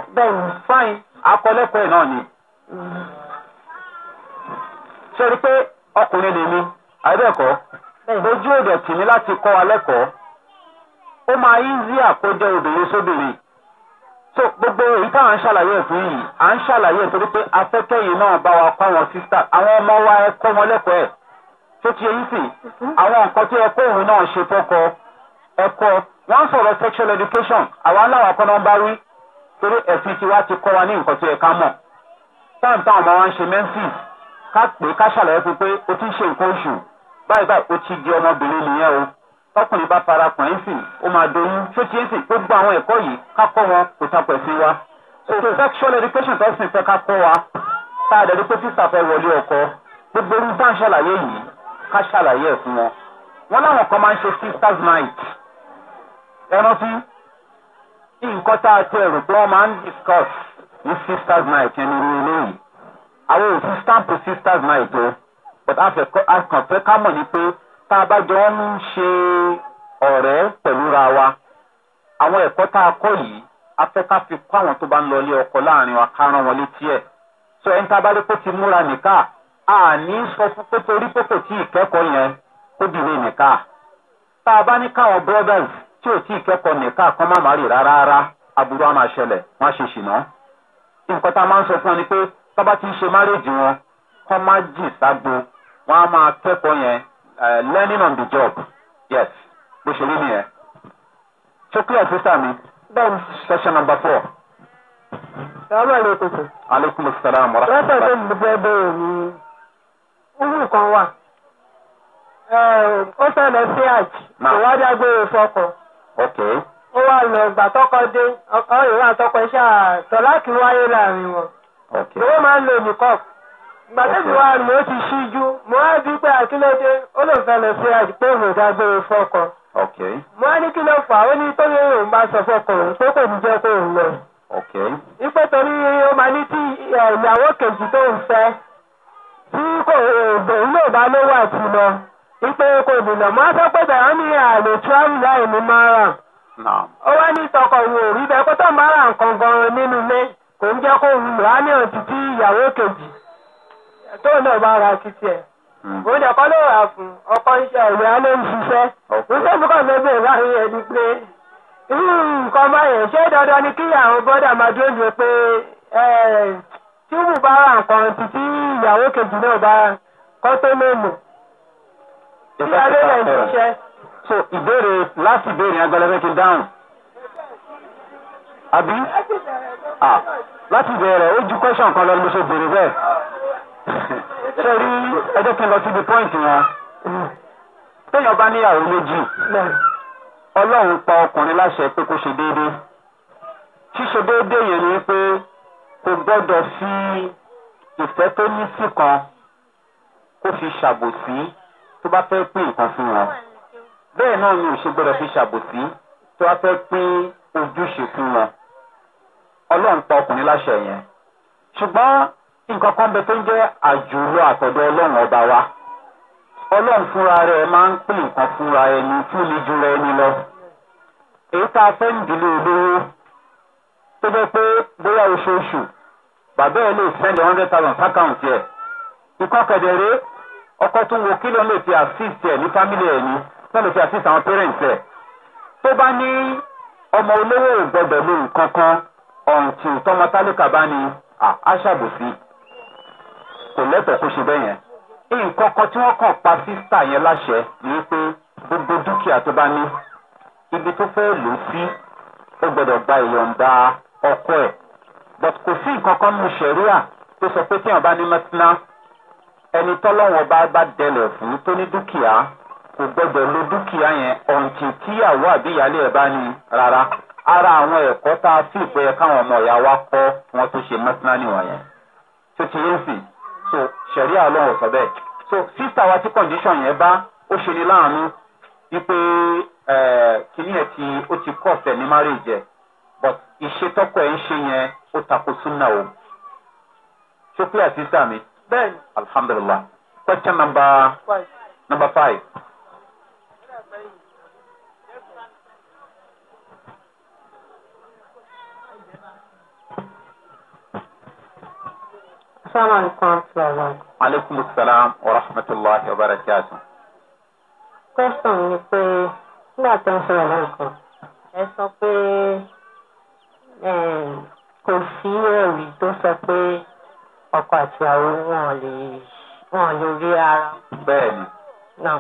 fine akọ́lẹ́kọ̀ọ́ ẹ̀ náà ni. ṣe rí i pé ọkùnrin lèmi àìbẹ̀kọ́ ojú òdẹ̀ tì mí láti kọ́ alẹ́kọ̀ọ́ ó máa ń rí àkójọ obìnrin sóbìnrin so gbogbo èyí táwọn ṣàlàyé ẹ̀fún yìí à ń ṣàlàyé ẹ̀ torí pé afẹ́kẹ́ yìí náà bá wa kọ́ àwọn sísá àwọn ọmọ wa ẹ kọ́ wọn lẹ́kọ̀ọ́ ẹ̀ tó ti eyín sì mhm. àwọn nǹkan tó yẹ kó òun náà ṣe fọ́kọ ẹ̀kọ́ wọ́n sọ̀rọ̀ sexual education àwa náà kọ́ náà bá rí torí ẹ̀sìn tiwa ti kọ́ wa ní nǹkan tó yẹ ká mọ̀ táwọn táwọn ọmọ wa ń ṣe menses ká pè ká ṣàlàyé fún pé o ti ń ṣe nǹkan oṣù báyìí báyìí o ti di ọmọbìnrin nìyẹn o tọkùnrin bá fara pọ̀ ẹ́ sìn ó máa doyún tó ti ń sìn gbogbo àwọn ẹ̀kọ́ yìí ká kọ́ wọn kò takò ẹ̀sìn wa. so sexual education tó sìn fẹ́ ká kọ́ wa tá a dẹ̀rí pé sísà fẹ́ wọlé ọkọ gbogbo irú bá ń ṣàlàyé yìí ká ṣàlàyé ẹ̀ fún wọn. wọn láwọn kan máa ń ṣe sisters night ẹ rántí kí nǹkan tá a ti ẹ̀rù pé wọ́n máa ń discuss ní sisters night ẹni irú eléyìí àwọn òfin stamp sisters night o but a fẹ́ kàn fẹ́ ká mọ̀ ní pé tá a bá jọ ń ṣe ọ̀rẹ́ pẹ̀lúra wa àwọn ẹ̀kọ́ tá a kọ́ yìí afẹ́ká fi kọ́ àwọn tó bá ń lọ ilé ọkọ láàrin wa ká rán wọn létí ẹ̀ sọ ẹni tá ti múra nìka a bá ní káwọn brothers tí ò tí ì kẹ́kọ̀ọ́ nìka kan má rárá rárá aburú á a máa ń sọ fún ọ ni pé ti ń ṣe márèèjì wọn kọ́ má jì Uh, learning on the job yes bó ṣe rí nìyẹn ṣé mi bẹ́ẹ̀ section number four. Sọ́wọ́ àlékún sọ. Aleykum salaam wa rahmatulah. Lọ́sọ̀ tó ń bẹ bẹ́ẹ̀ ni irú kan wà. Ó fẹ́ lọ sí àjì. Kò wá dágbé fọkọ̀. Ó wá lọ ìgbà tọkọ dé. Ọkọ ìwà àtọkọ iṣẹ́ àtọ̀láàkì wáyé láàrin wọn. Owó máa ń lo nìkọ́ọ̀pù. gbàdébí wa o ti ṣíjú mo wá bí pé àkílódé ó lè fẹ́ lọ òun ìdágbére fọ́kọ. mo wá ní kí ló fà ó ní tó òun bá sọ fọ́kọ òun pé kò ní jẹ́ kó òun lọ. torí máa ní tí ìyàwó kejì tó ń fẹ́ tí kò òun náà bá lówó lọ ipe kò dìnnà mo á sọ pé bẹ̀rẹ̀ ní láì ní máa rà. ó wá ní tọkọ tóun náà bá ra títí ẹ̀ hmm. òun ní ọkọ ló rà fún ọkọ iṣẹ́ ìwé alẹ́ ń ṣiṣẹ́ iṣẹ́ mi kàn lóbi ìwádìí ẹni pé irú nǹkan báyẹn ṣé dandan ni kí àwọn bọ́dà máa dúró dúró pé tí wù bá ra nǹkan títí ìyàwó kejì náà bá kọ́ tó lóòmù tí alẹ́ rẹ̀ ń ṣiṣẹ́. so ìbéèrè láti ìbéèrè agbẹlẹfẹ kí n dáhùn àbí ah, láti bẹ̀rẹ̀ ó ju kọ́ṣọ̀n kan lọ ló ṣe bèrè bẹ́ẹ̀ sẹ́rí ẹjẹ́ kí n lọ síbi pọ́ìntì yẹn téèyàn bá níyàwó méjì ọlọ́run pa ọkùnrin láṣẹ pé kó ṣe déédéé ṣíṣe déédéé yẹn ni pé kò gbọ́dọ̀ fi ìfẹ́ tó ní sí kan kó fi ṣàbòsí tó bá fẹ́ pín nǹkan fún wọn bẹ́ẹ̀ náà ni òṣè gbọ́dọ̀ fi ṣàbòsí tó bá fẹ́ pín ojúṣe fún wọn ọlọ́run pa ọkùnrin láṣẹ yẹn ṣùgbọ́n nǹkan kan bẹ tó ń jẹ́ àjùlọ àtọ̀dọ̀ ọlọ́run ọba wa ọlọ́run fúnra rẹ̀ máa ń pín nǹkan fúnra ẹni tí ó lè jura ẹni lọ èyí tá a fẹ́ ń dìlé olówó tó jẹ́ pé bóyá oṣooṣù bàbá ẹ lè sẹ́ndẹ̀ hundred thousand sákàǹtì ẹ̀ ikọ́ kẹ̀dẹ̀rẹ́ ọkọ tó ń wo kí ló lè fi assist ẹ̀ ní family ẹ̀ ní tó lè fi assist àwọn parents ẹ̀ tó bá ní ọmọ olówó ò gbọdọ̀ lo nǹkan kan ọ̀ǹtì tọmọ tálíkà bá ní àṣàbòsí kò lẹ́tọ̀ọ́ kó ṣe bẹ́ẹ̀ yẹn nǹkan kan tí wọ́n kàn pa sísítà yẹn láṣẹ ni pé gbogbo dúkìá tó bá ní ibi tó fẹ́ lò sí ó gbọ́dọ̀ gba ìyọ̀ǹda ọkọ ẹ̀ but kò sí nǹkan kan nínú sẹ̀ríà tó sọ pé tíyàn bá ní mẹ́tíná ẹni tọ́lọ́wọ́n bá bá dẹlẹ̀ fún tó ní dúkìá kò gbọ́dọ̀ lo dúkìá yẹn ọ̀ǹtì tíyàwó àbí ìyálé ẹ̀ bá ní rárá ara àwọn ẹ̀kọ́ tá a sì pé káwọn ọmọ ìyá wa kọ́ wọn tó ṣe mẹ́tíná nìwọ̀nyẹn tó ti yé sìn so sẹ̀rí àlọ́wọ̀ sọ so sísá wa tí condition yẹn bá ó ṣe ni láàánú wípé kìíní ẹ̀ tí ó ti kọ́ ọ̀sẹ̀ ní marriage ẹ̀ but ìṣe tọ́kọ ẹ̀ ń ṣe yẹn ó tako súnà o ṣó pé àti sísá mi bẹ́ẹ̀ alhamdulilah question number five. number five. Assalamualaikum warahmatullahi Aleykum salaam wa rahmatulahi wa barakatu. Question ni pé nígbà tó ń sọ̀rọ̀ lẹ́ẹ̀kan, ẹ sọ pé kò sí ẹ̀rí tó sọ pé ọkọ àti ìyàwó wọn lè wọn lè rí ara. Bẹ́ẹ̀ni. Náà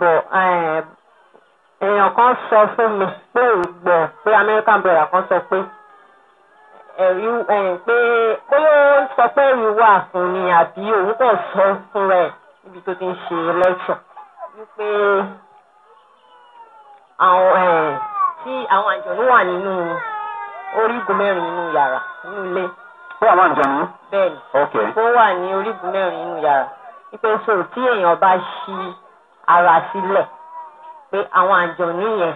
bọ̀ um, èèyàn kan sọ fún mi pé ìgbọ̀ pé American brother kan sọ pé ẹ̀rí ohun pé bóyá ó sọ pé ẹ̀rí wà fún ni àbí òun kàn sọ fún rẹ̀ níbi tó ti ń ṣe lẹ́sọ̀ wípé àwọn tí àwọn àjọ̀nú wà nínú orígun mẹ́rin nínú yàrá nínú ilé. pé àwọn àjọ̀nú. bẹ́ẹ̀ni ó wà ní orígun mẹ́rin nínú yàrá wípé so tí èèyàn bá ṣí ara sílẹ̀ pé àwọn àjọ̀nú yẹn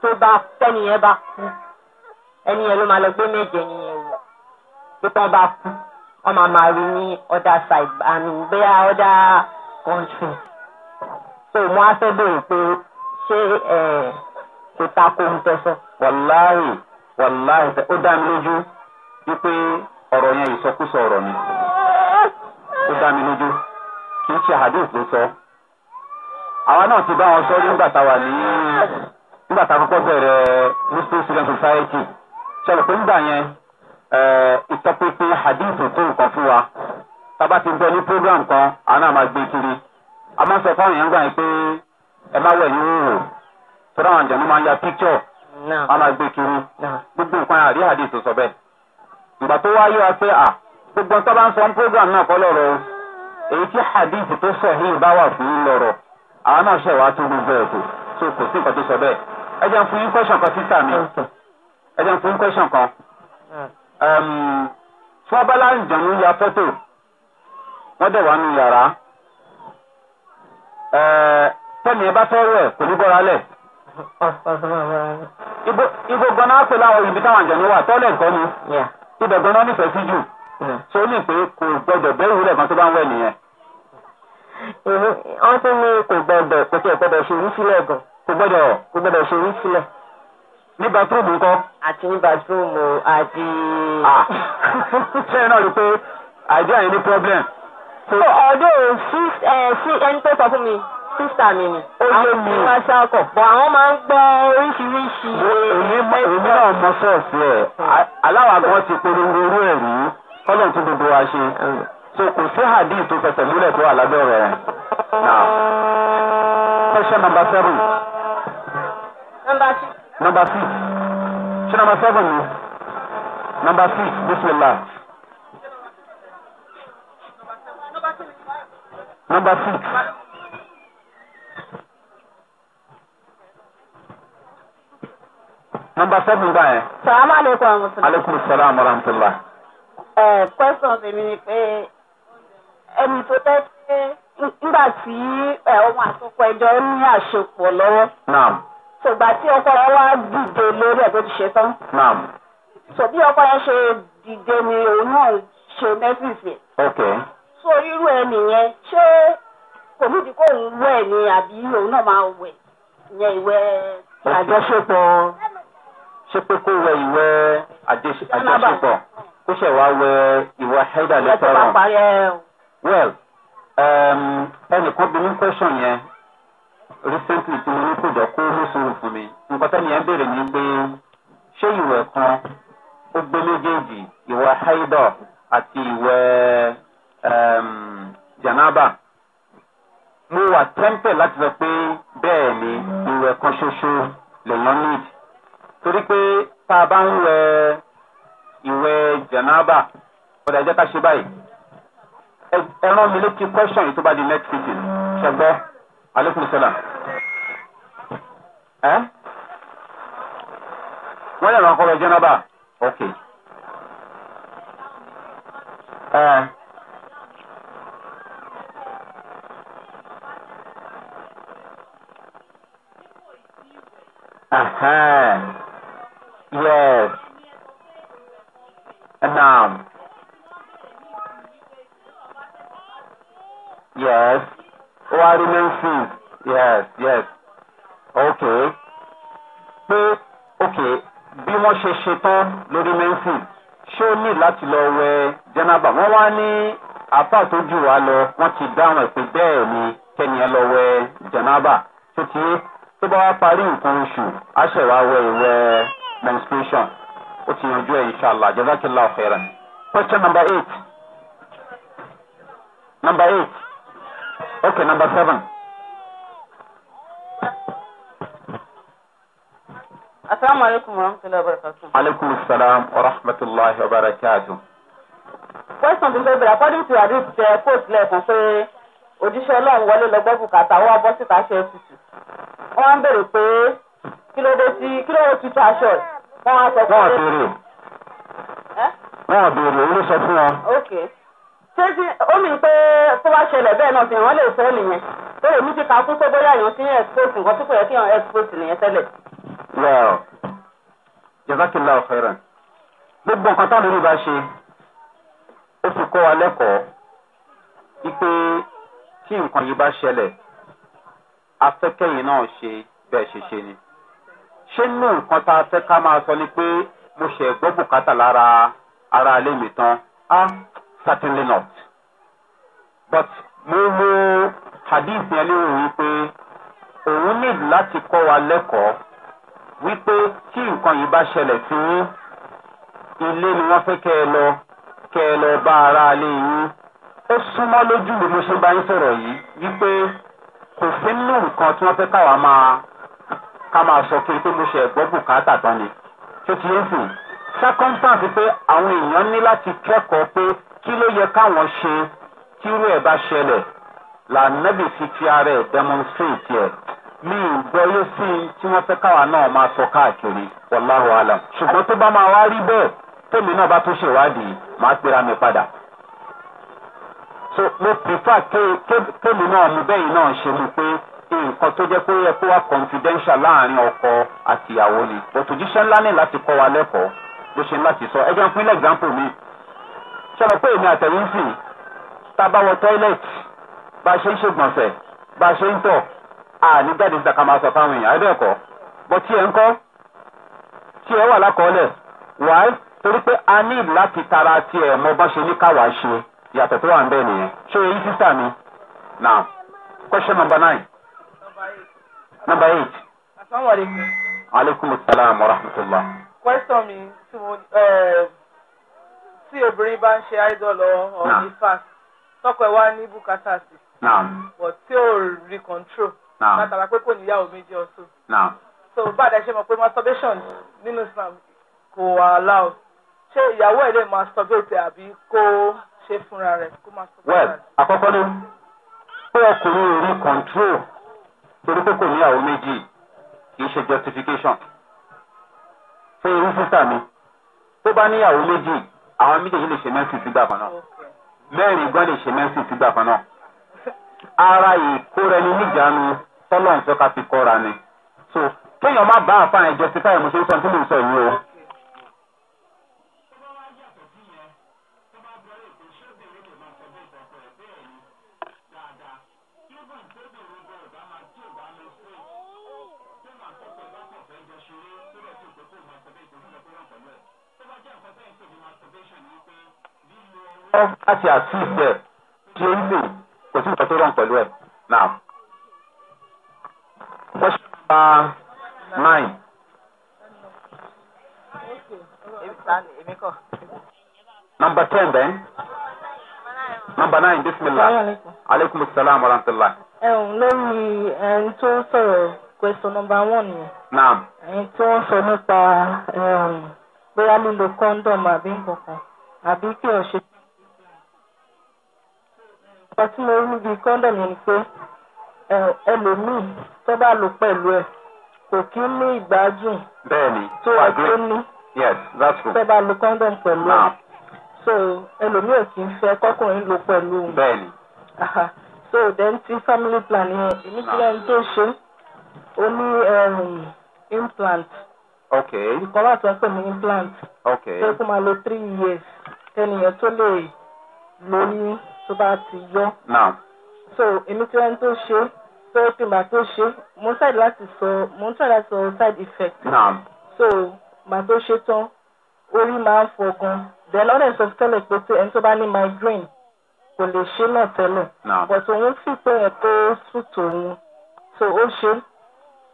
tó bá tẹ́niyẹn bá kú ẹni yẹn ló máa lọ gbé méje nìyẹn wò pé bá kú wọn máa rí ní other side àmì bóyá other country so mo á fẹ́ bèrè pé ṣé kò ta kó ń tẹ́sán. wàláì wàláì ó dá mi lójú wípé ọ̀rọ̀ yẹn ìsọkúsọ ọ̀rọ̀ ni ó dá mi lójú kì í ṣe àdéhùn ló sọ. àwa náà ti bá wọn sọ nígbà táwa ní nígbà tá a kọ́kọ́ muslim student society. ṣẹlẹ̀ pé nígbà yẹn ìtọ́pinpin hadith tó nǹkan fún wa ti bẹ ní program kan àná àmà gbé kiri a máa ń sọ fáwọn gbà yín pé ẹ má wẹ̀ tó máa ń ya picture a máa gbé kiri gbogbo nǹkan àrí hadith sọ bẹ́ẹ̀ ìgbà tó wáyé wa pé à gbogbo program náà kọ́ o èyí tí sọ yìí bá wà fún àwọn náà tó gbogbo ẹ̀ kò sí nǹkan tó ẹ jẹun fún question kan tí wọn bá láǹjẹun ya fọtò wọn dẹ̀ wá nu yàrá tẹ́ni ẹ bá fẹ́ rẹ̀ kò ní bọ́ra lẹ̀ ibo ganan pè láwọn ibi táwọn àjẹ̀nu wà tọ́lẹ̀ nǹkan ni ibẹ̀ ganan nífẹ̀ẹ́ sí jù tó mm. ní pé kò gbọdọ̀ bẹ́rù rẹ̀ kan tó bá ń wẹ̀ nìyẹn. wọ́n tún ní kò gbọdọ̀ kò tiẹ̀ ṣe orí sílẹ̀ gan kò gbọdọ̀ kò gbọdọ̀ ṣe orí sílẹ̀ ní bàtúrùmù nǹkan. àti ní bàtúrùmù àti. Ah. sẹ́yìn náà rí i pé àìdí àyè ní problem. ọ̀dọ́ eh, ẹni tó sọ fún mi sísà mi ni. ó yé mi àwọn ìwà ṣàkọ̀ bọ̀ àwọn máa ń gbọ́ oríṣiríṣi. èmi náà mọ sọ́ọ̀sì ẹ̀ aláwa gan ti polongo orú ẹ̀ rí kọ́lọ̀ tó gbogbo wa ṣe. so kò sí hadith tó fẹsẹ̀ múlẹ̀ tó wà lábẹ́ rẹ̀. question number seven. number six number six ṣé number seven ni number six bisimilah number six. number seven báyẹn. Salaam alaikum. amúsùlùmí. aleykum salaam wa rahmatulah. ẹ eh, question tèmi ni pé ẹni tó tẹ́ pé nígbà tí ọmọ eh, àtọkọ ẹjọ́ ní àṣepọ̀ lọ́wọ́. naam sògbà tí ọkọ yẹn wá dìde lórí ẹ̀ tó ti ṣe tán. sọ bí ọkọ yẹn ṣe dìde ni òun náà ṣe mẹ́sìsì. so irú ẹ nìyẹn ṣé kò ní ìdíkò òun wẹ̀ ni àbí òun náà máa wẹ̀ ìyẹn ìwẹ́ àjọṣepọ̀ ṣé pé kó wẹ ìwẹ́ àjọṣepọ̀ kó ṣe wá wẹ ìwẹ́ ẹ̀dá lẹ́tọ̀ọ̀rọ̀ well um, ẹnìkan bí ní question yẹn recently tí mo ní kò jọ kó mú sùúrù fún mi nǹkan tẹ́lẹ̀ yẹn béèrè ni pé ṣé ìwẹ̀ kan ó gbé méjèèjì ìwẹ̀ haidọ̀ àti ìwẹ̀ ehm, janaba mo wà tẹ́ńpẹ̀ láti sọ pé bẹ́ẹ̀ ni ìwẹ̀ kan ṣoṣo lèèyàn need torí pé tá a bá ń wẹ ìwẹ̀ janaba ọ̀dà ìjẹ́ ká ṣe báyìí ẹ rán mi létí question yìí tó bá di next meeting ṣẹgbẹ́. عليكم السلام ها wọ́n lè máa kọ́ lọ jẹ́nàbà ok eh? yes naam yes. Hmm. Yes, yes. Okay. Pé okay bí wọ́n ṣe ṣe tán lórí mẹ́fìn ṣé ó ní láti lọ wẹ jẹ́nàbà wọ́n wá ní apá tó jù wá lọ wọ́n ti dáhùn ẹ̀ pé bẹ́ẹ̀ ni kẹ́ni ẹ lọ wẹ jẹ́nàbà tó ti tó bá wá parí nǹkan oṣù á ṣẹ̀ wá wẹ ìwẹ menstruation ó ti yanjú ẹ̀ inṣàlá jẹ́dákìlá ọ̀fẹ́rẹ́. question number eight number eight okay number seven. alaikum wa rahmatullahi wa barakatuh. Alaikum salam wa rahmatullahi wa barakatuh. Question to ń bẹ̀rẹ̀ according to your ṣe post pé òjíṣẹ́ ọlọ́run wọlé lọ bùkátà wọ́n síta ń bèrè pé kí ló dé sí sọ sọ Ok. Ṣé ti pé tó bá bẹ́ẹ̀ náà lè fẹ́ nìyẹn. ti bóyá ti expose nǹkan yẹ kí jazakallah khairan gbogbo nǹkan táwọn olórí bá ṣe ó fi kọ́ wa lẹ́kọ̀ọ́ wípé tí nǹkan yìí bá ṣẹlẹ̀ afẹ́kẹ́yìn náà ṣe bẹ́ẹ̀ ṣe ṣe ni ṣé nínú nǹkan tá a fẹ́ ká máa sọ ni pé mo ṣe gbọ́ bùkátà lára ara alẹ́ mi tán ah certainly not but mo mú hadith yẹn lérò wípé òun need láti kọ́ wa lẹ́kọ̀ọ́ wípé tí nǹkan yìí bá ṣẹlẹ̀ sí yín ilé ni wọ́n fẹ́ kẹ́ ẹ lọ kẹ́ ẹ lọ bá ara alé yín ó súnmọ́ lójú mi mo ṣe bá yín sọ̀rọ̀ yìí wípé kò sí nínú nǹkan tí wọ́n fẹ́ káwa máa ká máa sọ kiri pé mo ṣe ẹ̀gbọ́n bùkátà tán ni tó ti yẹn sìn circumstance pé àwọn èèyàn ní láti kẹ́kọ̀ọ́ pé kí ló yẹ káwọn ṣe tírú ẹ̀ bá ṣẹlẹ̀ lànàbì fi ti ara ẹ̀ demonstrate ẹ̀ mi ò gbọ́yé sí i tí wọ́n fẹ́ káwa náà máa sọ káàkiri wàláhù alam ṣùgbọ́n tó bá máa wá rí bẹ́ẹ̀ tèmi náà bá tún ṣèwádìí màá pera mi padà. so mo prefer tèmi náà mu bẹ́yìn náà ṣe mu pé nǹkan tó jẹ́ pé yẹ kó wá confidential láàrin ọkọ àti ìyàwó ni òtòjíṣẹ́ ńlá ní láti kọ́ wa lẹ́kọ̀ọ́ ló ṣe láti sọ ẹ jẹ́ fún ilé example mi ṣọlọ pé èmi àtẹ̀yìn sìn tá a bá wọ toilet bá a ṣe ń ṣègbọ̀nsẹ̀ bá a ṣe ń tọ̀ àní jáde síta ká máa sọ fáwọn èèyàn ẹ̀dẹ́ẹ̀kọ́ bọ́ tí ẹ ń kọ́ tí ẹ wà lákọọ́lẹ̀ wàá torí pé a ní láti tara tí ẹ mọ bá ṣe ní káwàá ṣe yàtọ̀ tó wà ń bẹ́ẹ̀ nìyẹn ṣé èyí sísà mi now question number nine number eight. asalaamualeykum. aleykum salaam wa rahmatulah. question mi tí mo tí obìnrin bá ń idol or ifas tọkọ ẹ wá ní bukata sí. but tí ò rí control. látara pé kò níyàwó méjì ọ̀tún. so bá a dẹ ṣe mọ̀ pé masturbation nínú islam kò allow ṣé ìyàwó ẹ̀ lè masturbate àbí kó ṣe fúnra rẹ̀ kó masturbate. well àkọ́kọ́ ni pé ọkùnrin ò rí control torí pé kò níyàwó méjì kì í ṣe justification ṣé irú sísà mi tó bá níyàwó méjì àwọn méjèèjì lè ṣe mẹ́sìn sígbà kan náà mẹ́rin gbọ́n lè ṣe mẹ́sìn sígbà kan náà ara ìkóra ẹni tọ́lọ̀ ń fẹ́ ká fi kọ́ra ni so kéèyàn má bá àfa ẹ̀jẹ̀ sí káyọ̀ mo ṣe ń sọ sọ yìí o. láti àtúnṣe tí ó ń lò kò sí nǹkan rán pẹ̀lú ẹ̀ náà. Question number nine. Number ten then. Number nine, Bismillah. Aleykum salaam wa rahmatulah. Ẹ̀hún um, lórí um, ẹni question number one Naam. Ẹni wọ́n sọ nípa bóyá lílo kọ́ńdọ̀mù àbí nǹkan àbí kí o ṣe. Ìgbà tí mo rí níbi kọ́ńdọ̀mù yẹn ni pé. ẹlòmíì tó bá lò pẹ̀lú ẹ̀ kò kí ní ìgbádùn. tó wà tó ní. tó bá lo condom pẹ̀lú ẹ̀. so ẹlòmíì ò kì í fẹ́ kọkùnrin lo pẹ̀lú. bẹẹni. so then ti family plan yẹn èmi ti rẹ́ni tó ṣe ó ní um, implant. ok. ìkọ́ tó ń pè ní implant. ok. pé máa lo three years kẹ́niyàn tó lè lóyún tó bá ti yọ. so èmi ti rẹ́ni tó ṣe sọ pé màá tó ṣe mo ń tàyè láti sọ mo ń tàyè sọ side effect. Nah. so màá tó ṣe tán orí máa ń fọ gan then all that stuff tẹ́lẹ̀ pé pé ẹni tó bá ní migraine kò lè ṣe náà tẹ́lẹ̀ but òun sì pé yẹn tó sùt òun so ó ṣe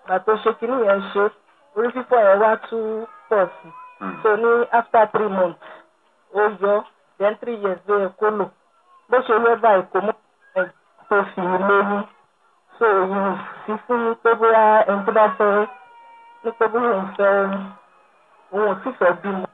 màá tó ṣe kíní yẹn ṣe orí fífọ́ yẹn wá tú pọ̀ sí hmm. so ní after three months ó yọ then three years ló yẹ kó lò bó ṣe yẹ báyìí kò mú ẹ̀ tó fi lóyún so fífi pé bóyá ẹni tó bá fẹ́ ní pé bóyá òun fẹ́ òun ò sì fẹ́ bímọ.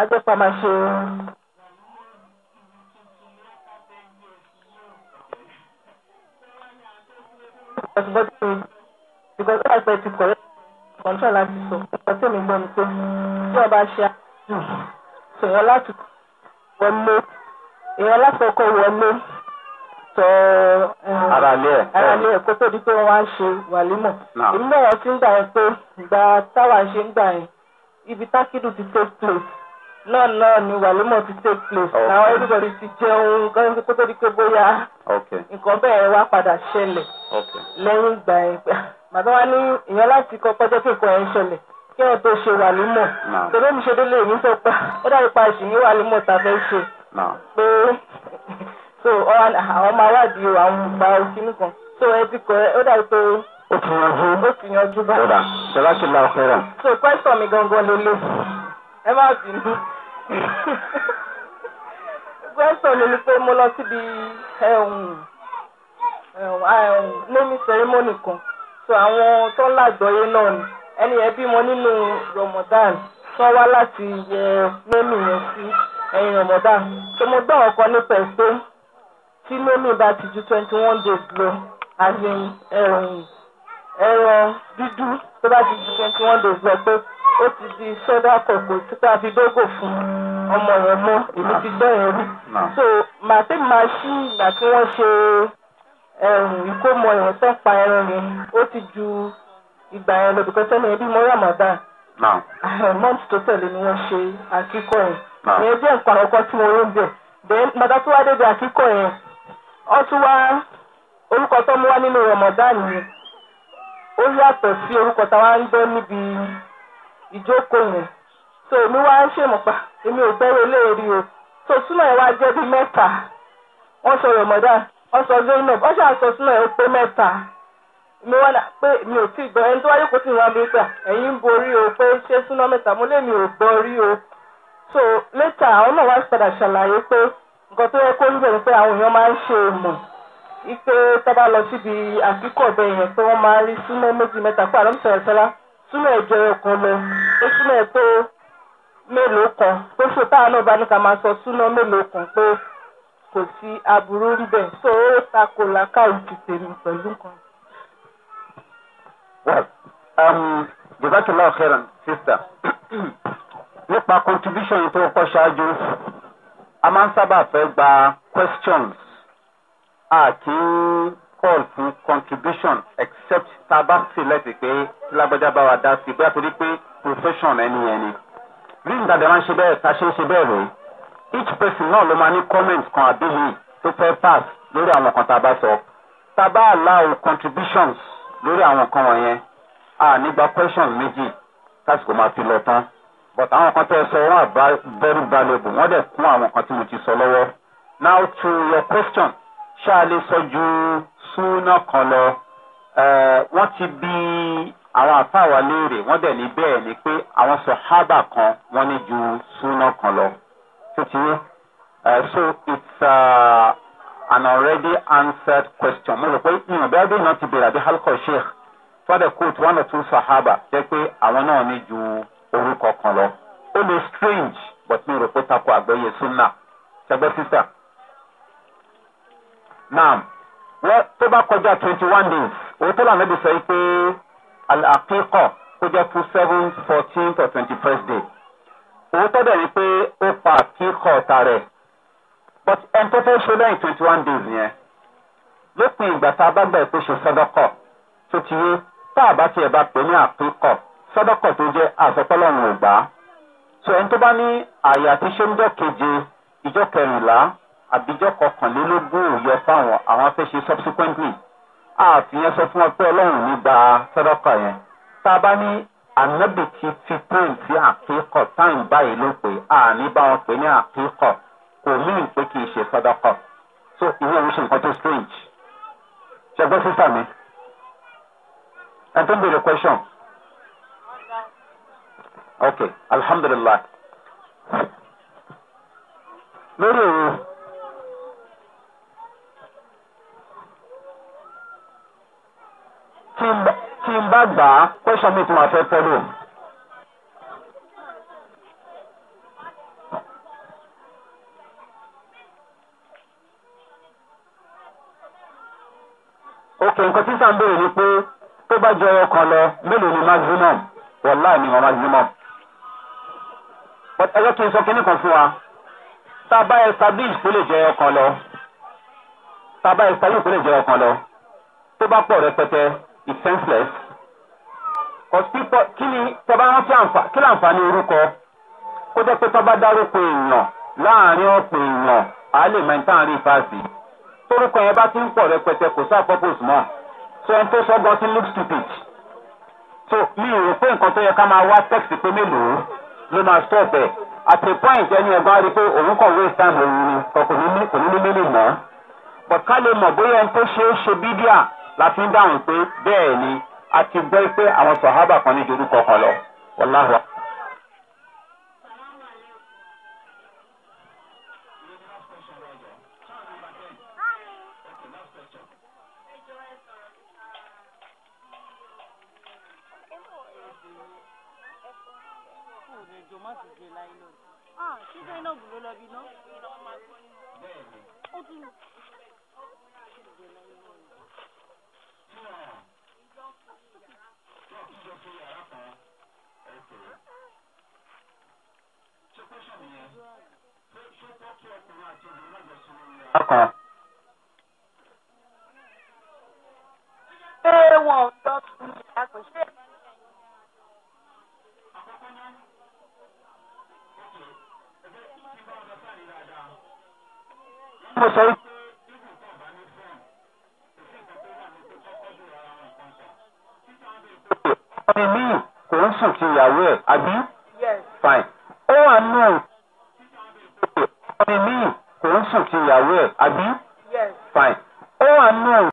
ajẹ́pá ṣe. Thank you because ó àgbẹ̀ ti kọ̀rẹ́ control láti sọ ọ̀pọ̀ tí èmi gbọ́ ni pé bí ọba ṣe àjù sọ̀rọ̀ láti wọlé èèyàn lákòókò wọlé tọ aráalé ẹ kó tó di pé wọn wá ń ṣe wàlímọ̀ èmi náà wọn ti ń gbà yẹn pé ìgbà táwa ṣe ń gbà yẹn ibi tákìdù ti take place náà náà ni wàlímọ̀ ti take place àwọn everybody ti jẹun gan kó tó di pé bóyá nǹkan bẹ́ẹ̀ wá padà ṣẹlẹ̀ lẹ́yìn ìgbà yẹn bàbá wa ní ìyẹn láti kọ pẹ́jọ́ tó kọ ẹ̀ ń ṣẹlẹ̀ kí ẹ̀ tó ṣe wà límọ̀ tòbí mi ṣe délé èmi sọ pé ó dàbí pa ìṣìyí wà límọ̀ tá a fẹ́ ṣe pé so àwọn ọmọ awádìí àwọn gba òkínú kan so ẹ ti kọ ó dàbí pé ó ti yanjú ó ti yanjú bá. ṣọlá ti la ọkẹ rẹ. so question mi gangan lele ẹ má bínú question mi ni pé mo lọ síbi naming ceremony kan so àwọn tó lágbọ̀ọ́yé náà ni ẹni yẹn bímọ nínú ramadan sọ wá láti yẹ lónìí yẹn sí ẹyin ramadan so mo gbọ́ ọ̀kan nípa ẹ̀ pé tí lónìí bá ti ju twenty one days lọ àyìn ẹ̀rùn ẹran dúdú tó bá ti ju twenty one days lọ pé ó ti di sọ́dá kọ̀ọ̀kọ̀ títí a fi dógò fún ọmọ yẹn mọ́ èmi ti gbọ́ yẹn rí so màtí màá ṣí ìgbà tí wọ́n ṣe. ìkómọ èèyàn fẹ́ pa ẹran ni ó ti ju ìgbà yẹn lọ bìkọ́ sẹ́ni ẹbí mọ́ ramadan mọ́ǹtì tó tẹ̀lé ni wọ́n ṣe àkíkọ́ yẹn ìyẹn jẹ́ nǹkan àkọ́kọ́ tí mo rò bẹ̀ then bàtà tó wá débi àkíkọ́ yẹn ọ tún wá orúkọ tó mú wá nínú ramadan yẹn ó yàtọ̀ sí orúkọ ń gbọ́ níbi so èmi wá ń ṣèmọ̀pá èmi ò ọsọ zainab ọsọ àṣọ sílẹ̀ ó mẹta mi wá pé mi ò tí gbọ́ ẹni tó wáyé kò tí ì wá mi gbà borí o pé ṣé súná mẹ́ta mo lé mi ò gbọ́ rí o so later àwọn náà wá padà ṣàlàyé pé nǹkan tó yẹ kó ń pé àwọn èèyàn máa ń ṣe lọ síbi yẹn pé wọ́n máa rí méjì mẹ́ta pé àlọ́ sọ̀rọ̀ sọ́lá súná ẹ̀jọ̀ lọ pé súná ẹ̀ tó mélòó kan pé ṣòtáà náà kò sí aburú ń bẹ̀ so ó takò làkàrù ti tèmi pẹ̀lú nǹkan. well um, jibakila ọ̀kẹ́rẹ̀ sista nípa contribution tó kọ́ ṣáájú a máa ń sábà fẹ́ gba questions a kì í call fún contribution except tá a bá select pé lágbájá bá wa dá sí bóyá torí pé profession ẹni ẹni rí nígbà tí a máa ń ṣe bẹ́ẹ̀ tá a ṣe ń ṣe bẹ́ẹ̀ rèé each person náà ló máa ní comment kan àbí mi tó fẹ́ pass lórí àwọn kan tá a bá sọ tá a bá allow contributions lórí àwọn kan wọ̀nyẹn a nígbà questions méjì lásìkò máa fi lọ tán but àwọn kan tẹ́ sọ wọ́n àbá very valuable wọ́n dẹ̀ kún àwọn kan tí mo ti sọ lọ́wọ́ now to your question ṣá a lè sọ ju súnà kan lọ wọ́n ti bí àwọn àfáà wa léèrè wọ́n dẹ̀ ní bẹ́ẹ̀ ni pé àwọn sọ̀hábà kan wọ́n ní ju súnà kan lọ. Titiye. Uh, so it's uh, an already answered question. Mo rò pé ìyàn bí Adé náà ti bèrè àbí Halkor Sheikh further quote one or two sahaba jẹ́ pé àwọn náà ní ju orúkọ kan lọ. Ó lè strange but mi rò pé tako àgbẹ̀yẹ Sunna. Ṣẹgbẹ́ sísà. Naam wọ́n tó bá kọjá twenty one days òun tó lànà bí sọ yìí pé àkíkọ̀ kó jẹ́ two seven fourteen or twenty first day òun tọ́dọ̀ yìí pé ó fa àkíkọ̀ ọ̀tá rẹ̀ but ẹni tó fẹ́ ṣe lẹ́yìn twenty one days yẹn lópin ìgbà tá a bá gbà pé ṣe sọ́dọ̀kọ̀ tó ti yé tá a bá tiẹ̀ bá pè ní àkíkọ̀ sọ́dọ̀kọ̀ tó jẹ́ àsọpọ́lọ́run ò gbà á so ẹni tó bá ní àyè àti ṣé ń keje ìjọ kẹrìnlá àbíjọ kọkànlélógún ò fáwọn àwọn fẹ́ subsequently àfihàn sọ fún ọ pé ọlọ́run ní gba sọ́dọ̀kọ̀ yẹn tá a bá ní anabi ti fi kóun sí àkíkọ táwọn báyìí ló pé àní bá wọn pè ní àkíkọ kò mí pé kì í ṣe sọdọkọ so ìwé òun ṣe nǹkan tó strange ṣẹgbẹ́ sísà mi ẹ tó ń bèrè question ok alhamdulilah lórí òun. tí n bá gbà á question mi tí wọ́n fẹ́ follow. ok nǹkan tí sàn béèrè ni pé tó bá jẹ ọkọ lọ mélòó ni maximum wọláì ni wọn maximum. ẹ jẹ́ kí n sọ kínní kan fún wa tá a bá establish kó lè jẹ ọkọ lọ tá a bá establish kó lè jẹ ọkọ lọ tó bá pọ̀ rẹpẹtẹ is senseless. Hospital people, ni tọ́ba wọn Kila àǹfà kí láǹfààní orúkọ? Kó jẹ́ pé tọ́ba dárúkọ èèyàn láàrin ọ̀pọ̀ èèyàn á lè mẹ́ta rí fásì. Torúkọ yẹn bá ti ń pọ̀ rẹpẹtẹ kò So ẹni tó sọ́gbọ́n look stupid. So mi ò rò pé nǹkan tó yẹ ká máa wá text pé mélòó ló máa stop ẹ̀. At a point ẹni ẹ̀gbọ́n rí pé òun kàn waste time òun ni kò ní ní mílì mọ́. Bọ̀ká lè mọ̀ bóyá ẹni tó ṣe é la fi ń dáhùn pé bẹ́ẹ̀ ni a ti gbọ́ pé àwọn sọ̀hábà kan ní ju kan lọ wọ́n Ṣé wọn lọ sí àpèṣe? Mo sọ wípé. Ọkùnrin míì kò ń sùn ti ìyàwó Fine. Ó wà nù ọkùnrin míì kò ń sùn ti ìyàwó ẹ̀ àbí. fine ó wà nù.